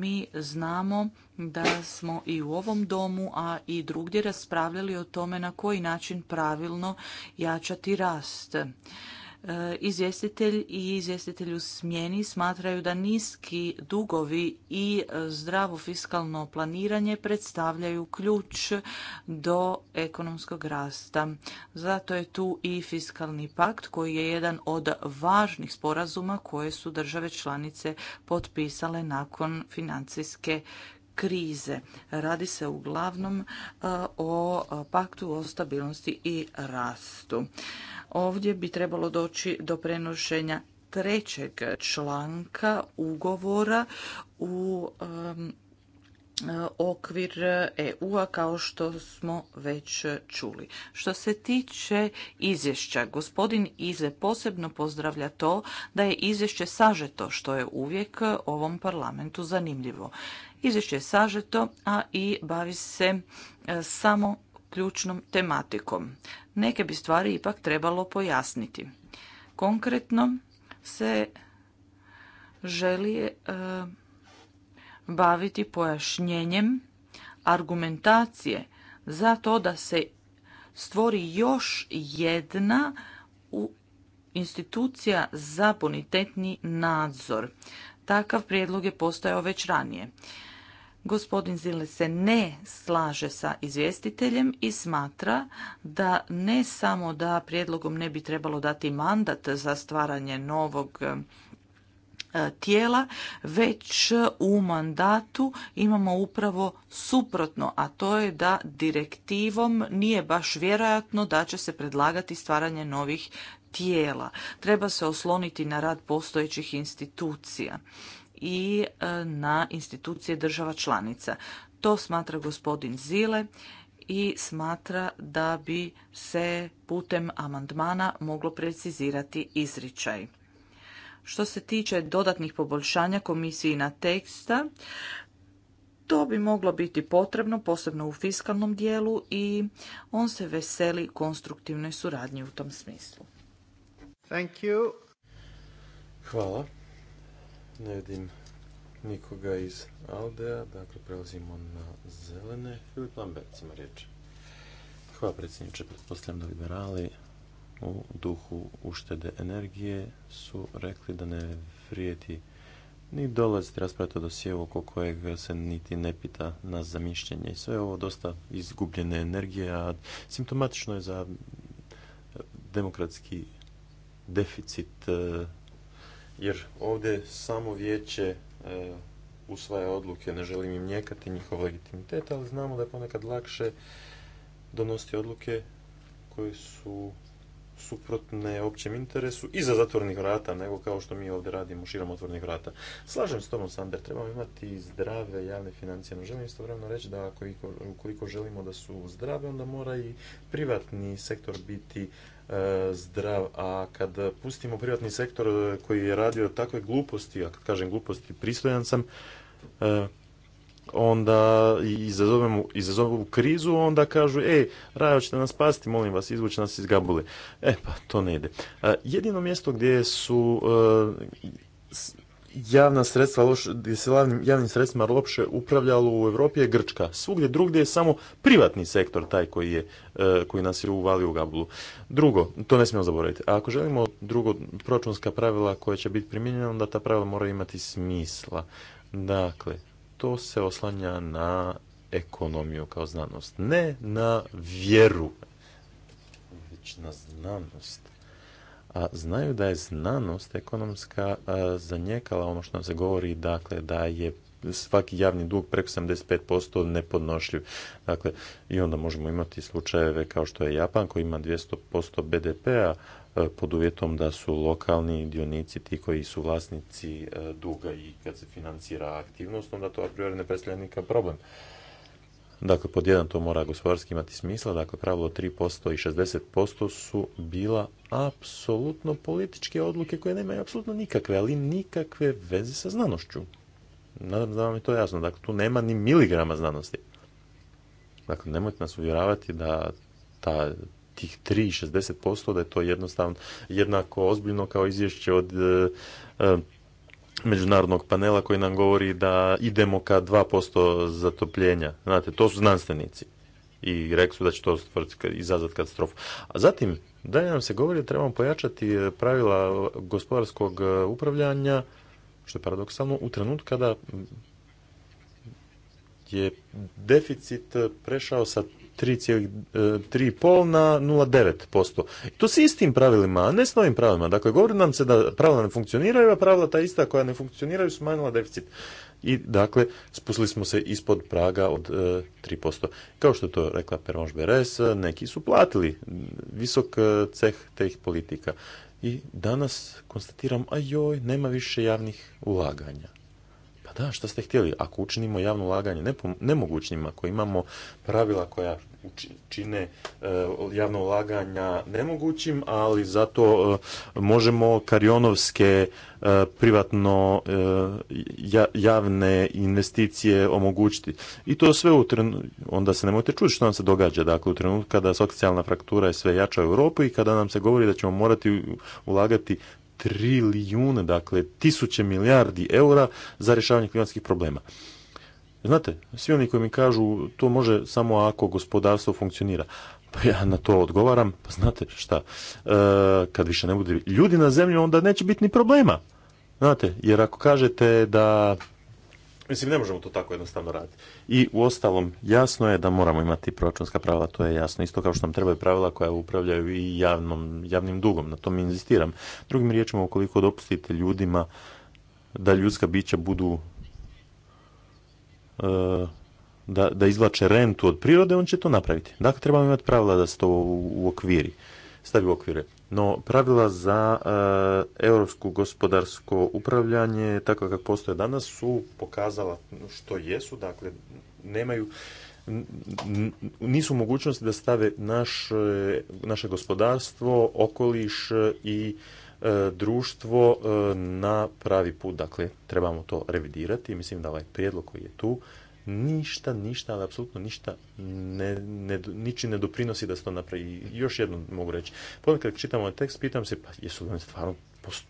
mi znamo da smo i u ovom domu, a i drugdje raspravljali o tome na koji način pravilno jačati rast. E, izvjestitelj i izvjestitelj u smjeni smatraju da niski dugovi i zdravo fiskalno planiranje predstavljaju ključ do ekonomskog rasta. Zato je tu i fiskalni pakt koji je jedan od važnih sporazuma koje su države članice potpisale nakon financijske krize. Radi se uglavnom e, o paktu o stabilnosti i rastu. Ovdje bi trebalo doći do prenošenja trećeg članka ugovora u okvir EU-a kao što smo već čuli. Što se tiče izvješća, gospodin Ize posebno pozdravlja to da je izvješće sažeto, što je uvijek ovom parlamentu zanimljivo. Izvješće je sažeto, a i bavi se e, samo ključnom tematikom. Neke bi stvari ipak trebalo pojasniti. Konkretno se želi e, baviti pojašnjenjem argumentacije za to da se stvori još jedna institucija za bonitetni nadzor. Takav prijedlog je postojao već ranije. Gospodin Zile se ne slaže sa izvjestiteljem i smatra da ne samo da prijedlogom ne bi trebalo dati mandat za stvaranje novog e, tijela, već u mandatu imamo upravo suprotno, a to je da direktivom nije baš vjerojatno da će se predlagati stvaranje novih tijela. Treba se osloniti na rad postojećih institucija i e, na institucije država članica. To smatra gospodin Zile i smatra da bi se putem amandmana moglo precizirati izričaj. Što se tiče dodatnih poboljšanja komisiji na teksta, to bi moglo biti potrebno, posebno u fiskalnom dijelu i on se veseli konstruktivnoj suradnji u tom smislu. Thank you. Hvala. Ne vidim nikoga iz Aldea, dakle prelazimo na zelene. Filip Lambert ima riječ. Hvala predsjedniče, pretpostavljam da liberali u duhu uštede energije su rekli da ne vrijeti ni dolaziti raspravljati o dosijevu oko kojeg se niti ne pita na zamišljenje. I sve ovo dosta izgubljene energije, a simptomatično je za demokratski deficit eh, jer ovdje samo vijeće e, usvaja odluke, ne želim im njekati njihov legitimitet, ali znamo da je ponekad lakše donositi odluke koje su suprotne općem interesu za zatvorenih vrata, nego kao što mi ovdje radimo širom otvorenih vrata. Slažem s tobom, Sander, trebamo imati zdrave javne financije, no želim istovremeno reći da koliko ukoliko želimo da su zdrave, onda mora i privatni sektor biti E, zdrav, a kad pustimo privatni sektor koji je radio takve gluposti, a kad kažem gluposti, pristojan sam, e, onda izazovemo, izazovu krizu, onda kažu, ej, Rajo, ćete nas spasti, molim vas, izvući nas iz gabule. E, pa, to ne ide. E, jedino mjesto gdje su javna sredstva gdje se javnim sredstvima lopše upravljalo u Europi je Grčka. Svugdje drugdje je samo privatni sektor taj koji, je, e, koji nas je uvalio u gablu. Drugo, to ne smijemo zaboraviti. A ako želimo drugo proračunska pravila koja će biti primijenjena, onda ta pravila moraju imati smisla. Dakle, to se oslanja na ekonomiju kao znanost, ne na vjeru, već na znanost a znaju da je znanost ekonomska zanjekala ono što nam se govori, dakle da je svaki javni dug preko 75% nepodnošljiv. Dakle, i onda možemo imati slučajeve kao što je Japan koji ima 200% BDP-a e, pod uvjetom da su lokalni dionici ti koji su vlasnici e, duga i kad se financira aktivnost, onda to a priori ne predstavlja nikakav problem. Dakle, pod jedan to mora gospodarski imati smisla, dakle pravilo 3% i 60% su bila apsolutno političke odluke koje nemaju apsolutno nikakve, ali nikakve veze sa znanošću. Nadam da vam je to jasno, dakle tu nema ni miligrama znanosti. Dakle, nemojte nas uvjeravati da ta, tih 60% da je to jednostavno jednako ozbiljno kao izvješće od eh, eh, međunarodnog panela koji nam govori da idemo ka 2% zatopljenja. Znate, to su znanstvenici i rekli su da će to izazvati katastrofu. A zatim, dalje nam se govori da trebamo pojačati e, pravila e, gospodarskog e, upravljanja, što je paradoksalno, u trenutku kada je deficit prešao sa 3,5 na 0,9%. To s istim pravilima, a ne s novim pravilima. Dakle, govori nam se da pravila ne funkcioniraju, a pravila ta ista koja ne funkcioniraju smanjila deficit. I dakle, spustili smo se ispod praga od tri 3%. Kao što je to rekla Pervanš Beres, neki su platili visok ceh teh politika. I danas konstatiram, a joj, nema više javnih ulaganja da, što ste htjeli? Ako učinimo javno ulaganje nemogućnjima, ako imamo pravila koja čine e, javno ulaganja nemogućim, ali zato e, možemo karionovske e, privatno javne investicije omogućiti. I to sve u trenutku, onda se nemojte čuti što nam se događa. Dakle, u trenutku kada socijalna fraktura je sve jača u Europi i kada nam se govori da ćemo morati ulagati trilijune, dakle tisuće milijardi eura za rješavanje klimatskih problema. Znate, svi oni koji mi kažu to može samo ako gospodarstvo funkcionira. Pa ja na to odgovaram, pa znate šta, e, kad više ne bude ljudi na zemlji, onda neće biti ni problema. Znate, jer ako kažete da Mislim, ne možemo to tako jednostavno raditi. I u ostalom, jasno je da moramo imati proračunska pravila, to je jasno. Isto kao što nam trebaju pravila koja upravljaju i javnom, javnim dugom, na tom inzistiram. Drugim riječima, ukoliko dopustite ljudima da ljudska bića budu e, da, da izvlače rentu od prirode, on će to napraviti. Dakle, trebamo imati pravila da se to u, u okviri, stavi u okvire. No, pravila za e, europsko gospodarsko upravljanje, tako kako postoje danas, su pokazala što jesu, dakle, nemaju nisu mogućnosti da stave naš, e, naše gospodarstvo, okoliš e, i društvo na pravi put. Dakle, trebamo to revidirati. Mislim da ovaj prijedlog koji je tu ništa, ništa, ali apsolutno ništa, ne, ne, ničim ne doprinosi da se to napravi. Još jednom mogu reći. Ponekad čitamo tekst, pitam se, pa jesu li oni stvarno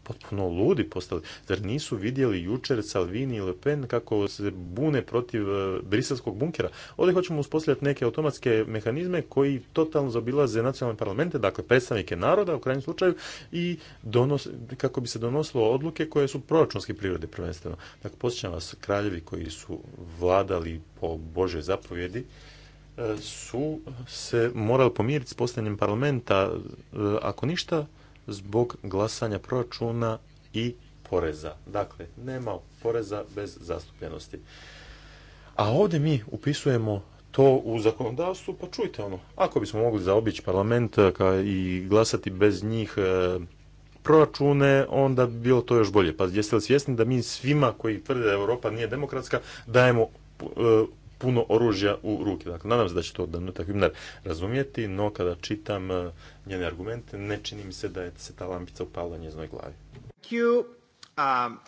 potpuno ludi postali. Zar nisu vidjeli jučer Salvini i Le Pen kako se bune protiv e, briselskog bunkera? Ovdje hoćemo uspostavljati neke automatske mehanizme koji totalno zaobilaze nacionalne parlamente, dakle predstavnike naroda u krajnjem slučaju, i kako bi se donosilo odluke koje su proračunske prirode prvenstveno. Dakle, posjećam vas, kraljevi koji su vladali po Božoj zapovjedi, e, su se morali pomiriti s postavljanjem parlamenta, e, ako ništa, zbog glasanja proračuna i poreza. Dakle, nema poreza bez zastupljenosti. A ovdje mi upisujemo to u zakonodavstvu, pa čujte ono, ako bismo mogli zaobići parlament e, i glasati bez njih e, proračune, onda bi bilo to još bolje. Pa jeste li svjesni da mi svima koji tvrde da Europa nije demokratska dajemo e, puno oružja u ruke. Dakle, nadam se da će to Danuta Hübner razumijeti, no kada čitam eh, njene argumente, ne čini mi se da je se ta lampica upala njeznoj glavi. Um,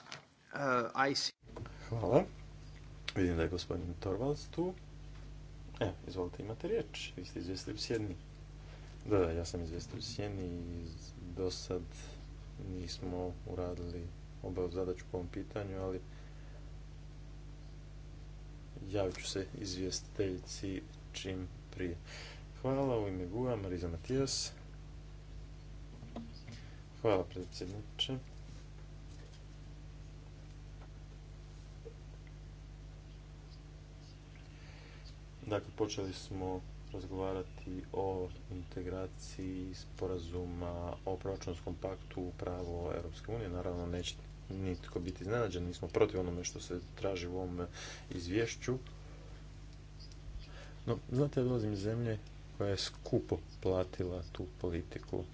uh, Hvala. Vidim da je gospodin Torvalds tu. E, izvolite, imate riječ. Vi ste izvjestili u Sjedni. Da, da, ja sam izvjestio u Sjeni i do sad nismo uradili obavu zadaću po ovom pitanju, ali javit ću se izvjestiteljici čim prije. Hvala u ime Guja, Mariza Matijas. Hvala predsjedniče. Dakle, počeli smo razgovarati o integraciji sporazuma o proračunskom paktu u pravo Europske unije. Naravno, nećete nitko biti iznenađen, nismo protiv onome što se traži u ovom izvješću. No, znate, ja dolazim iz zemlje koja je skupo platila tu politiku.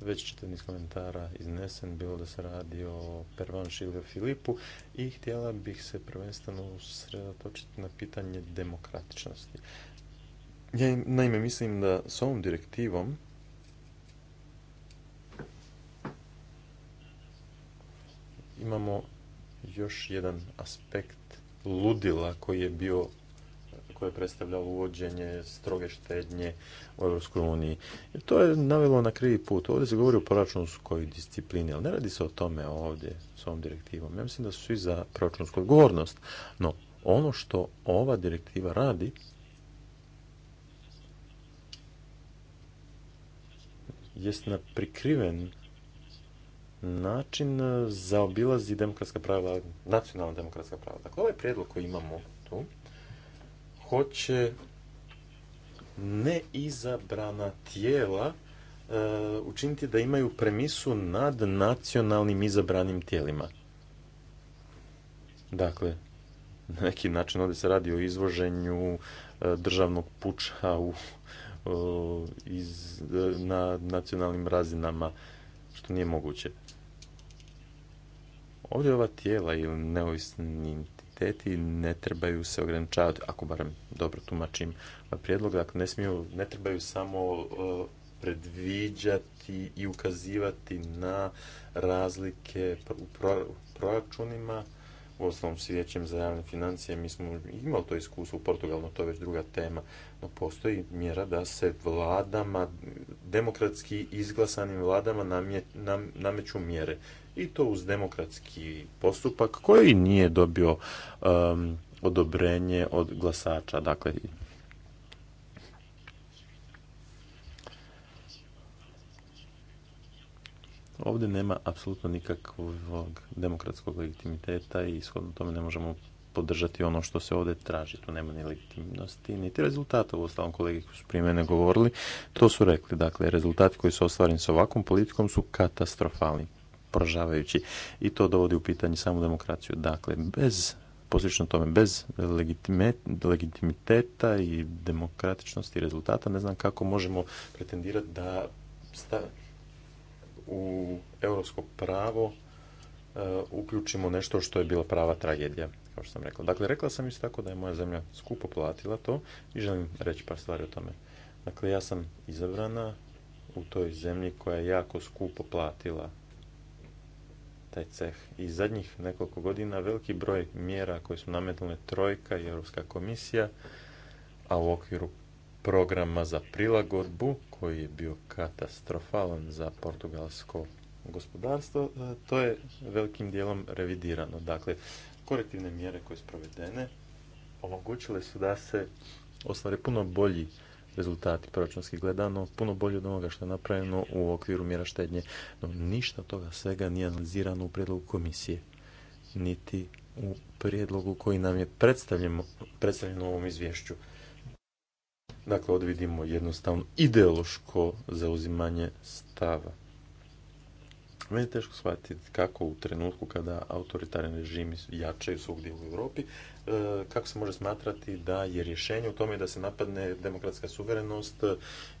Već čitav niz komentara iznesen, bilo da se radi o Pervanši ili o Filipu i htjela bih se prvenstveno usredotočiti na pitanje demokratičnosti. Ja naime mislim da s ovom direktivom imamo još jedan aspekt ludila koji je bio koje je predstavljalo uvođenje stroge štednje u Europskoj uniji. to je navelo na krivi put. Ovdje se govori o proračunskoj disciplini, ali ne radi se o tome ovdje s ovom direktivom. Ja mislim da su svi za proračunsku odgovornost. No, ono što ova direktiva radi jest na prikriven način e, zaobilazi demokratska prava, nacionalna demokratska prava. Dakle, ovaj prijedlog koji imamo tu hoće neizabrana tijela e, učiniti da imaju premisu nad nacionalnim izabranim tijelima. Dakle, na neki način ovdje se radi o izvoženju e, državnog puča u, na nacionalnim razinama, što nije moguće. Ovdje ova tijela ili neovisni entiteti ne trebaju se ograničavati, ako barem dobro tumačim prijedlog, dakle ne, smiju, ne trebaju samo e, predviđati i ukazivati na razlike u proračunima, u osnovom Svijećem za javne financije, mi smo imali to iskustvo u Portugalu, no to je već druga tema, no postoji mjera da se vladama, demokratski izglasanim vladama nameću mjere i to uz demokratski postupak koji nije dobio um, odobrenje od glasača. Dakle, ovdje nema apsolutno nikakvog demokratskog legitimiteta i ishodno tome ne možemo podržati ono što se ovdje traži. Tu nema ni legitimnosti, niti rezultata. Uostalom kolege koji su prije mene govorili, to su rekli. Dakle, rezultati koji su ostvareni s ovakvom politikom su katastrofalni poražavajući i to dovodi u pitanje samu demokraciju. Dakle, bez poslično tome, bez legitimiteta i demokratičnosti i rezultata, ne znam kako možemo pretendirati da u europsko pravo e, uključimo nešto što je bila prava tragedija, kao što sam rekla. Dakle, rekla sam isto tako da je moja zemlja skupo platila to i želim reći par stvari o tome. Dakle, ja sam izabrana u toj zemlji koja je jako skupo platila taj ceh. I zadnjih nekoliko godina veliki broj mjera koje su nametnule Trojka i Europska komisija, a u okviru programa za prilagodbu koji je bio katastrofalan za portugalsko gospodarstvo, e, to je velikim dijelom revidirano. Dakle, korektivne mjere koje su provedene omogućile su da se ostvare puno bolji rezultati proračunski gledano puno bolje od onoga što je napravljeno u okviru mjera štednje. No, ništa toga svega nije analizirano u prijedlogu komisije, niti u prijedlogu koji nam je predstavljen u ovom izvješću. Dakle, odvidimo jednostavno ideološko zauzimanje stava. Meni je teško shvatiti kako u trenutku kada autoritarni režimi jačaju svugdje u Europi, e, kako se može smatrati da je rješenje u tome da se napadne demokratska suverenost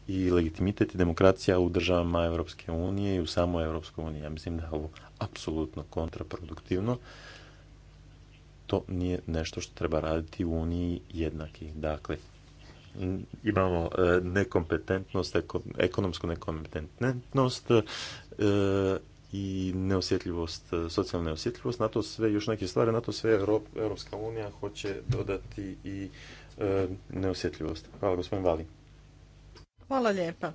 i legitimitet i demokracija u državama Europske unije i u samoj Europskoj uniji. Ja mislim da je ovo apsolutno kontraproduktivno. To nije nešto što treba raditi u Uniji jednaki. Dakle, imamo e, nekompetentnost, ekonomsku nekompetentnost, e, i neosjetljivost, e, socijalna neosjetljivost, na to sve, još neke stvari, na to sve Europska unija hoće dodati i e, neosjetljivost. Hvala gospodin Vali. Hvala lijepa.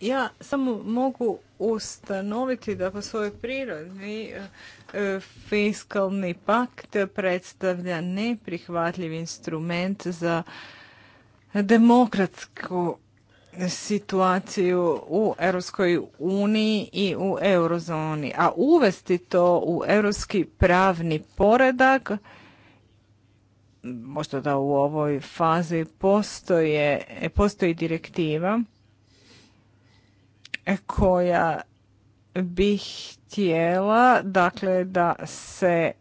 Ja samo mogu ustanoviti da po svojoj prirodi e, fiskalni pakt predstavlja neprihvatljiv instrument za demokratsku situaciju u Europskoj uniji i u eurozoni, a uvesti to u europski pravni poredak, možda da u ovoj fazi postoje, postoji direktiva koja bi htjela dakle da se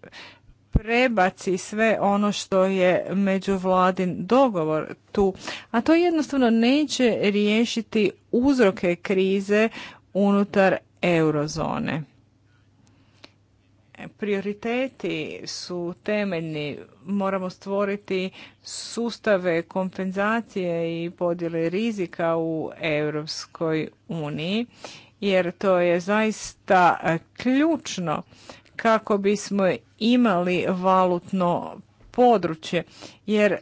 prebaci sve ono što je međuvladin dogovor tu. A to jednostavno neće riješiti uzroke krize unutar eurozone. Prioriteti su temeljni. Moramo stvoriti sustave kompenzacije i podjele rizika u Europskoj uniji, jer to je zaista ključno kako bismo imali valutno područje jer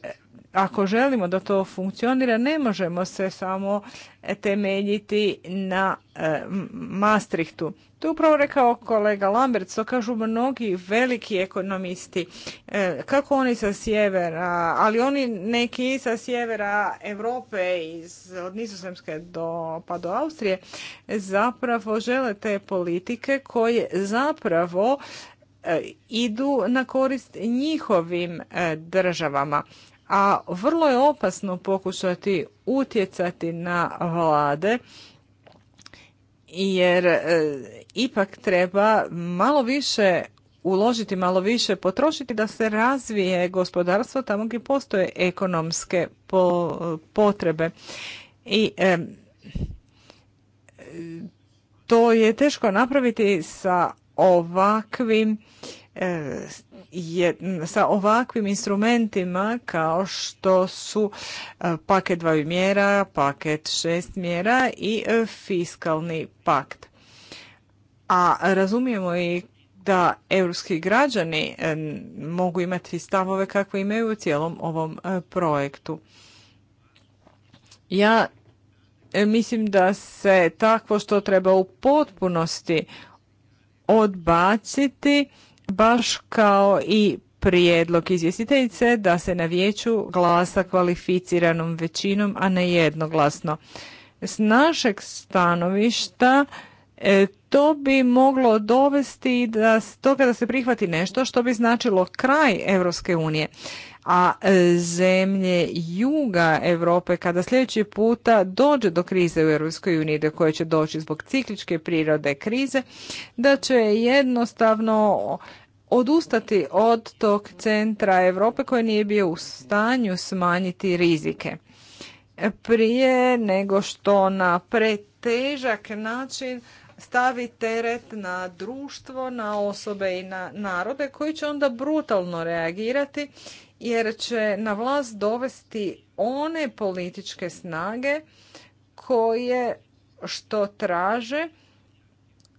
ako želimo da to funkcionira, ne možemo se samo temeljiti na e, Maastrichtu. To je upravo rekao kolega Lambert, to kažu mnogi veliki ekonomisti, e, kako oni sa sjevera, ali oni neki sa sjevera Europe, iz, od Nizozemske do, pa do Austrije, zapravo žele te politike koje zapravo e, idu na korist njihovim e, državama a vrlo je opasno pokušati utjecati na vlade jer e, ipak treba malo više uložiti, malo više potrošiti da se razvije gospodarstvo tamo gdje postoje ekonomske potrebe. I e, to je teško napraviti sa ovakvim e, je, sa ovakvim instrumentima kao što su e, paket dvaju mjera, paket šest mjera i e, fiskalni pakt. A razumijemo i da europski građani e, mogu imati stavove kakve imaju u cijelom ovom projektu. Ja mislim da se takvo što treba u potpunosti odbaciti baš kao i prijedlog izvjestiteljice da se na vijeću glasa kvalificiranom većinom, a ne jednoglasno. S našeg stanovišta e, to bi moglo dovesti da toga da se prihvati nešto što bi značilo kraj Europske unije a e, zemlje juga Europe kada sljedeći puta dođe do krize u Europskoj uniji do koje će doći zbog cikličke prirode krize, da će jednostavno odustati od tog centra Europe koji nije bio u stanju smanjiti rizike. Prije nego što na pretežak način stavi teret na društvo, na osobe i na narode koji će onda brutalno reagirati jer će na vlast dovesti one političke snage koje što traže,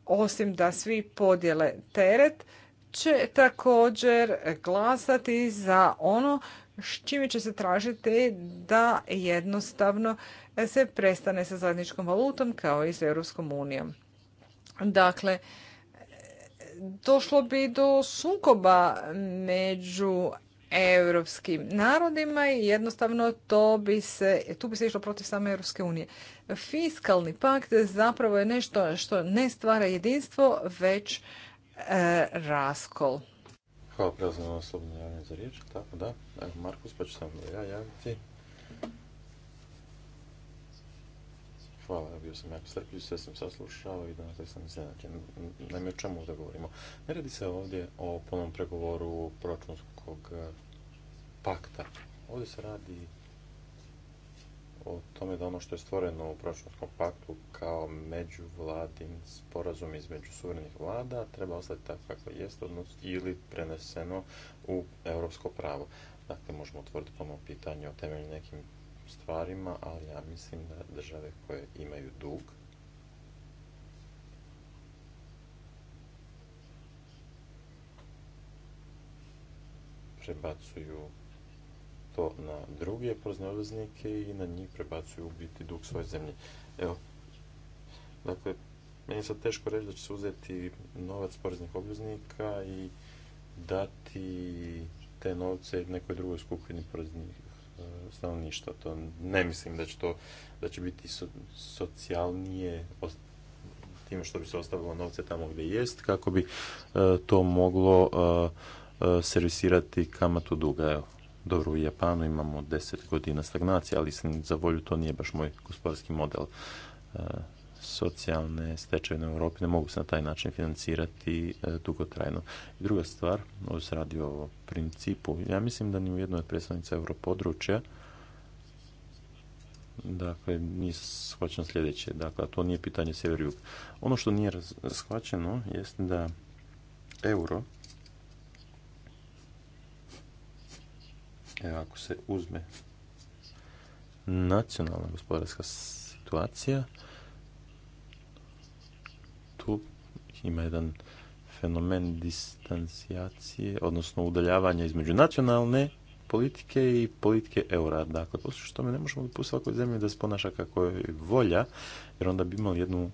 osim da svi podjele teret, će također glasati za ono s čime će se tražiti da jednostavno se prestane sa zajedničkom valutom kao i sa Europskom unijom. Dakle, došlo bi do sukoba među europskim narodima i jednostavno to bi se, tu bi se išlo protiv same Europske unije. Fiskalni pakt zapravo je nešto što ne stvara jedinstvo, već e, raskol. Hvala, prelazno na slobodno za riječ. Tako da, evo Markus, pa ću sam ja javiti. Hvala, bio sam jako srpljiv, sve sam saslušao i danas sam iznenađen. Naime, o čemu da govorimo? Ne radi se ovdje o ponovnom pregovoru proračunskog nekog e, pakta. Ovdje se radi o tome da ono što je stvoreno u proračunskom paktu kao međuvladin sporazum između suverenih vlada treba ostati tako kako jest odnos ili preneseno u europsko pravo. Dakle, možemo otvoriti ponovno pitanje o temelju nekim stvarima, ali ja mislim da države koje imaju dug prebacuju to na druge porezne obveznike i na njih prebacuju u biti dug svoje zemlje. Evo, dakle, meni je sad teško reći da će se uzeti novac poreznih obveznika i dati te novce nekoj drugoj skupini poreznih eh, stanovništva. To ne mislim da će to, da će biti socijalnije time što bi se ostavilo novce tamo gdje jest, kako bi eh, to moglo eh, E, servisirati kamatu duga. Evo, dobro, u Japanu imamo deset godina stagnacije, ali za volju to nije baš moj gospodarski model. E, socijalne stečevine u Europi ne mogu se na taj način financirati e, dugotrajno. druga stvar, ovdje se radi o principu, ja mislim da ni u jednoj od predstavnica europodručja Dakle, nije shvaćeno sljedeće. Dakle, to nije pitanje sjever-jug. Ono što nije shvaćeno jest da euro Evo, ako se uzme nacionalna gospodarska situacija, tu ima jedan fenomen distancijacije, odnosno udaljavanja između nacionalne politike i politike eura. Dakle, poslije što me ne možemo u svakoj zemlji da se ponaša kako je volja, jer onda bi imali jednu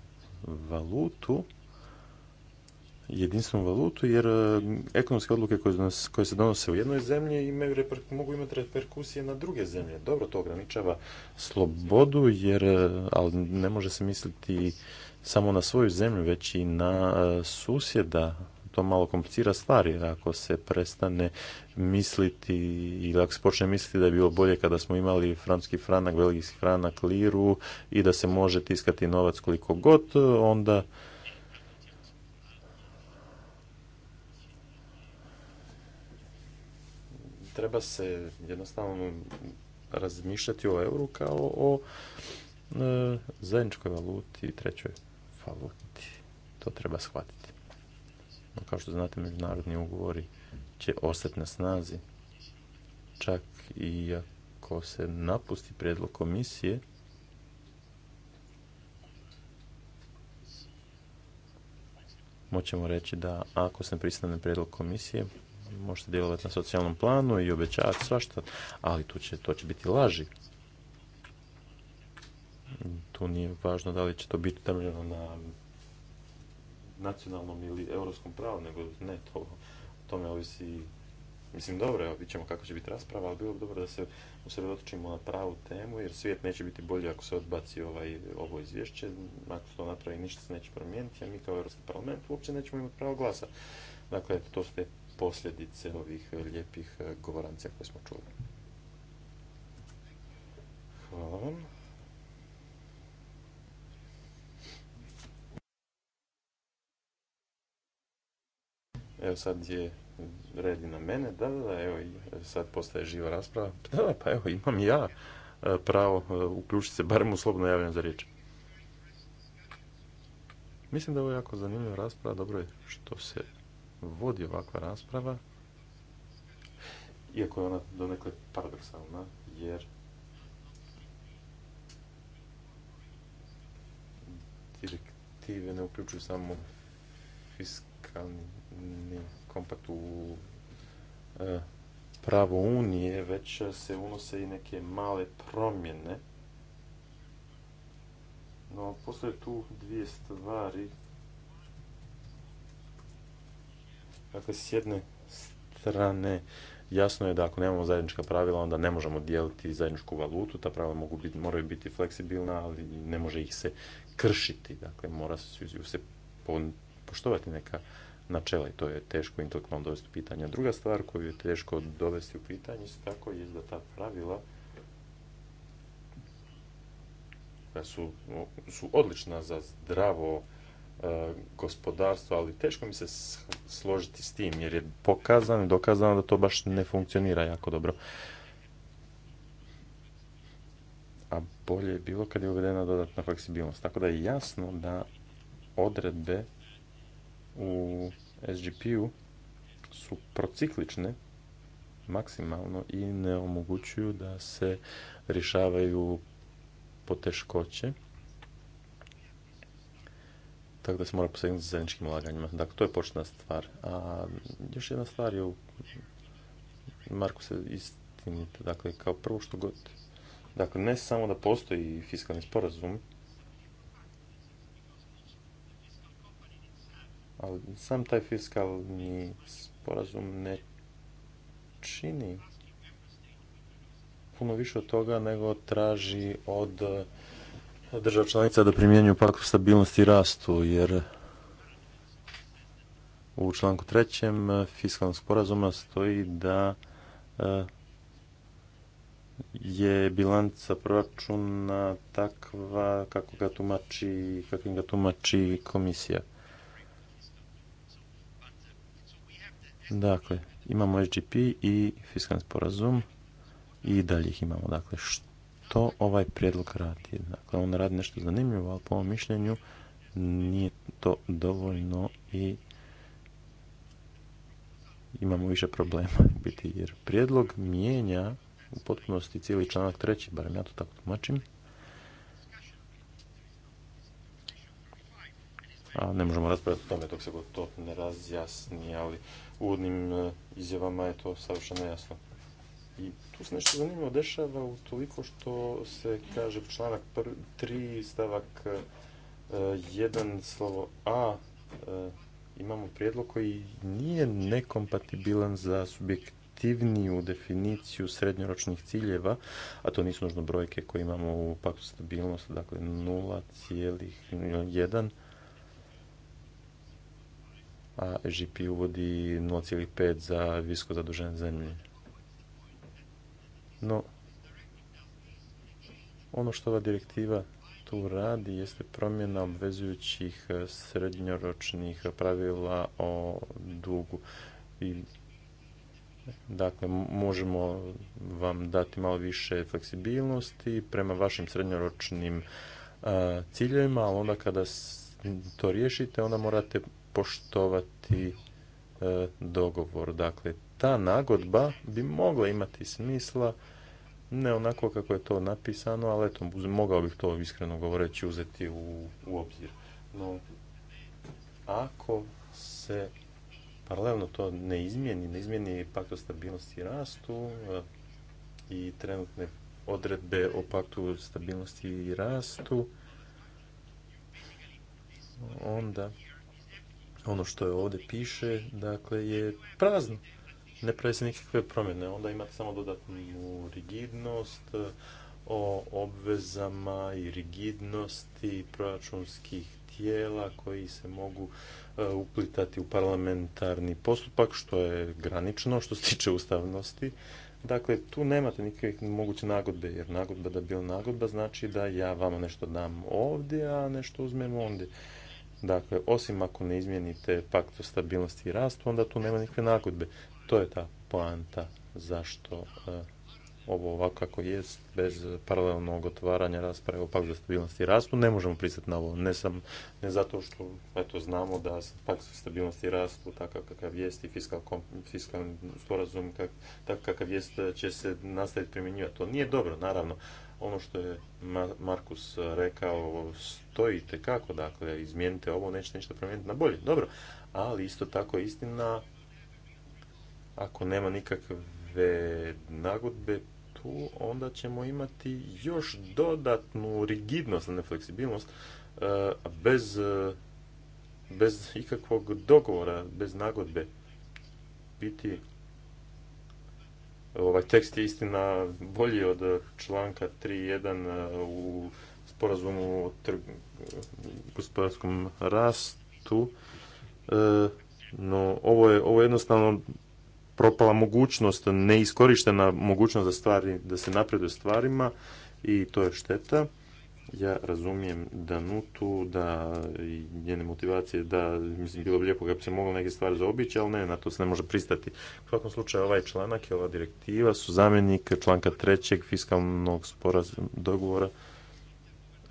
valutu jedinstvenu valutu, jer e, ekonomske odluke koje, se donose u jednoj zemlji imaju mogu imati reperkusije na druge zemlje. Dobro, to ograničava slobodu, jer e, ne može se misliti samo na svoju zemlju, već i na e, susjeda. To malo komplicira stvari, jer ako se prestane misliti ili ako se počne misliti da je bilo bolje kada smo imali francuski franak, belgijski franak, liru i da se može tiskati novac koliko god, onda treba se jednostavno razmišljati o euru kao o e, zajedničkoj valuti i trećoj valuti. To treba shvatiti. kao što znate, međunarodni ugovori će ostati na snazi. Čak i ako se napusti prijedlog komisije, moćemo reći da ako se pristane prijedlog komisije, možete djelovati na socijalnom planu i obećavati svašta, ali tu će, to će biti laži. Tu nije važno da li će to biti temeljeno na nacionalnom ili europskom pravu, nego ne, to, o tome ovisi Mislim, dobro, evo, ćemo kako će biti rasprava, ali bilo bi dobro da se usredotočimo na pravu temu, jer svijet neće biti bolji ako se odbaci ovaj, ovo izvješće, ako se to napravi ništa se neće promijeniti, a mi kao Europski parlament uopće nećemo imati pravo glasa. Dakle, to su posljedice ovih eh, lijepih eh, govorancija koje smo čuli. Hvala vam. Evo sad je red na mene, da, da, evo eh, sad postaje živa rasprava. Da, pa evo imam ja pravo uključiti se, barem u slobodno javljam za riječ. Mislim da je ovo jako zanimljiva rasprava, dobro je što se vodi ovakva rasprava, iako je ona donekle paradoksalna, jer direktive ne uključuju samo fiskalni kompakt u e, pravo unije, već se unose i neke male promjene. No, postoje tu dvije stvari Dakle, s jedne strane, jasno je da ako nemamo zajednička pravila, onda ne možemo dijeliti zajedničku valutu, ta pravila mogu biti, moraju biti fleksibilna, ali ne može ih se kršiti, dakle, mora se poštovati neka načela i to je teško intelektualno dovesti u pitanje. Druga stvar koju je teško dovesti u pitanje isto tako je da ta pravila su, su odlična za zdravo E, gospodarstvo, ali teško mi se složiti s tim, jer je pokazano i dokazano da to baš ne funkcionira jako dobro. A bolje je bilo kad je uvedena dodatna fleksibilnost. Tako da je jasno da odredbe u SGP-u su prociklične maksimalno i ne omogućuju da se rješavaju poteškoće tako da se mora posegnuti zajedničkim ulaganjima. Dakle, to je početna stvar. A još jedna stvar je, u Marku se istinite, dakle, kao prvo što god, dakle, ne samo da postoji fiskalni sporazum, ali sam taj fiskalni sporazum ne čini puno više od toga nego traži od država članica da primjenju paktu stabilnosti i rastu, jer u članku trećem e, fiskalnog sporazuma stoji da e, je bilanca proračuna takva kako ga tumači, kakvim ga tumači komisija. Dakle, imamo SGP i fiskalni sporazum i dalje ih imamo. Dakle, što što ovaj prijedlog radi. Dakle, on radi nešto zanimljivo, ali po mom mišljenju nije to dovoljno i imamo više problema biti, jer prijedlog mijenja u potpunosti cijeli članak treći, barem ja to tako tumačim. A ne možemo raspravljati o tome dok se god to ne razjasni, ali uvodnim e, izjavama je to savršeno jasno. I tu se nešto zanimljivo dešava u toliko što se kaže članak 3 stavak 1 eh, slovo A eh, imamo prijedlog koji nije nekompatibilan za subjektivniju definiciju srednjoročnih ciljeva, a to nisu nužno brojke koje imamo u paktu stabilnosti, dakle 0,1 a GP uvodi 0,5 za visko zadužene zemlje. No, ono što ova direktiva tu radi jeste promjena obvezujućih e, srednjoročnih pravila o dugu. I, dakle, možemo vam dati malo više fleksibilnosti prema vašim srednjoročnim a, e, ciljevima, ali onda kada to riješite, onda morate poštovati e, dogovor. Dakle, ta nagodba bi mogla imati smisla ne onako kako je to napisano, ali eto, mogao bih to iskreno govoreći uzeti u, u obzir. No, ako se paralelno to ne izmijeni, ne izmijeni pakt o stabilnosti i rastu e, i trenutne odredbe o paktu stabilnosti i rastu, onda ono što je ovdje piše, dakle, je prazno ne se nikakve promjene. Onda imate samo dodatnu rigidnost e, o obvezama i rigidnosti proračunskih tijela koji se mogu e, uplitati u parlamentarni postupak, što je granično, što se tiče ustavnosti. Dakle, tu nemate nikakve moguće nagodbe, jer nagodba da bi nagodba znači da ja vama nešto dam ovdje, a nešto uzmem ondje. Dakle, osim ako ne izmijenite pakt o stabilnosti i rastu, onda tu nema nikakve nagodbe. To je ta poanta zašto e, ovo ovako kako jest, bez paralelnog otvaranja rasprave o pak za stabilnost i rastu, ne možemo pristati na ovo. Ne, sam, ne zato što eto, znamo da pak za stabilnost i rastu takav kakav jest i fiskalni sporazum kak, kakav jest će se nastaviti primjenjivati. To nije dobro, naravno. Ono što je Markus rekao, stojite kako, dakle, izmijenite ovo, nećete nešto promijeniti na bolje. Dobro, ali isto tako istina ako nema nikakve nagodbe tu, onda ćemo imati još dodatnu rigidnost, ne fleksibilnost, e, bez, e, bez ikakvog dogovora, bez nagodbe. Biti ovaj tekst je istina bolji od članka 3.1 e, u sporazumu o gospodarskom rastu, no ovo je, ovo je jednostavno propala mogućnost, neiskorištena mogućnost da, stvari, da se napreduje stvarima i to je šteta. Ja razumijem Danutu, da i njene motivacije, da mislim, bilo bi lijepo kad bi se moglo neke stvari zaobići, ali ne, na to se ne može pristati. U svakom slučaju, ovaj članak i ova direktiva su zamjenik članka trećeg fiskalnog sporazuma dogovora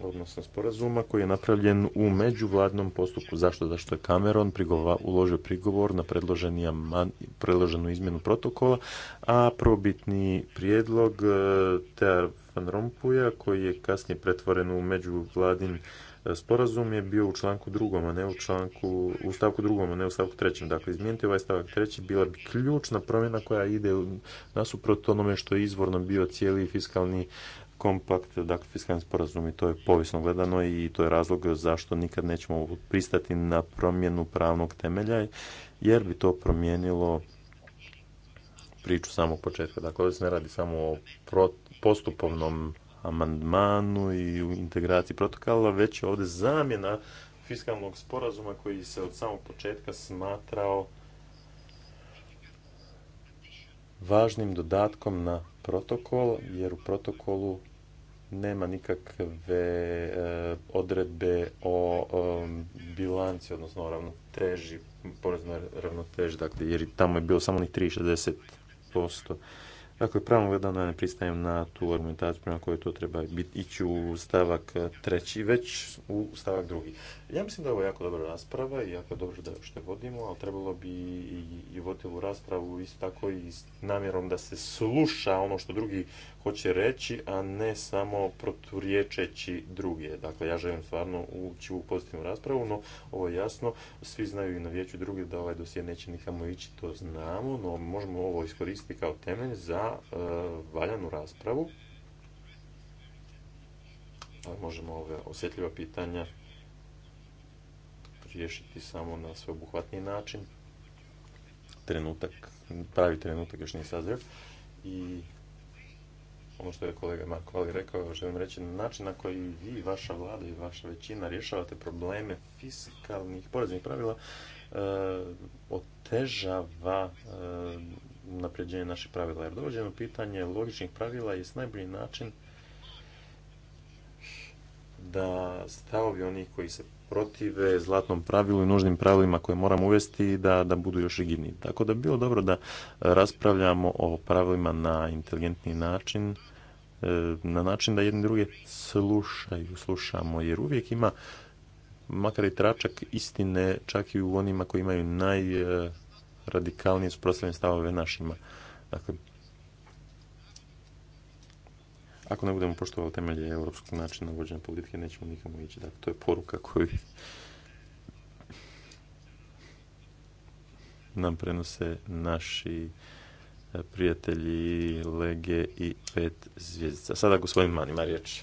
odnosno sporazuma koji je napravljen u međuvladnom postupku. Zašto? Zašto je Cameron prigova, uložio prigovor na predloženu izmjenu protokola, a probitni prijedlog te Van Rompuja, koji je kasnije pretvoren u međuvladin e, sporazum je bio u članku drugom, a ne u članku, u stavku drugom, a ne u stavku trećem. Dakle, izmijeniti ovaj stavak treći bila bi ključna promjena koja ide nasuprot onome što je izvorno bio cijeli fiskalni kompakt, dakle fiskalni sporazum i to je povisno gledano i to je razlog zašto nikad nećemo pristati na promjenu pravnog temelja jer bi to promijenilo priču samog početka. Dakle, ovdje se ne radi samo o postupovnom amandmanu i u integraciji protokola, već je ovdje zamjena fiskalnog sporazuma koji se od samog početka smatrao važnim dodatkom na protokol, jer u protokolu nema nikakve e, odredbe o bilanci, odnosno o ravnoteži, poreznoj ravnoteži, dakle, jer tamo je bilo samo ni 3,60%. Dakle, pravno gledano ne pristajem na tu argumentaciju prema kojoj to treba biti, ići u stavak e, treći, već u stavak drugi. Ja mislim da je ovo jako dobra rasprava i jako dobro da što vodimo, ali trebalo bi i voditi ovu raspravu isto tako i s namjerom da se sluša ono što drugi hoće reći, a ne samo proturječeći druge. Dakle, ja želim stvarno ući u pozitivnu raspravu, no ovo je jasno, svi znaju i na vijeću druge da ovaj dosjed neće nikamo ići, to znamo, no možemo ovo iskoristiti kao temelj za e, valjanu raspravu. možemo ove osjetljiva pitanja riješiti samo na sveobuhvatniji način. Trenutak, pravi trenutak još nije sazreo. I ono što je kolega Marko Vali rekao, želim reći na način na koji vi, vaša vlada i vaša većina rješavate probleme fiskalnih poreznih pravila, eh, otežava eh, napređenje naših pravila. Jer dovođeno pitanje logičnih pravila je najbolji način da stavovi onih koji se protive zlatnom pravilu i nužnim pravilima koje moramo uvesti da, da budu još rigidniji. Tako da bi bilo dobro da e, raspravljamo o pravilima na inteligentni način, e, na način da jedni druge slušaju, slušamo, jer uvijek ima makar i tračak istine čak i u onima koji imaju najradikalnije suprotstavljene stavove našima. Dakle, ako ne budemo poštovali temelje europskog načina vođenja politike, nećemo nikamo ići. Dakle, to je poruka koju nam prenose naši e, prijatelji Lege i Pet zvijezdica. Sada gospodin Man ima riječ.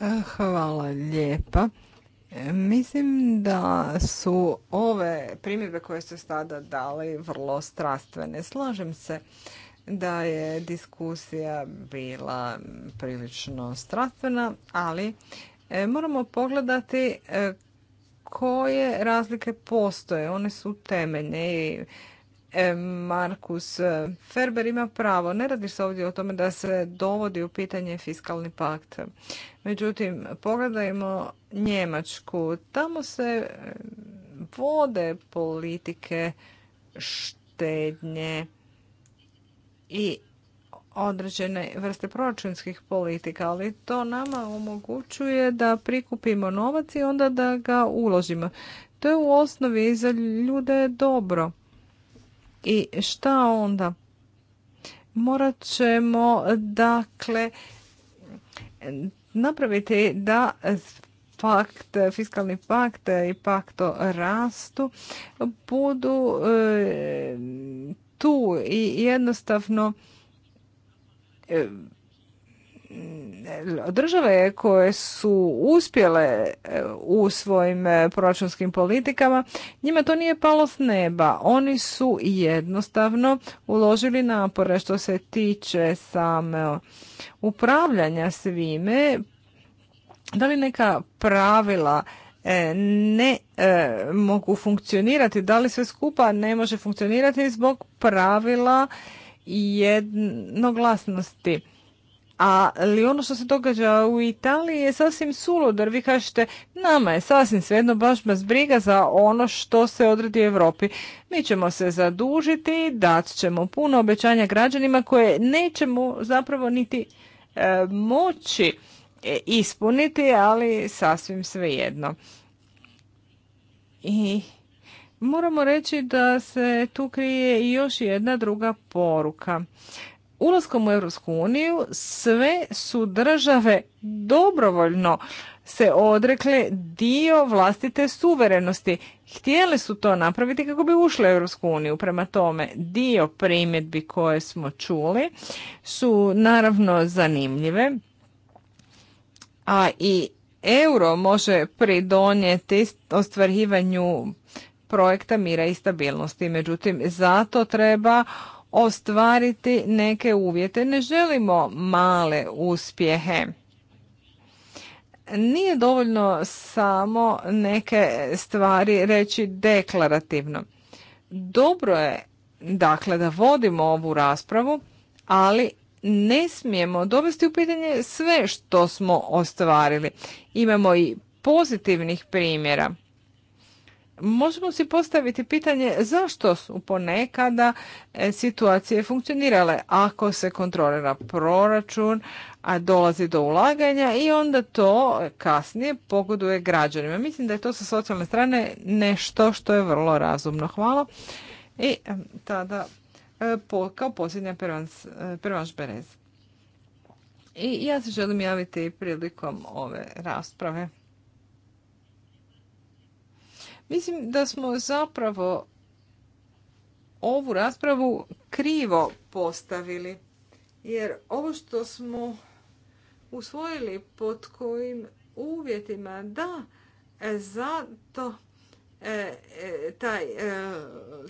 E, hvala lijepa. E, mislim da su ove primjedbe koje ste sada dali vrlo strastvene. Slažem se da je diskusija bila prilično strastvena, ali e, moramo pogledati e, koje razlike postoje. One su temeljne i e, Markus Ferber ima pravo. Ne radi se ovdje o tome da se dovodi u pitanje fiskalni pakt. Međutim, pogledajmo Njemačku. Tamo se vode politike štednje i određene vrste proračunskih politika, ali to nama omogućuje da prikupimo novac i onda da ga uložimo. To je u osnovi za ljude dobro. I šta onda? Morat ćemo dakle napraviti da pakt, fiskalni pakt i pakto rastu budu e, tu i jednostavno e, države koje su uspjele e, u svojim e, proračunskim politikama, njima to nije palo s neba. Oni su jednostavno uložili napore što se tiče same upravljanja svime. Da li neka pravila E, ne e, mogu funkcionirati, da li sve skupa ne može funkcionirati zbog pravila jednoglasnosti. Ali ono što se događa u Italiji je sasvim suludar. Vi kažete, nama je sasvim svejedno baš bez briga za ono što se odredi u Europi. Mi ćemo se zadužiti, dat ćemo puno obećanja građanima koje nećemo zapravo niti e, moći E, ispuniti, ali sasvim svejedno. I moramo reći da se tu krije i još jedna druga poruka. Ulaskom u Europsku uniju sve su države dobrovoljno se odrekle dio vlastite suverenosti. Htjeli su to napraviti kako bi ušle u Europsku uniju. Prema tome, dio primjedbi koje smo čuli su naravno zanimljive a i euro može pridonijeti ostvarivanju projekta mira i stabilnosti. Međutim, zato treba ostvariti neke uvjete. Ne želimo male uspjehe. Nije dovoljno samo neke stvari reći deklarativno. Dobro je dakle da vodimo ovu raspravu, ali ne smijemo dovesti u pitanje sve što smo ostvarili. Imamo i pozitivnih primjera. Možemo si postaviti pitanje zašto su ponekada e, situacije funkcionirale ako se kontrolira proračun, a dolazi do ulaganja i onda to kasnije pogoduje građanima. Mislim da je to sa socijalne strane nešto što je vrlo razumno. Hvala. I tada E, kao posljednja e, Pervanš I ja se želim javiti prilikom ove rasprave. Mislim da smo zapravo ovu raspravu krivo postavili. Jer ovo što smo usvojili pod kojim uvjetima da, e, zato E, e, taj e,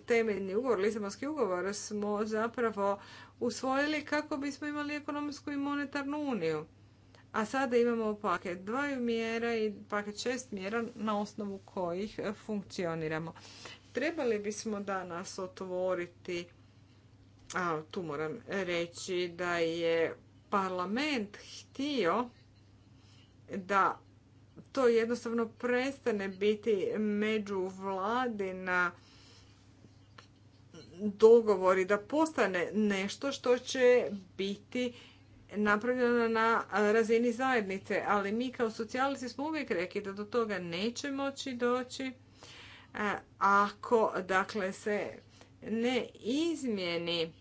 temeljni ugovor, Lisabonski ugovor, smo zapravo usvojili kako bismo imali ekonomsku i monetarnu uniju. A sada imamo paket dvaju mjera i paket šest mjera na osnovu kojih funkcioniramo. Trebali bismo danas otvoriti, a tu moram reći da je parlament htio da to jednostavno prestane biti međuvladina dogovor dogovori da postane nešto što će biti napravljeno na razini zajednice. Ali mi kao socijalisti smo uvijek rekli da do toga neće moći doći e, ako dakle se ne izmijeni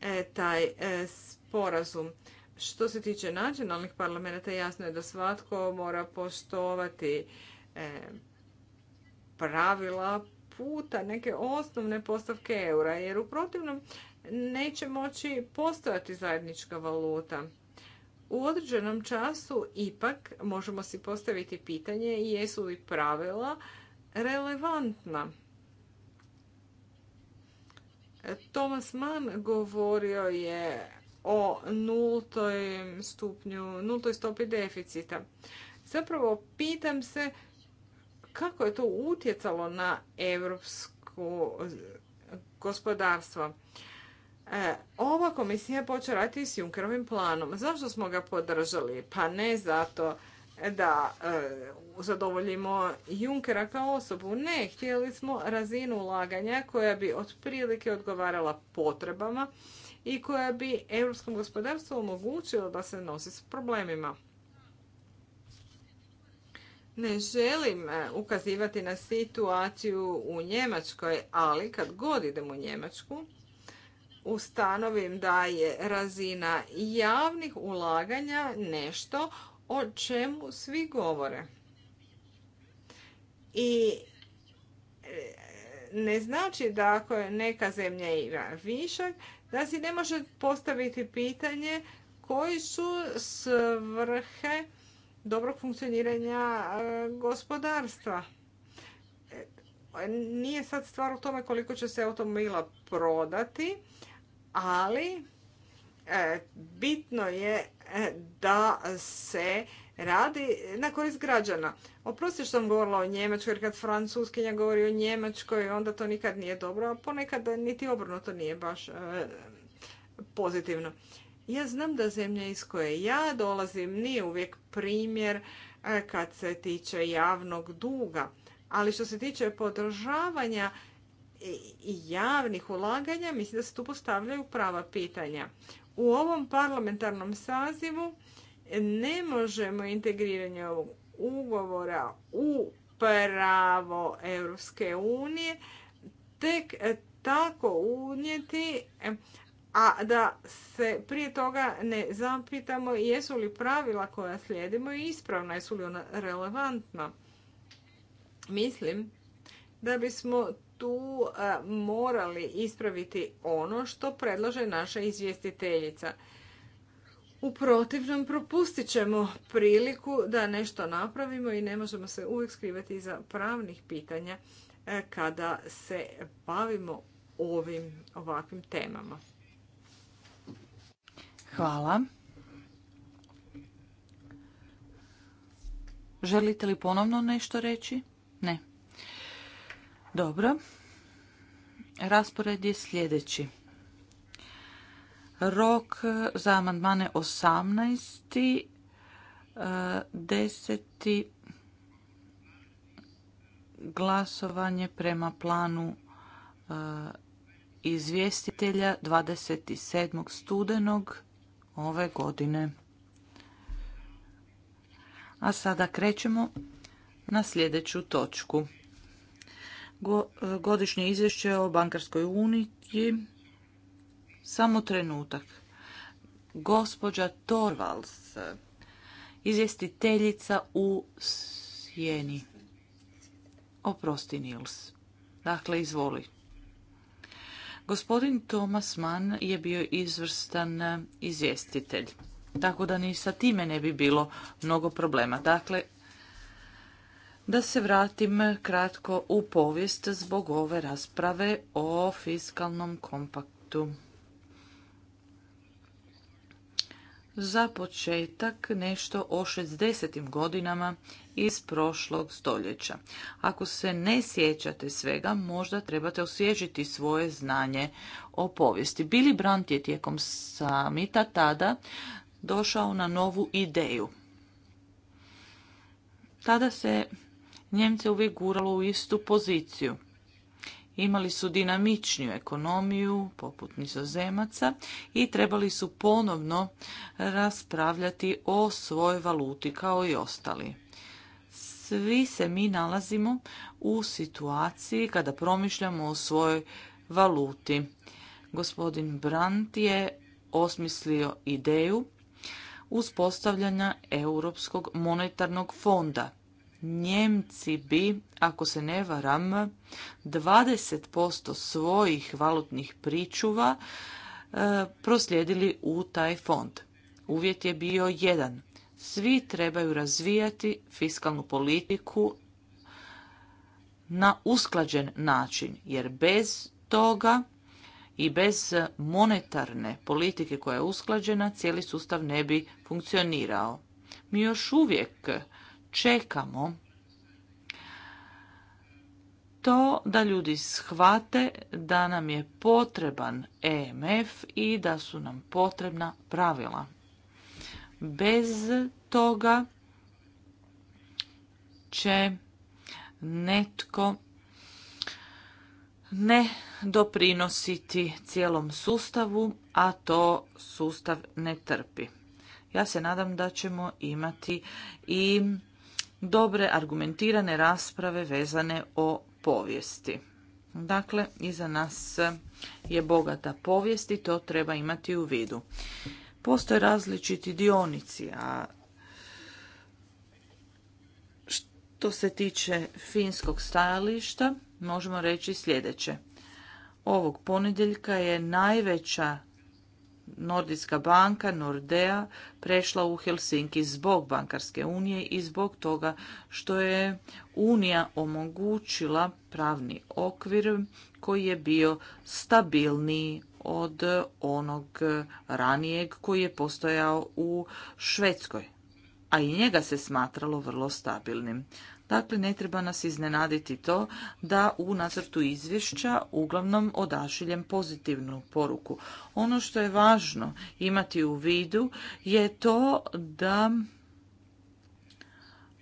e, taj e, sporazum. Što se tiče nacionalnih parlamenta, jasno je da svatko mora poštovati e, pravila puta, neke osnovne postavke eura, jer u protivnom neće moći postojati zajednička valuta. U određenom času ipak možemo si postaviti pitanje jesu li pravila relevantna. E, Thomas Mann govorio je o nultoj stupnju, nultoj stopi deficita. Zapravo pitam se kako je to utjecalo na evropsko gospodarstvo. E, ova komisija je počela raditi s Junkerovim planom. Zašto smo ga podržali? Pa ne zato da e, zadovoljimo Junkera kao osobu. Ne, htjeli smo razinu ulaganja koja bi otprilike odgovarala potrebama i koja bi europskom gospodarstvu omogućila da se nosi s problemima. Ne želim e, ukazivati na situaciju u Njemačkoj, ali kad god idem u Njemačku, ustanovim da je razina javnih ulaganja nešto o čemu svi govore. I e, ne znači da ako je neka zemlja ima višak, da si ne može postaviti pitanje koji su svrhe dobrog funkcioniranja e, gospodarstva. E, nije sad stvar u tome koliko će se automobila prodati, ali e, bitno je da se radi na korist građana. Oprosti što sam govorila o Njemačkoj, jer kad francuskinja govori o Njemačkoj, onda to nikad nije dobro, a ponekad niti obrnuto nije baš e, pozitivno. Ja znam da zemlja iz koje ja dolazim nije uvijek primjer e, kad se tiče javnog duga, ali što se tiče podržavanja i javnih ulaganja, mislim da se tu postavljaju prava pitanja. U ovom parlamentarnom sazivu ne možemo integriranje ovog ugovora u pravo Europske unije tek tako unijeti, a da se prije toga ne zapitamo jesu li pravila koja slijedimo ispravna, jesu li ona relevantna. Mislim da bismo tu morali ispraviti ono što predlaže naša izvjestiteljica – u protivnom propustit ćemo priliku da nešto napravimo i ne možemo se uvijek skrivati iza pravnih pitanja e, kada se bavimo ovim ovakvim temama. Hvala. Želite li ponovno nešto reći? Ne. Dobro. Raspored je sljedeći. Rok za amandmane 18. 10. E, glasovanje prema planu e, izvjestitelja 27. studenog ove godine. A sada krećemo na sljedeću točku. E, godišnje izvješće o bankarskoj uniji samo trenutak. Gospođa Torvals, izvjestiteljica u Sjeni. Oprosti, Nils. Dakle, izvoli. Gospodin Thomas Mann je bio izvrstan izvjestitelj, tako da ni sa time ne bi bilo mnogo problema. Dakle, da se vratim kratko u povijest zbog ove rasprave o fiskalnom kompaktu. Za početak nešto o 60. godinama iz prošlog stoljeća. Ako se ne sjećate svega, možda trebate osvježiti svoje znanje o povijesti. Billy Brandt je tijekom samita tada došao na novu ideju. Tada se Njemce uvijek guralo u istu poziciju imali su dinamičniju ekonomiju, poput nizozemaca, i trebali su ponovno raspravljati o svojoj valuti kao i ostali. Svi se mi nalazimo u situaciji kada promišljamo o svojoj valuti. Gospodin Brandt je osmislio ideju uspostavljanja Europskog monetarnog fonda Njemci bi, ako se ne varam, 20% svojih valutnih pričuva e, proslijedili u taj fond. Uvjet je bio jedan. Svi trebaju razvijati fiskalnu politiku na usklađen način, jer bez toga i bez monetarne politike koja je usklađena cijeli sustav ne bi funkcionirao. Mi još uvijek čekamo to da ljudi shvate da nam je potreban EMF i da su nam potrebna pravila. Bez toga će netko ne doprinositi cijelom sustavu, a to sustav ne trpi. Ja se nadam da ćemo imati i dobre argumentirane rasprave vezane o povijesti. Dakle, iza nas je bogata povijest i to treba imati u vidu. Postoje različiti dionici, a što se tiče finskog stajališta, možemo reći sljedeće. Ovog ponedjeljka je najveća Nordijska banka Nordea prešla u Helsinki zbog bankarske unije i zbog toga što je unija omogućila pravni okvir koji je bio stabilniji od onog ranijeg koji je postojao u Švedskoj, a i njega se smatralo vrlo stabilnim. Dakle, ne treba nas iznenaditi to da u nacrtu izvješća uglavnom odašiljem pozitivnu poruku. Ono što je važno imati u vidu je to da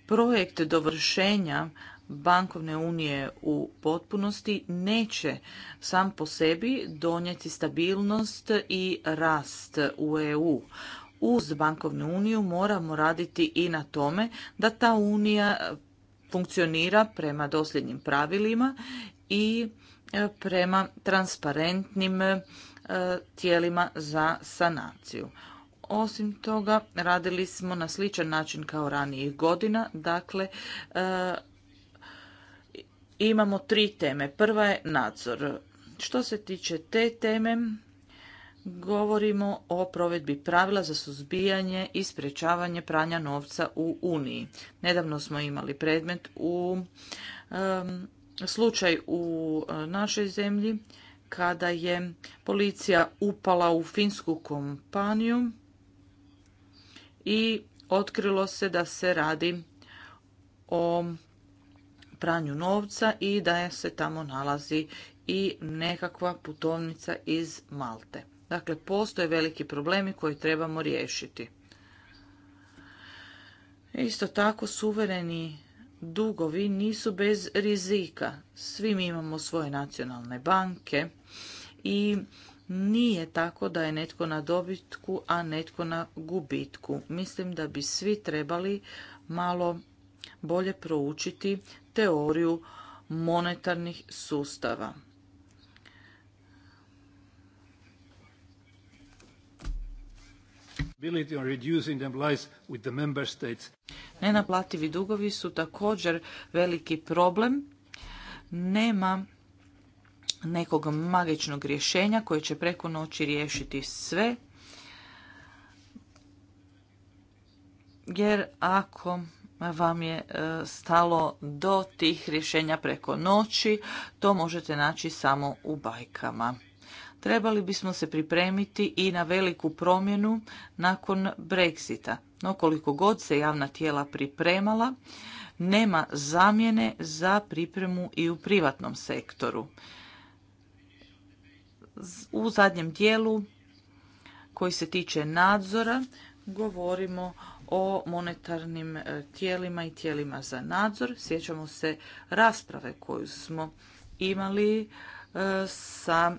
projekt dovršenja bankovne unije u potpunosti neće sam po sebi donijeti stabilnost i rast u EU. Uz bankovnu uniju moramo raditi i na tome da ta unija funkcionira prema dosljednim pravilima i e, prema transparentnim e, tijelima za sanaciju. Osim toga, radili smo na sličan način kao ranijih godina, dakle e, imamo tri teme. Prva je nadzor. Što se tiče te teme, govorimo o provedbi pravila za suzbijanje i sprječavanje pranja novca u Uniji. Nedavno smo imali predmet u slučaj u e, našoj zemlji kada je policija upala u finsku kompaniju i otkrilo se da se radi o pranju novca i da se tamo nalazi i nekakva putovnica iz Malte. Dakle, postoje veliki problemi koji trebamo riješiti. Isto tako, suvereni dugovi nisu bez rizika. Svi mi imamo svoje nacionalne banke i nije tako da je netko na dobitku, a netko na gubitku. Mislim da bi svi trebali malo bolje proučiti teoriju monetarnih sustava. Nenaplativi dugovi su također veliki problem. Nema nekog magičnog rješenja koje će preko noći riješiti sve. Jer ako vam je e, stalo do tih rješenja preko noći, to možete naći samo u bajkama trebali bismo se pripremiti i na veliku promjenu nakon Brexita. No koliko god se javna tijela pripremala, nema zamjene za pripremu i u privatnom sektoru. U zadnjem dijelu koji se tiče nadzora govorimo o monetarnim e, tijelima i tijelima za nadzor. Sjećamo se rasprave koju smo imali e, sa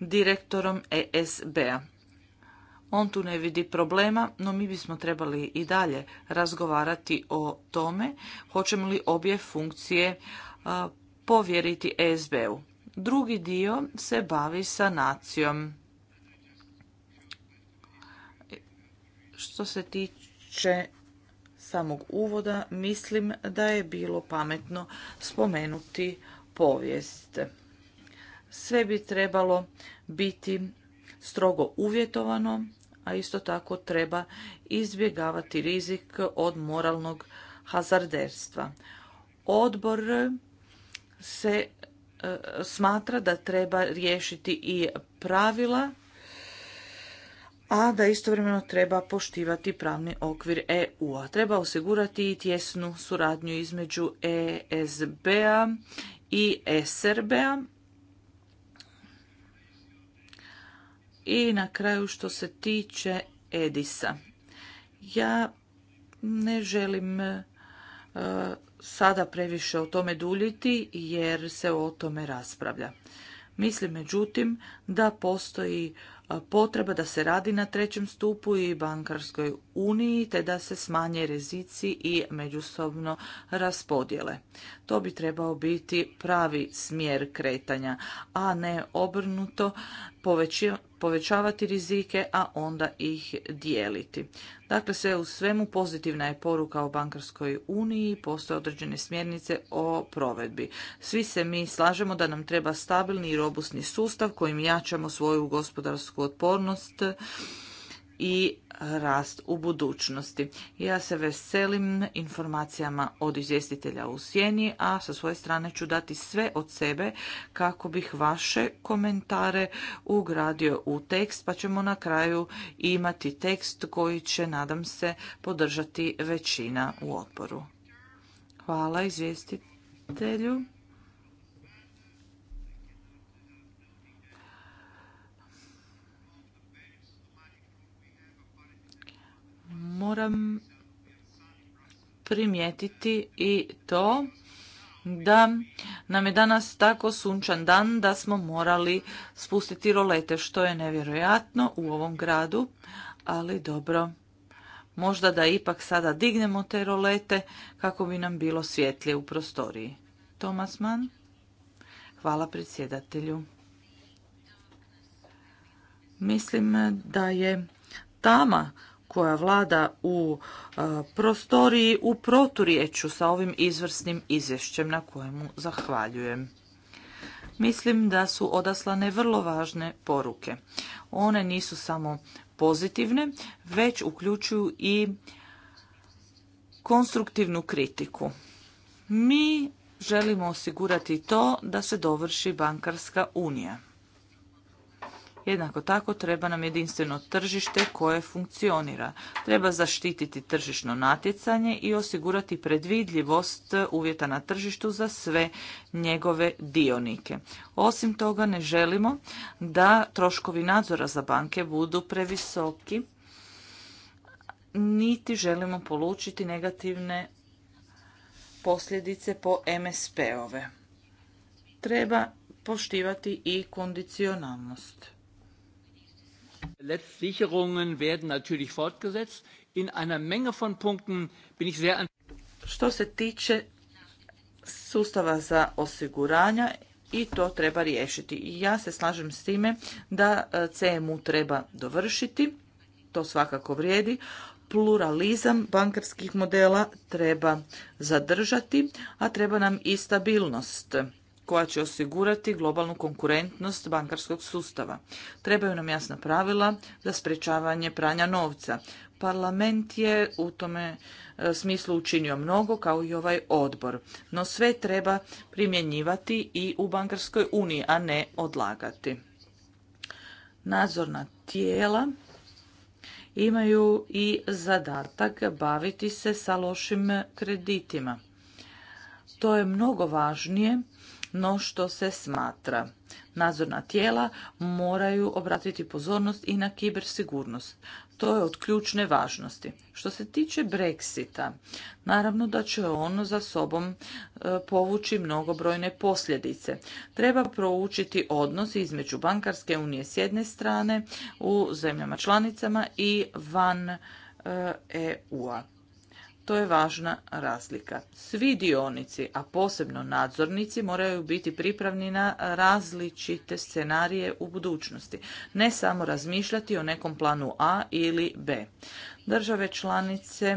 direktorom ESB-a. On tu ne vidi problema, no mi bismo trebali i dalje razgovarati o tome hoćemo li obje funkcije povjeriti ESB-u. Drugi dio se bavi sanacijom. Što se tiče samog uvoda, mislim da je bilo pametno spomenuti povijest. Sve bi trebalo biti strogo uvjetovano, a isto tako treba izbjegavati rizik od moralnog hazarderstva. Odbor se e, smatra da treba riješiti i pravila, a da istovremeno treba poštivati pravni okvir EU-a. Treba osigurati i tjesnu suradnju između ESB-a i SRB-a I na kraju što se tiče Edisa. Ja ne želim e, sada previše o tome duljiti jer se o tome raspravlja. Mislim međutim da postoji e, potreba da se radi na trećem stupu i bankarskoj uniji te da se smanje rizici i međusobno raspodjele. To bi trebao biti pravi smjer kretanja, a ne obrnuto povećavati rizike, a onda ih dijeliti. Dakle, sve u svemu pozitivna je poruka o bankarskoj uniji, postoje određene smjernice o provedbi. Svi se mi slažemo da nam treba stabilni i robustni sustav kojim jačamo svoju gospodarsku otpornost i rast u budućnosti. Ja se veselim informacijama od izvjestitelja u Sjeni, a sa svoje strane ću dati sve od sebe kako bih vaše komentare ugradio u tekst, pa ćemo na kraju imati tekst koji će, nadam se, podržati većina u odboru. Hvala izvjestitelju. moram primijetiti i to da nam je danas tako sunčan dan da smo morali spustiti rolete, što je nevjerojatno u ovom gradu, ali dobro. Možda da ipak sada dignemo te rolete kako bi nam bilo svjetlije u prostoriji. Tomas Mann, hvala predsjedatelju. Mislim da je tama koja vlada u e, prostoriji u proturječu sa ovim izvrsnim izvješćem na kojemu zahvaljujem. Mislim da su odaslane vrlo važne poruke. One nisu samo pozitivne, već uključuju i konstruktivnu kritiku. Mi želimo osigurati to da se dovrši bankarska unija. Jednako tako treba nam jedinstveno tržište koje funkcionira. Treba zaštititi tržišno natjecanje i osigurati predvidljivost uvjeta na tržištu za sve njegove dionike. Osim toga ne želimo da troškovi nadzora za banke budu previsoki niti želimo polučiti negativne posljedice po MSP-ove. Treba poštivati i kondicionalnost. Letztsicherungen werden natürlich fortgesetzt. In einer Menge von Punkten bin ich sehr Što se tiče sustava za osiguranja i to treba riješiti. I ja se slažem s time da e, CMU treba dovršiti, to svakako vrijedi. Pluralizam bankarskih modela treba zadržati, a treba nam i stabilnost koja će osigurati globalnu konkurentnost bankarskog sustava. Trebaju nam jasna pravila za sprečavanje pranja novca. Parlament je u tome e, smislu učinio mnogo kao i ovaj odbor, no sve treba primjenjivati i u bankarskoj uniji, a ne odlagati. Nadzorna tijela imaju i zadatak baviti se sa lošim kreditima. To je mnogo važnije no što se smatra. Nadzorna tijela moraju obratiti pozornost i na kibersigurnost. To je od ključne važnosti. Što se tiče Brexita, naravno da će ono za sobom e, povući mnogobrojne posljedice. Treba proučiti odnos između bankarske unije s jedne strane u zemljama članicama i van EU-a. E to je važna razlika. Svi dionici, a posebno nadzornici, moraju biti pripravni na različite scenarije u budućnosti, ne samo razmišljati o nekom planu A ili B. Države članice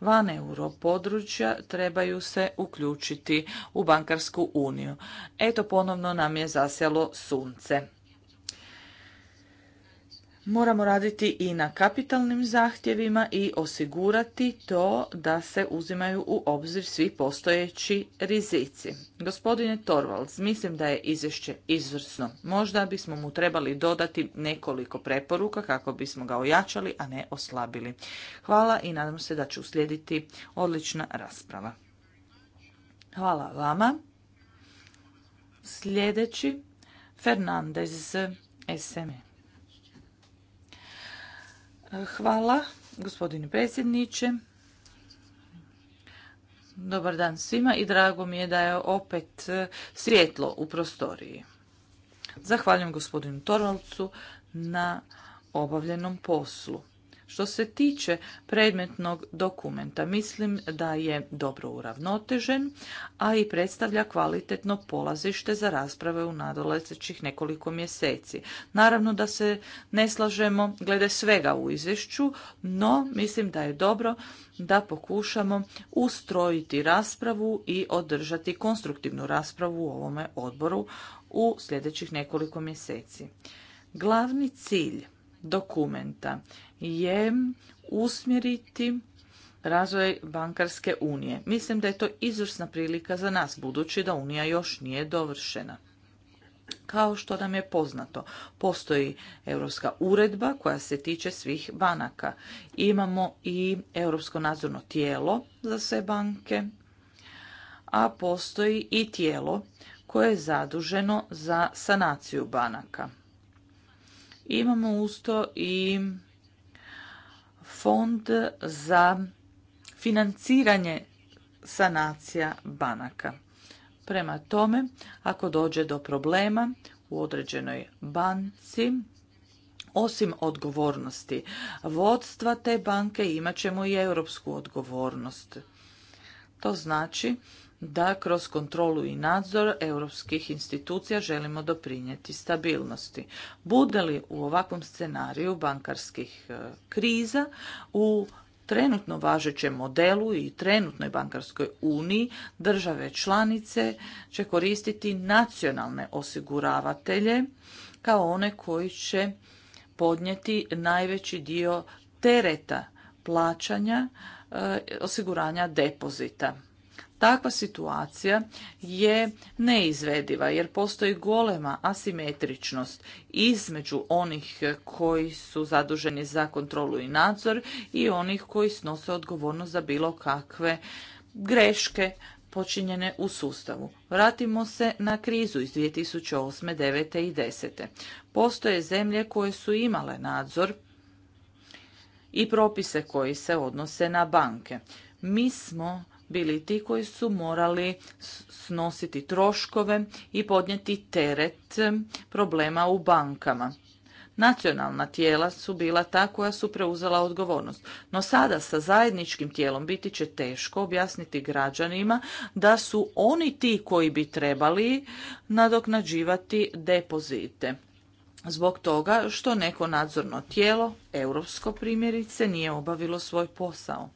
van europodručja trebaju se uključiti u bankarsku uniju. Eto ponovno nam je zasjalo sunce. Moramo raditi i na kapitalnim zahtjevima i osigurati to da se uzimaju u obzir svi postojeći rizici. Gospodine Torvalds, mislim da je izvješće izvrsno. Možda bismo mu trebali dodati nekoliko preporuka kako bismo ga ojačali, a ne oslabili. Hvala i nadam se da će uslijediti odlična rasprava. Hvala vama. Sljedeći, Fernandez, SME. Hvala, gospodine predsjedniče. Dobar dan svima i drago mi je da je opet e, svjetlo u prostoriji. Zahvaljujem gospodinu Torvalcu na obavljenom poslu. Što se tiče predmetnog dokumenta, mislim da je dobro uravnotežen, a i predstavlja kvalitetno polazište za rasprave u nadolazećih nekoliko mjeseci. Naravno da se ne slažemo glede svega u izvješću, no mislim da je dobro da pokušamo ustrojiti raspravu i održati konstruktivnu raspravu u ovome odboru u sljedećih nekoliko mjeseci. Glavni cilj dokumenta je usmjeriti razvoj bankarske unije. Mislim da je to izvrsna prilika za nas, budući da unija još nije dovršena. Kao što nam je poznato, postoji europska uredba koja se tiče svih banaka. Imamo i europsko nadzorno tijelo za sve banke, a postoji i tijelo koje je zaduženo za sanaciju banaka. Imamo usto i fond za financiranje sanacija banaka. Prema tome, ako dođe do problema u određenoj banci, osim odgovornosti vodstva te banke imat ćemo i europsku odgovornost. To znači da kroz kontrolu i nadzor europskih institucija želimo doprinijeti stabilnosti. Bude li u ovakvom scenariju bankarskih e, kriza u trenutno važećem modelu i trenutnoj bankarskoj uniji države članice će koristiti nacionalne osiguravatelje kao one koji će podnijeti najveći dio tereta plaćanja e, osiguranja depozita. Takva situacija je neizvediva jer postoji golema asimetričnost između onih koji su zaduženi za kontrolu i nadzor i onih koji snose odgovornost za bilo kakve greške počinjene u sustavu. Vratimo se na krizu iz 2008. 9. i 10. Postoje zemlje koje su imale nadzor i propise koji se odnose na banke. Mi smo bili ti koji su morali snositi troškove i podnijeti teret problema u bankama. Nacionalna tijela su bila ta koja su preuzela odgovornost. No sada sa zajedničkim tijelom biti će teško objasniti građanima da su oni ti koji bi trebali nadoknađivati depozite. Zbog toga što neko nadzorno tijelo, europsko primjerice, nije obavilo svoj posao.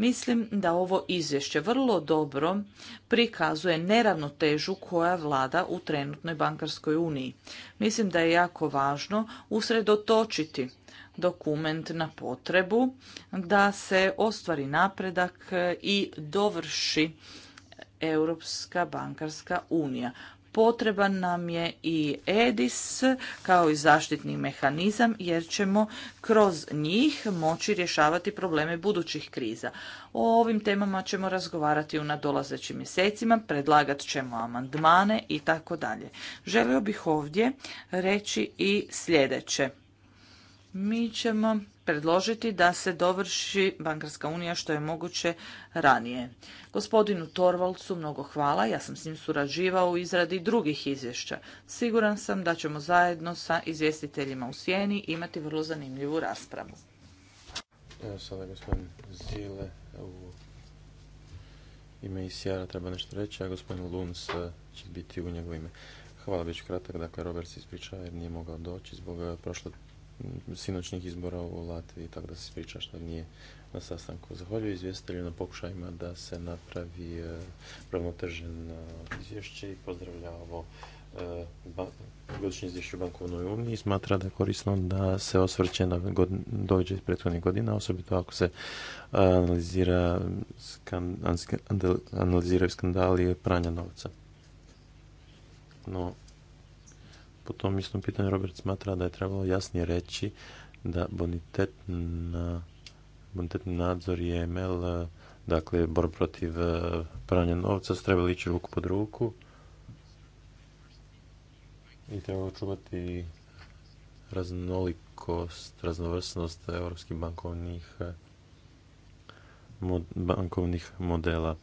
Mislim da ovo izvješće vrlo dobro prikazuje neravnotežu koja vlada u trenutnoj bankarskoj uniji. Mislim da je jako važno usredotočiti dokument na potrebu da se ostvari napredak i dovrši Europska bankarska unija. Potreban nam je i EDIS kao i zaštitni mehanizam jer ćemo kroz njih moći rješavati probleme budućih kriza. O ovim temama ćemo razgovarati u nadolazećim mjesecima, predlagat ćemo amandmane i tako dalje. Želio bih ovdje reći i sljedeće. Mi ćemo predložiti da se dovrši bankarska unija što je moguće ranije. Gospodinu Torvalcu mnogo hvala, ja sam s njim surađivao u izradi drugih izvješća. Siguran sam da ćemo zajedno sa izvjestiteljima u Sjeni imati vrlo zanimljivu raspravu. Evo sada Zile u ime Isijara treba nešto reći, a gospodin Luns e, će biti u njegovo ime. Hvala, bit kratak. Dakle, Robert se ispričava jer nije mogao doći zbog e, prošle sinoćnih izbora u Latviji, tako da se priča što nije na sastanku. Zahvaljujem izvjestitelju na pokušajima da se napravi e, ravnotežen e, izvješće i pozdravlja ovo e, godišnje izvješće u bankovnoj uniji smatra da je korisno da se osvrće na dođe iz prethodnih godina, osobito ako se analizira analiziraju skandali pranja novca. No, po tom istom pitanju Robert smatra da je trebalo jasnije reći da bonitetni nadzor je ML, dakle bor protiv e, pranja novca, se treba ići ruku pod ruku i treba čuvati raznolikost, raznovrsnost europskih bankovnih, e, bankovnih modela.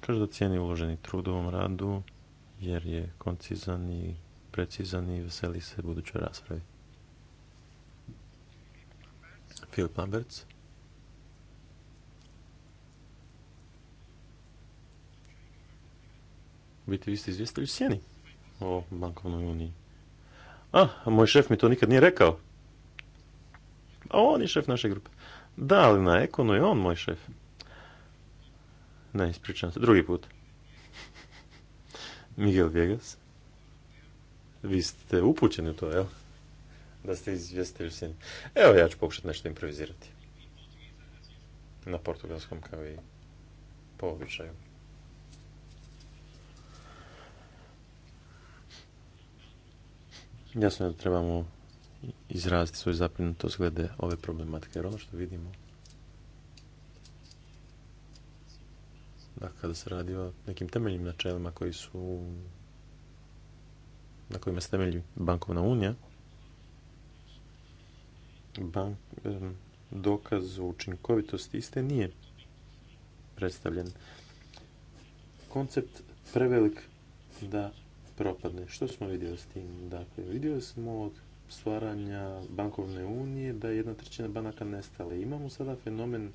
Kaže da cijeni uloženi trud u ovom radu, jer je koncizan i precizan i veseli se budućoj raspravi. Filip Lamberts. Biti vi ste izvjestili u sjeni o bankovnoj uniji. A, a moj šef mi to nikad nije rekao. A on je šef naše grupe. Da, ali na Ekonu je on moj šef. Ne, ispričavam se. Drugi put. Miguel Vegas. Vi ste upućeni u to, jel? Da ste izvjestili sin. Evo, ja ću pokušati nešto improvizirati. Na portugalskom, kao i po običaju. Jasno da trebamo izraziti svoju zaprinutost glede ove problematike, jer ono što vidimo da kada se radi o nekim temeljnim načelima koji su na kojima se temelji bankovna unija bank, dokaz o učinkovitosti iste nije predstavljen koncept prevelik da propadne. Što smo vidjeli s tim? Dakle, vidjeli smo od stvaranja bankovne unije da je jedna trećina banaka nestala. Imamo sada fenomen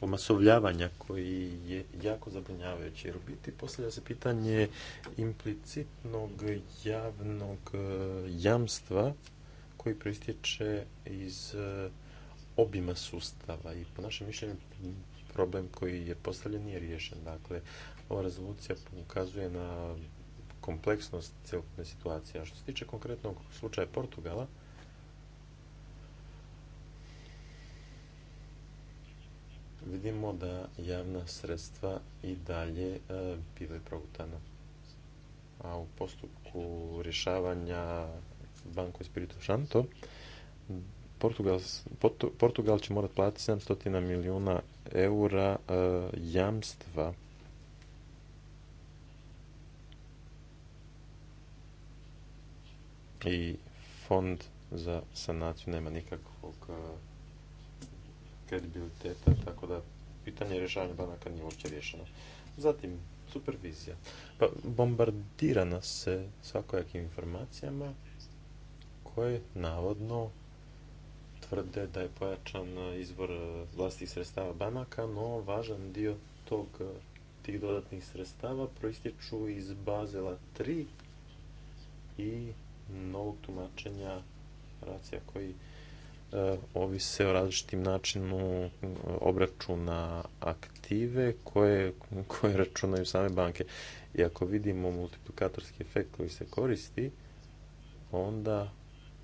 omasovljavanja koji je jako zabrinjavajući. Jer u biti postavlja se pitanje implicitnog javnog e, jamstva koji proistječe iz e, obima sustava i po našem mišljenju problem koji je postavljen nije riješen. Dakle, ova rezolucija ukazuje na kompleksnost cjelokupne situacije. A što se tiče konkretnog slučaja Portugala, vidimo da javna sredstva i dalje e, bivaju progutana. A u postupku rješavanja Banko Espirito Santo Portugal, Portugal će morati platiti 700 milijuna eura e, jamstva i fond za sanaciju nema nikakvog e, kredibiliteta, tako da pitanje rješavanja banaka nije uopće rješeno. Zatim, supervizija. Pa, bombardirana se svakojakim informacijama koje navodno tvrde da je pojačan izvor e, vlastitih sredstava banaka, no važan dio tog, e, tih dodatnih sredstava proistječu iz Bazela 3 i novog tumačenja racija koji E, ovise o različitim načinu e, obračuna aktive koje, koje računaju same banke. I ako vidimo multiplikatorski efekt koji se koristi, onda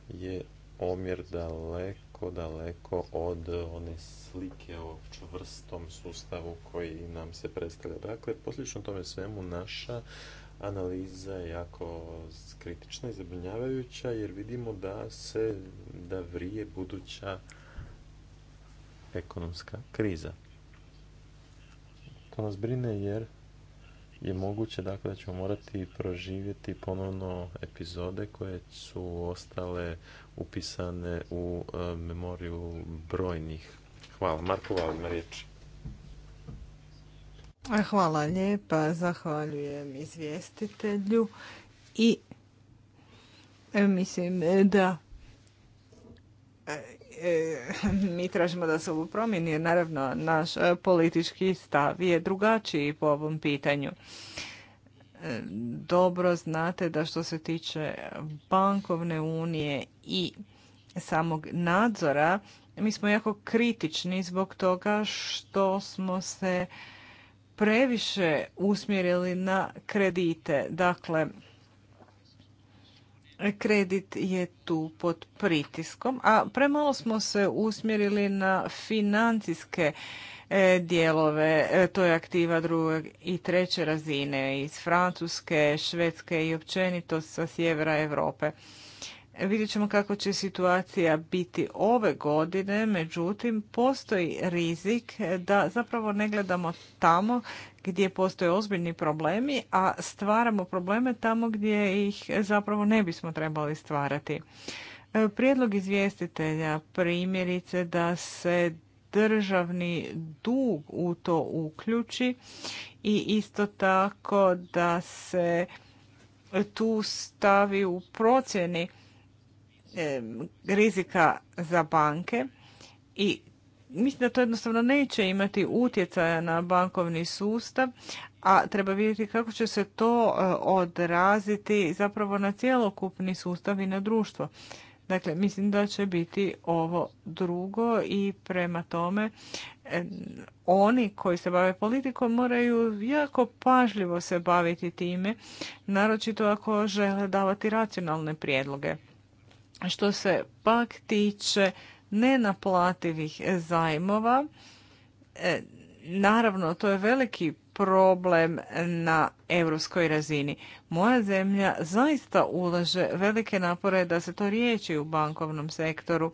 je omjer daleko, daleko od one slike o čvrstom sustavu koji nam se predstavlja. Dakle, poslično tome svemu naša analiza je jako kritična i zabrinjavajuća jer vidimo da se da vrije buduća ekonomska kriza. To nas brine jer je moguće dakle, da ćemo morati proživjeti ponovno epizode koje su ostale upisane u e, memoriju brojnih. Hvala. Marko valima riječi. Hvala lijepa, zahvaljujem izvjestitelju i e, mislim e, da e, mi tražimo da se ovo promijeni, jer naravno naš politički stav je drugačiji po ovom pitanju. Dobro znate da što se tiče bankovne unije i samog nadzora, mi smo jako kritični zbog toga što smo se previše usmjerili na kredite. Dakle, kredit je tu pod pritiskom, a premalo smo se usmjerili na financijske e, dijelove, e, to je aktiva druge i treće razine iz Francuske, Švedske i općenito sa sjevera Europe. Vidjet ćemo kako će situacija biti ove godine, međutim postoji rizik da zapravo ne gledamo tamo gdje postoje ozbiljni problemi, a stvaramo probleme tamo gdje ih zapravo ne bismo trebali stvarati. E, prijedlog izvjestitelja primjerice da se državni dug u to uključi i isto tako da se tu stavi u procjeni rizika za banke i mislim da to jednostavno neće imati utjecaja na bankovni sustav, a treba vidjeti kako će se to e, odraziti zapravo na cjelokupni sustav i na društvo. Dakle, mislim da će biti ovo drugo i prema tome oni koji se bave politikom moraju jako pažljivo se baviti time, naročito ako žele davati racionalne prijedloge. Što se pak tiče nenaplativih zajmova, e, naravno to je veliki problem na europskoj razini. Moja zemlja zaista ulaže velike napore da se to riječi u bankovnom sektoru.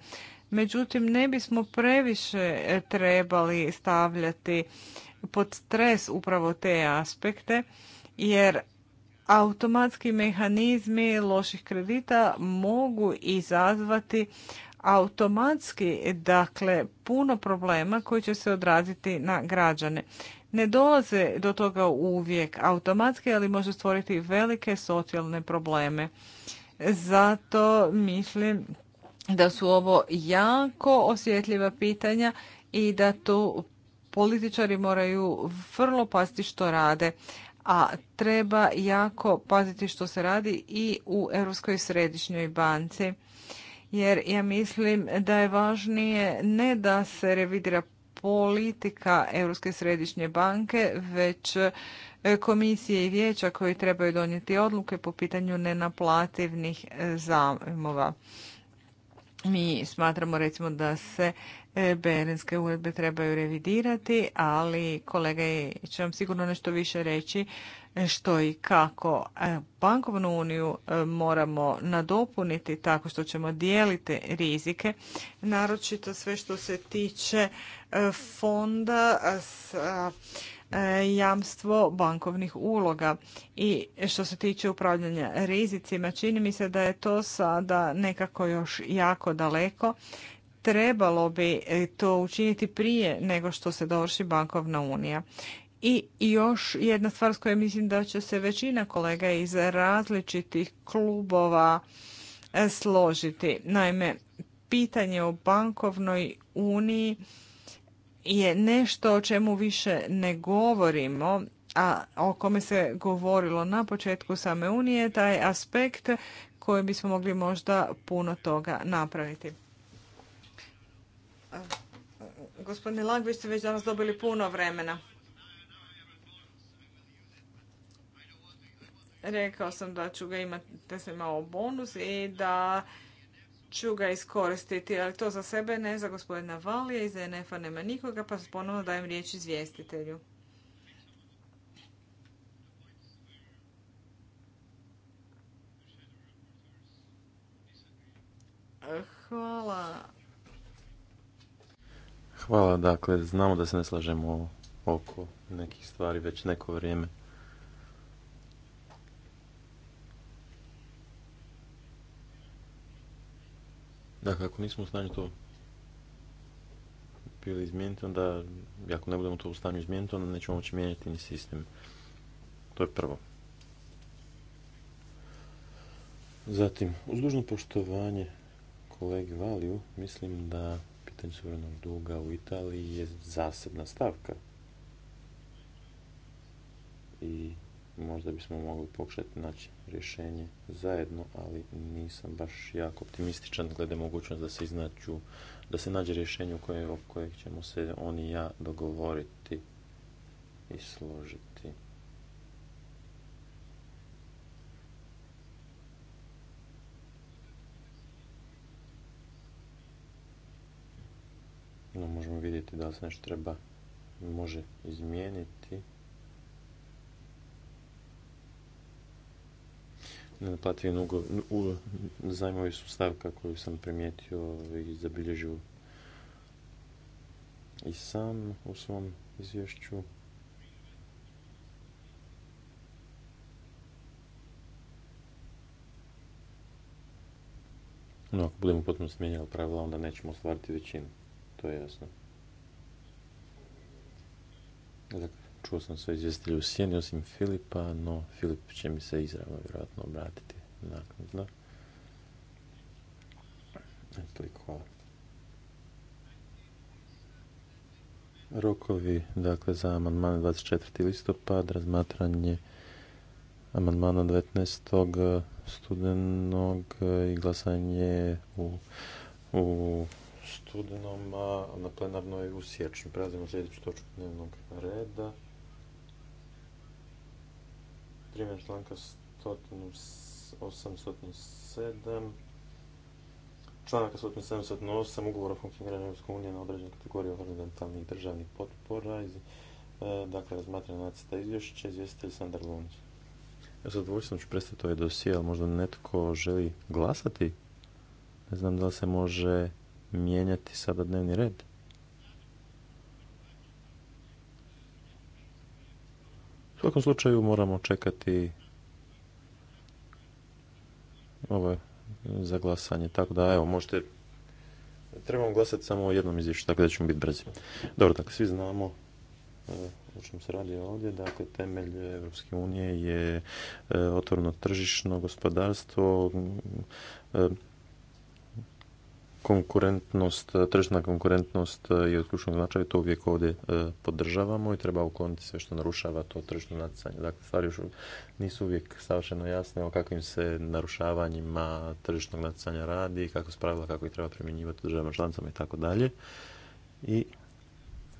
Međutim, ne bismo previše trebali stavljati pod stres upravo te aspekte, jer automatski mehanizmi loših kredita mogu izazvati automatski dakle puno problema koji će se odraziti na građane. Ne dolaze do toga uvijek automatski, ali može stvoriti velike socijalne probleme. Zato mislim da su ovo jako osjetljiva pitanja i da tu političari moraju vrlo pasti što rade a treba jako paziti što se radi i u Europskoj središnjoj banci. Jer ja mislim da je važnije ne da se revidira politika Europske središnje banke, već e, komisije i vijeća koji trebaju donijeti odluke po pitanju nenaplativnih e, zajmova. Mi smatramo recimo da se E, Berenske uredbe trebaju revidirati, ali kolega, će vam sigurno nešto više reći e, što i kako. E, bankovnu uniju moramo nadopuniti tako što ćemo dijeliti rizike, naročito sve što se tiče fonda s jamstvo bankovnih uloga. I što se tiče upravljanja rizicima, čini mi se da je to sada nekako još jako daleko trebalo bi e, to učiniti prije nego što se dovrši bankovna unija. I još jedna stvar s kojom mislim da će se većina kolega iz različitih klubova e, složiti. Naime, pitanje o bankovnoj uniji je nešto o čemu više ne govorimo, a o kome se govorilo na početku same unije, taj aspekt koji bismo mogli možda puno toga napraviti. Gospodine Lang, vi ste već danas dobili puno vremena. Rekao sam da ću ga imati, da sam imao bonus i da ću ga iskoristiti, ali to za sebe ne, za gospodina Valija i za NF-a nema nikoga, pa ponovno dajem riječ izvjestitelju. Hvala Hvala, dakle, znamo da se ne slažemo oko nekih stvari već neko vrijeme. Dakle, ako nismo u stanju to bili izmijeniti, onda, ako ne budemo to u stanju izmijeniti, onda nećemo moći mijenjati ni sistem. To je prvo. Zatim, uz dužno poštovanje kolegi Valiju, mislim da pitanju duga u Italiji je zasebna stavka. I možda bismo mogli pokušati naći rješenje zajedno, ali nisam baš jako optimističan glede mogućnost da se iznaću, da se nađe rješenje u koje, kojeg ćemo se on i ja dogovoriti i složiti. možemo vidjeti da se nešto treba, može izmijeniti. Nenaplativi ugo... u... zajmovi su stavka koju sam primijetio i zabilježio i sam u svom izvješću. No, ako budemo potpuno smijenjali pravila, onda nećemo ostvariti većinu to je jasno. E čuo sam sve izvjestelje u sjeni, osim Filipa, no Filip će mi se izravno vjerojatno obratiti naknadno. E, toliko, Rokovi, dakle, za amandmane 24. listopad, razmatranje amandmana 19. Eh, studenog eh, i glasanje u, u studenom, na plenarnoj u siječnju. Prelazimo sljedeću točku dnevnog reda. Primjer članka 807 članaka 107 ugovor o funkcioniranju Europske unije na određenu kategoriju horizontalnih državnih potpora. Iz, e, dakle, razmatranje nacrta izvješća, izvjestitelj Sandar Lunić. Ja sam ću predstaviti ovaj dosije, ali možda netko želi glasati? Ne znam da li se može mijenjati sada dnevni red? U svakom slučaju moramo čekati ovo za glasanje. Tako da, evo, možete... Trebamo glasati samo o jednom izvješću, tako da ćemo biti brzi. Dobro, tako dakle, svi znamo o čem se radi ovdje. Dakle, temelj Europske unije je e, otvorno tržišno gospodarstvo, e, konkurentnost, tržna konkurentnost je od ključnog značaja to uvijek ovdje e, podržavamo i treba ukloniti sve što narušava to tržno natjecanje. Dakle, stvari još nisu uvijek savršeno jasne o kakvim se narušavanjima tržišnog natjecanja radi, kako se pravila, kako ih treba primjenjivati u državama članicama i tako dalje. I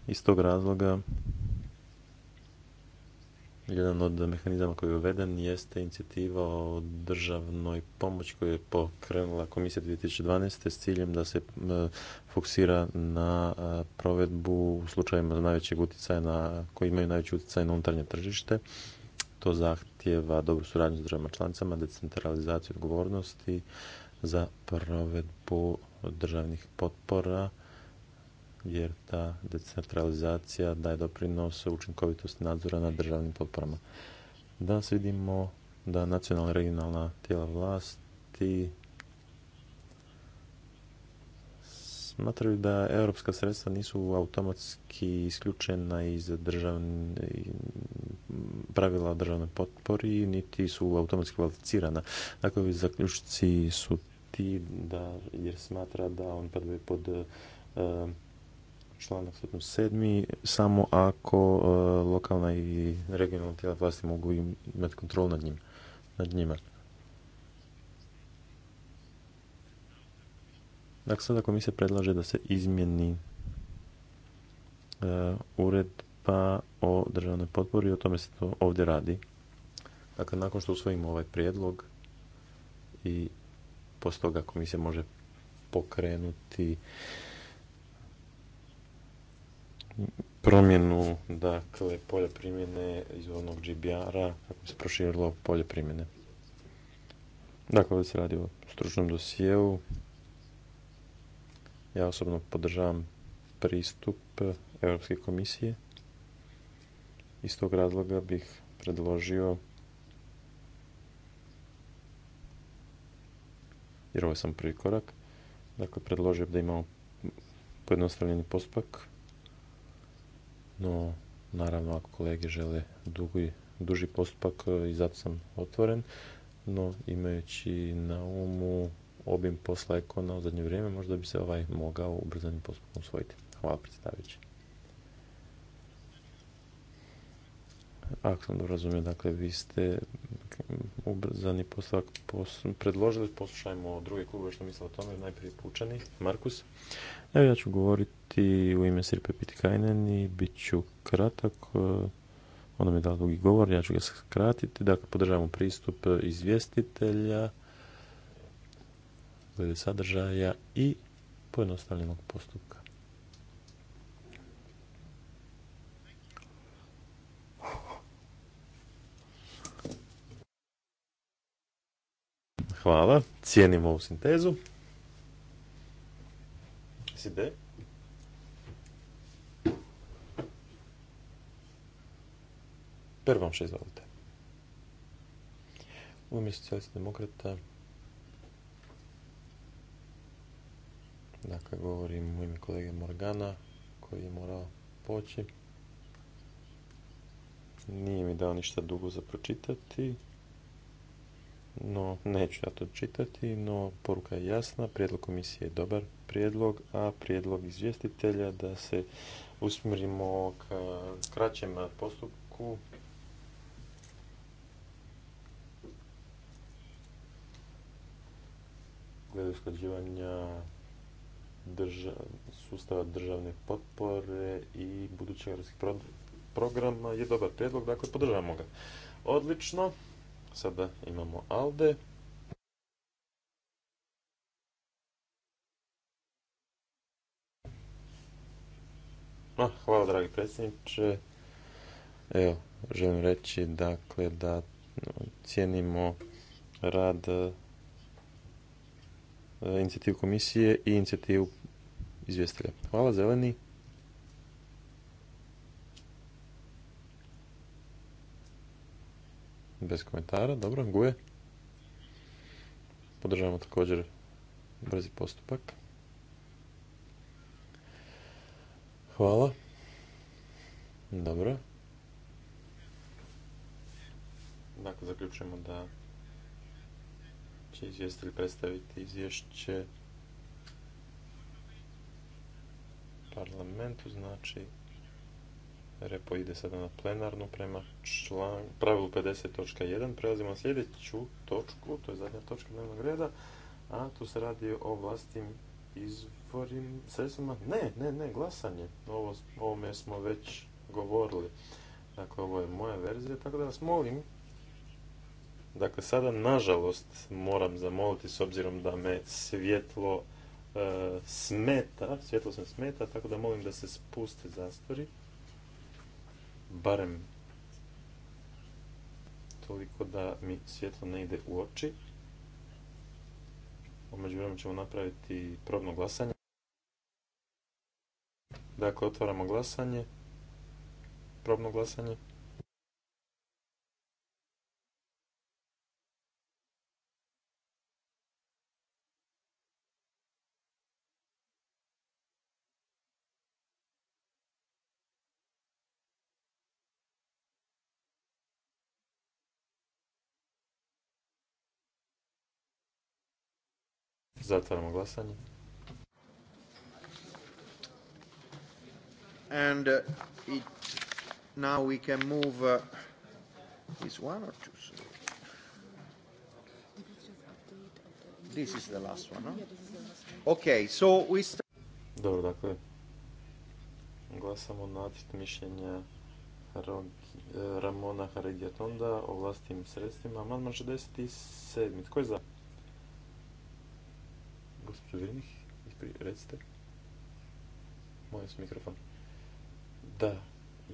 iz tog razloga jedan od mehanizama koji je uveden jeste inicijativa o državnoj pomoći koju je pokrenula komisija 2012. s ciljem da se fokusira na provedbu u slučajevima najvećeg utjecaja na, koji imaju najveći utjecaj na unutarnje tržište. To zahtjeva dobru suradnju s državama članicama, decentralizaciju odgovornosti za provedbu državnih potpora jer ta decentralizacija daje doprinos učinkovitosti nadzora nad državnim potporama. Danas vidimo da nacionalna regionalna tijela vlasti smatraju da europska sredstva nisu automatski isključena iz pravila državne državnoj potpori, niti su automatski kvalificirana. Dakle, ovi zaključci su ti da, jer smatra da on padaju pod eh, članak 7. samo ako e, lokalna i regionalna tijela vlasti mogu imati kontrol nad, njim, nad njima. Dakle, sada komisija predlaže da se izmjeni ured uredba o državnoj potpori i o tome se to ovdje radi. Dakle, nakon što usvojimo ovaj prijedlog i posto toga komisija može pokrenuti promjenu dakle polja primjene onog GBR-a kako se proširilo polje primjene. Dakle, ovdje se radi o stručnom dosijevu. Ja osobno podržavam pristup Europske komisije. Iz tog razloga bih predložio jer ovo je sam prvi korak, dakle predložio da imamo pojednostavljeni postupak no, naravno, ako kolege žele dugi, duži postupak e, i zato sam otvoren, no imajući na umu obim posla ekona na zadnje vrijeme, možda bi se ovaj mogao ubrzanim postupkom usvojiti. Hvala predstavići. Ako sam dobro razumio, dakle, vi ste ubrzani postupak predložili, poslušajmo druge klubu što misle o tome, najprije Pučani, Markus. Evo ja ću govoriti u ime Sirpe Pitikajnen i bit ću kratak. E, onda mi je dao dugi govor, ja ću ga skratiti. Dakle, podržavamo pristup izvjestitelja glede sadržaja i pojednostavljenog postupka. Hvala, cijenim ovu sintezu. SID. Pervanš, izvolite. U ime demokrata dakle govorim u ime kolege Morgana koji je morao poći. Nije mi dao ništa dugo za pročitati no neću ja to čitati, no poruka je jasna, prijedlog komisije je dobar prijedlog, a prijedlog izvjestitelja da se usmjerimo k kraćem postupku glede usklađivanja sustava državne potpore i budućeg europskih programa je dobar prijedlog, dakle podržavamo ga. Odlično. Sada imamo Alde. hvala dragi predsjedniče. Evo, želim reći dakle da cijenimo rad e, inicijativu komisije i inicijativu izvjestitelja. Hvala zeleni. bez komentara, dobro, guje. Podržavamo također brzi postupak. Hvala. Dobro. Dakle, zaključujemo da će izvjestitelj predstaviti izvješće parlamentu, znači repo ide sada na plenarnu prema član, pravilu 50.1. Prelazimo na sljedeću točku, to je zadnja točka dnevnog reda, a tu se radi o vlastim izvorim sredstvima. Ne, ne, ne, glasanje. Ovo, ovome smo već govorili. Dakle, ovo je moja verzija, tako da vas molim. Dakle, sada, nažalost, moram zamoliti s obzirom da me svjetlo e, smeta, svjetlo sam smeta, tako da molim da se spuste zastori barem toliko da mi svjetlo ne ide u oči. Omeđu vremenu ćemo napraviti probno glasanje. Dakle, otvaramo glasanje, probno glasanje. Zatvaramo glasanje. And uh, it, now we can move uh, this one or two. So. This is the last one, no? Okay, so we start... Dobro, dakle, glasamo na nacrt mišljenja eh, Ramona Haridjatonda o vlastnim sredstvima. Amandman 67. Tko je za? gospođo mikrofon. Da,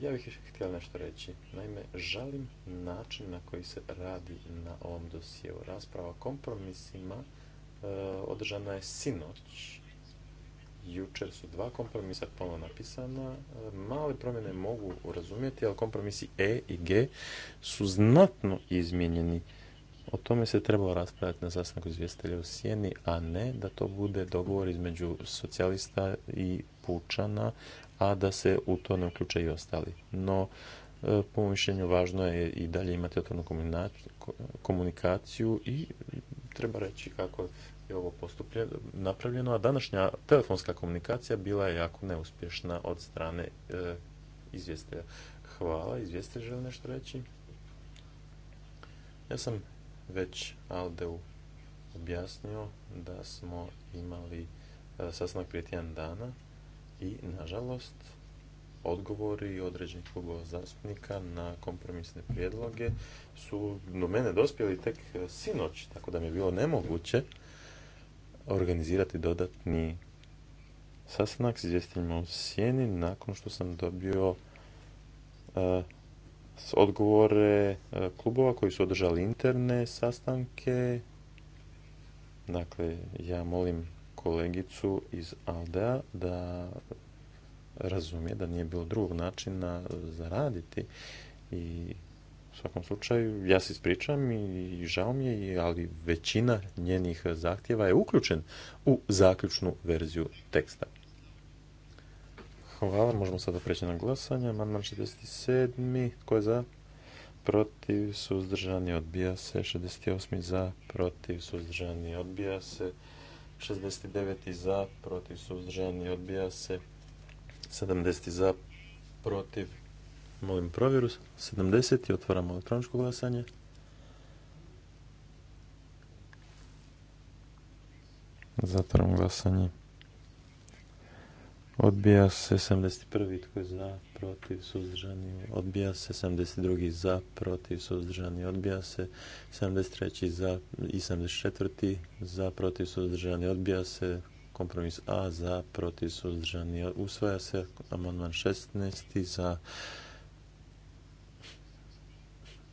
ja bih još htjela nešto reći. Naime, žalim način na koji se radi na ovom dosiju Rasprava o kompromisima e, održana je sinoć. Jučer su dva kompromisa ponovno napisana. E, male promjene mogu razumjeti, ali kompromisi E i G su znatno izmijenjeni. O tome se trebalo raspravljati na sastanku izvjestitelja u Sjeni, a ne da to bude dogovor između socijalista i pučana, a da se u to ne uključe i ostali. No, e, po mišljenju, važno je i dalje imati otvornu komunikaciju i treba reći kako je ovo postupljeno, napravljeno, a današnja telefonska komunikacija bila je jako neuspješna od strane e, izvjestitelja. Hvala, izvjestitelj želi nešto reći? Ja sam već Aldeu objasnio da smo imali e, sastanak prije tjedan dana i nažalost odgovori određenih klubova zastupnika na kompromisne prijedloge su do mene dospjeli tek e, sinoć, tako da mi je bilo nemoguće organizirati dodatni sastanak s izvjestiteljima u sjeni nakon što sam dobio e, odgovore e, klubova koji su održali interne sastanke. Dakle, ja molim kolegicu iz Aldea da razumije da nije bilo drugog načina zaraditi i u svakom slučaju ja se ispričam i žao mi je, ali većina njenih zahtjeva je uključen u zaključnu verziju teksta. Hvala. Možemo sada preći na glasanje. Amandman 67. Tko je za? Protiv. Suzdržani. Odbija se. 68. Za. Protiv. Suzdržani. Odbija se. 69. Za. Protiv. Suzdržani. Odbija se. 70. Za. Protiv. Molim provjeru. 70. Otvaramo elektroničko glasanje. Zatvaram glasanje. Odbija se 71. tko je za, protiv, suzdržani. Odbija se 72. za, protiv, suzdržani. Odbija se 73. za i 74. za, protiv, suzdržani. Odbija se kompromis A za, protiv, suzdržani. Usvaja se amandman 16. za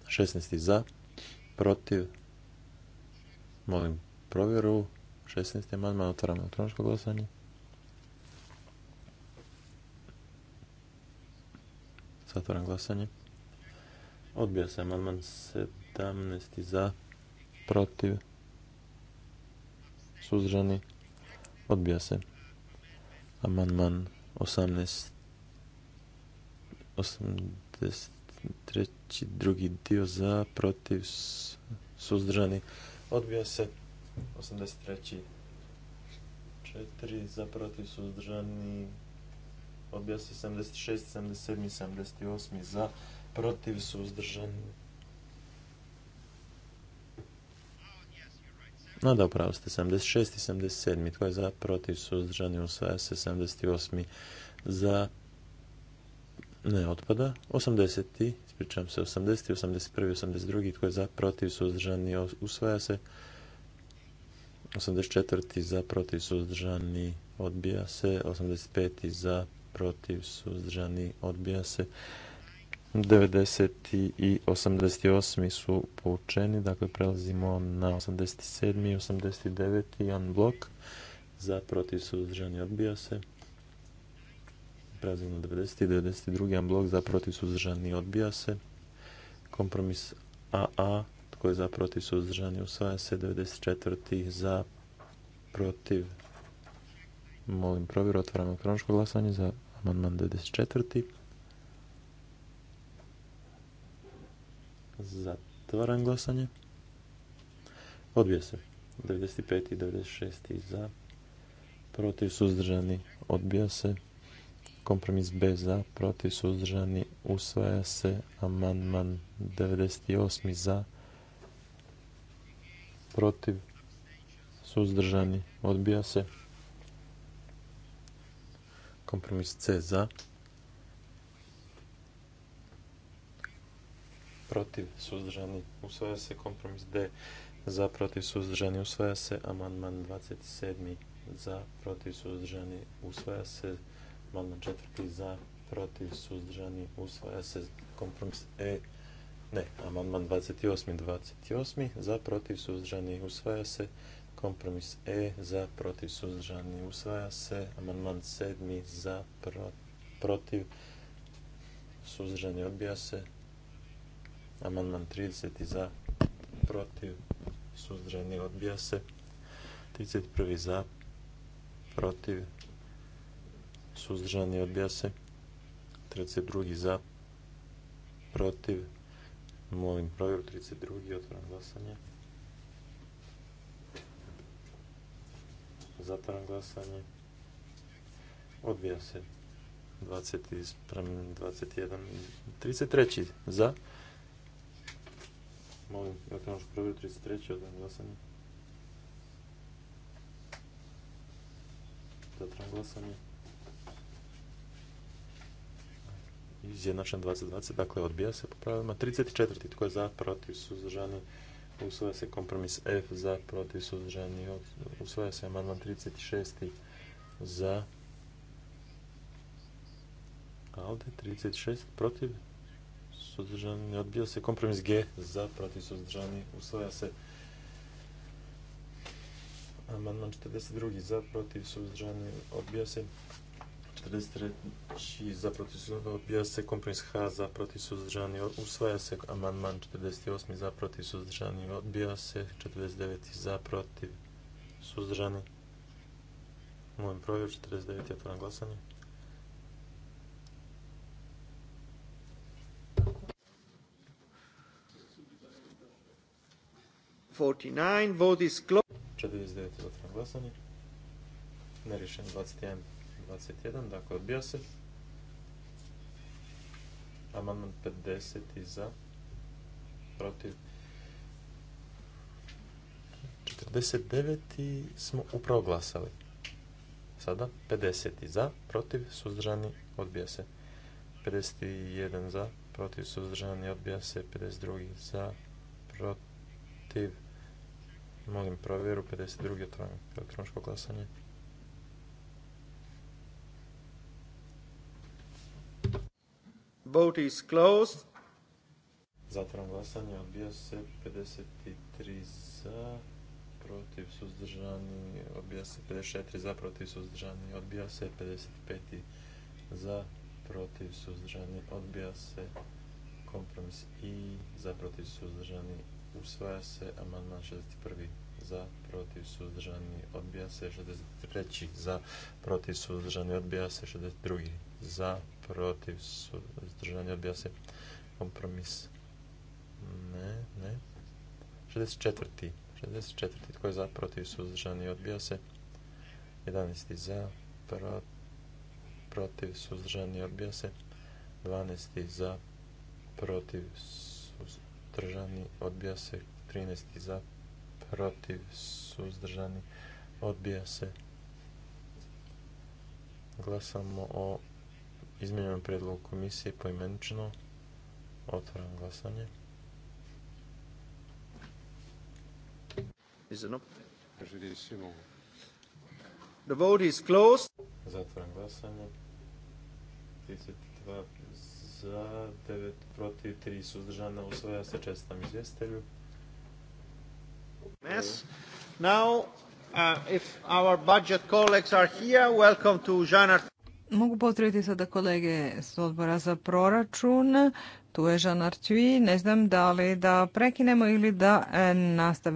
16. za, protiv, molim provjeru, 16. amandman, otvaram elektroničko glasanje. Zatvoram glasanje. Odbija se amandman 17. za, protiv, suzdržani. Odbija se amandman 18. 83. drugi dio za, protiv, suzdržani. Odbija se 83. 4 za, protiv, suzdržani odbija se 76, 77, 78 za, protiv, suzdržan. No da, upravo ste 76 i 77. Tko je za, protiv, suzdržani, usvaja se 78. Za, ne, otpada. 80. Ispričavam se, 80. 81. 82. Tko je za, protiv, suzdržani, usvaja se. 84. za, protiv, suzdržani, odbija se. 85. za, protiv, suzdržani, odbija se. 90. i 88. su poučeni, dakle prelazimo na 87. i 89. jedan blok za protiv suzdržani odbija se. Prelazimo na 90. i 92. jedan blok za protiv suzdržani odbija se. Kompromis AA, tko je za protiv suzdržani usvaja se. 94. za protiv Molim provjeru, otvaram elektroničko glasanje za amandman 94. Zatvaram glasanje. Odbija se. 95. i 96. za. Protiv suzdržani odbija se. Kompromis B za. Protiv suzdržani usvaja se. Amandman 98. za. Protiv suzdržani odbija se. Kompromis C za. Protiv suzdržani usvaja se. Kompromis D za protiv suzdržani usvaja se. Amandman 27. za protiv suzdržani usvaja se. Amandman 4. za protiv suzdržani usvaja se. Kompromis E ne. Amandman 28. 28. za protiv suzdržani usvaja se. Kompromis E za protiv suzdržani usvaja se. Amandman 7 za protiv suzdržani odbija se. Amandman 30 za protiv suzdržani odbija se. 31 za protiv suzdržani odbija se. 32 za protiv molim provjeru 32 otvaram glasanje. Zatvaram glasanje. Odbija se. 20 21. 33. Za. Molim, elektroničku provjeru 33. Odbijam glasanje. Zatvaram glasanje. Izjednačen 2020, dakle odbija se po pravilima. 34. Tko je za, protiv, suzdržani, usvaja se kompromis F za protiv suzdržani usvaja se amandman 36 za a ovdje 36 protiv suzdržani odbija se kompromis G za protiv suzdržani usvaja se amandman 42 za protiv suzdržani odbija se 43 za protiv suzdržani odbija se kompromis H za protiv suzdržani usvaja se amandman 48 za proti suzdržani odbija se 49 za protiv suzdržani molim provjeru 49 otvaram glasanje Forty nine, vote is closed. 49 je glasanje. 21 21, dakle odbija se. Amandman 50 za, protiv. 49 smo upravo glasali. Sada 50 za, protiv, suzdržani, odbija se. 51 za, protiv, suzdržani, odbija se. 52 za, protiv, molim provjeru. 52 otvorim elektroničko glasanje. Vote is closed. Zatvaram glasanje, odbija se 53 za, protiv suzdržani, odbija se 54 za, protiv suzdržani, odbija se 55 za, protiv suzdržani, odbija se kompromis i za, protiv suzdržani, usvaja se amandman 61 za, protiv suzdržani, odbija se 63 za, protiv suzdržani, odbija se 62 za, protiv, suzdržani, odbija se kompromis. Ne, ne. 64. 64. Tko je za, protiv, suzdržani, odbija se. 11. za, protiv, suzdržani, odbija se. 12. za, protiv, suzdržani, odbija se. 13. za, protiv, suzdržani, odbija se. Glasamo o izmijenjenom predlog komisije poimenično. Otvaram glasanje. The vote is closed. Zatvaram glasanje. 32 za, 9 protiv, 3 suzdržana. usvoja se čestam izvjestelju. Yes. Now, uh, if our budget colleagues are here, welcome to Jean Arthur. Mogu potrebiti sada kolege s odbora za proračun. Tu je Žan Artui. Ne znam da li da prekinemo ili da e, nastavimo.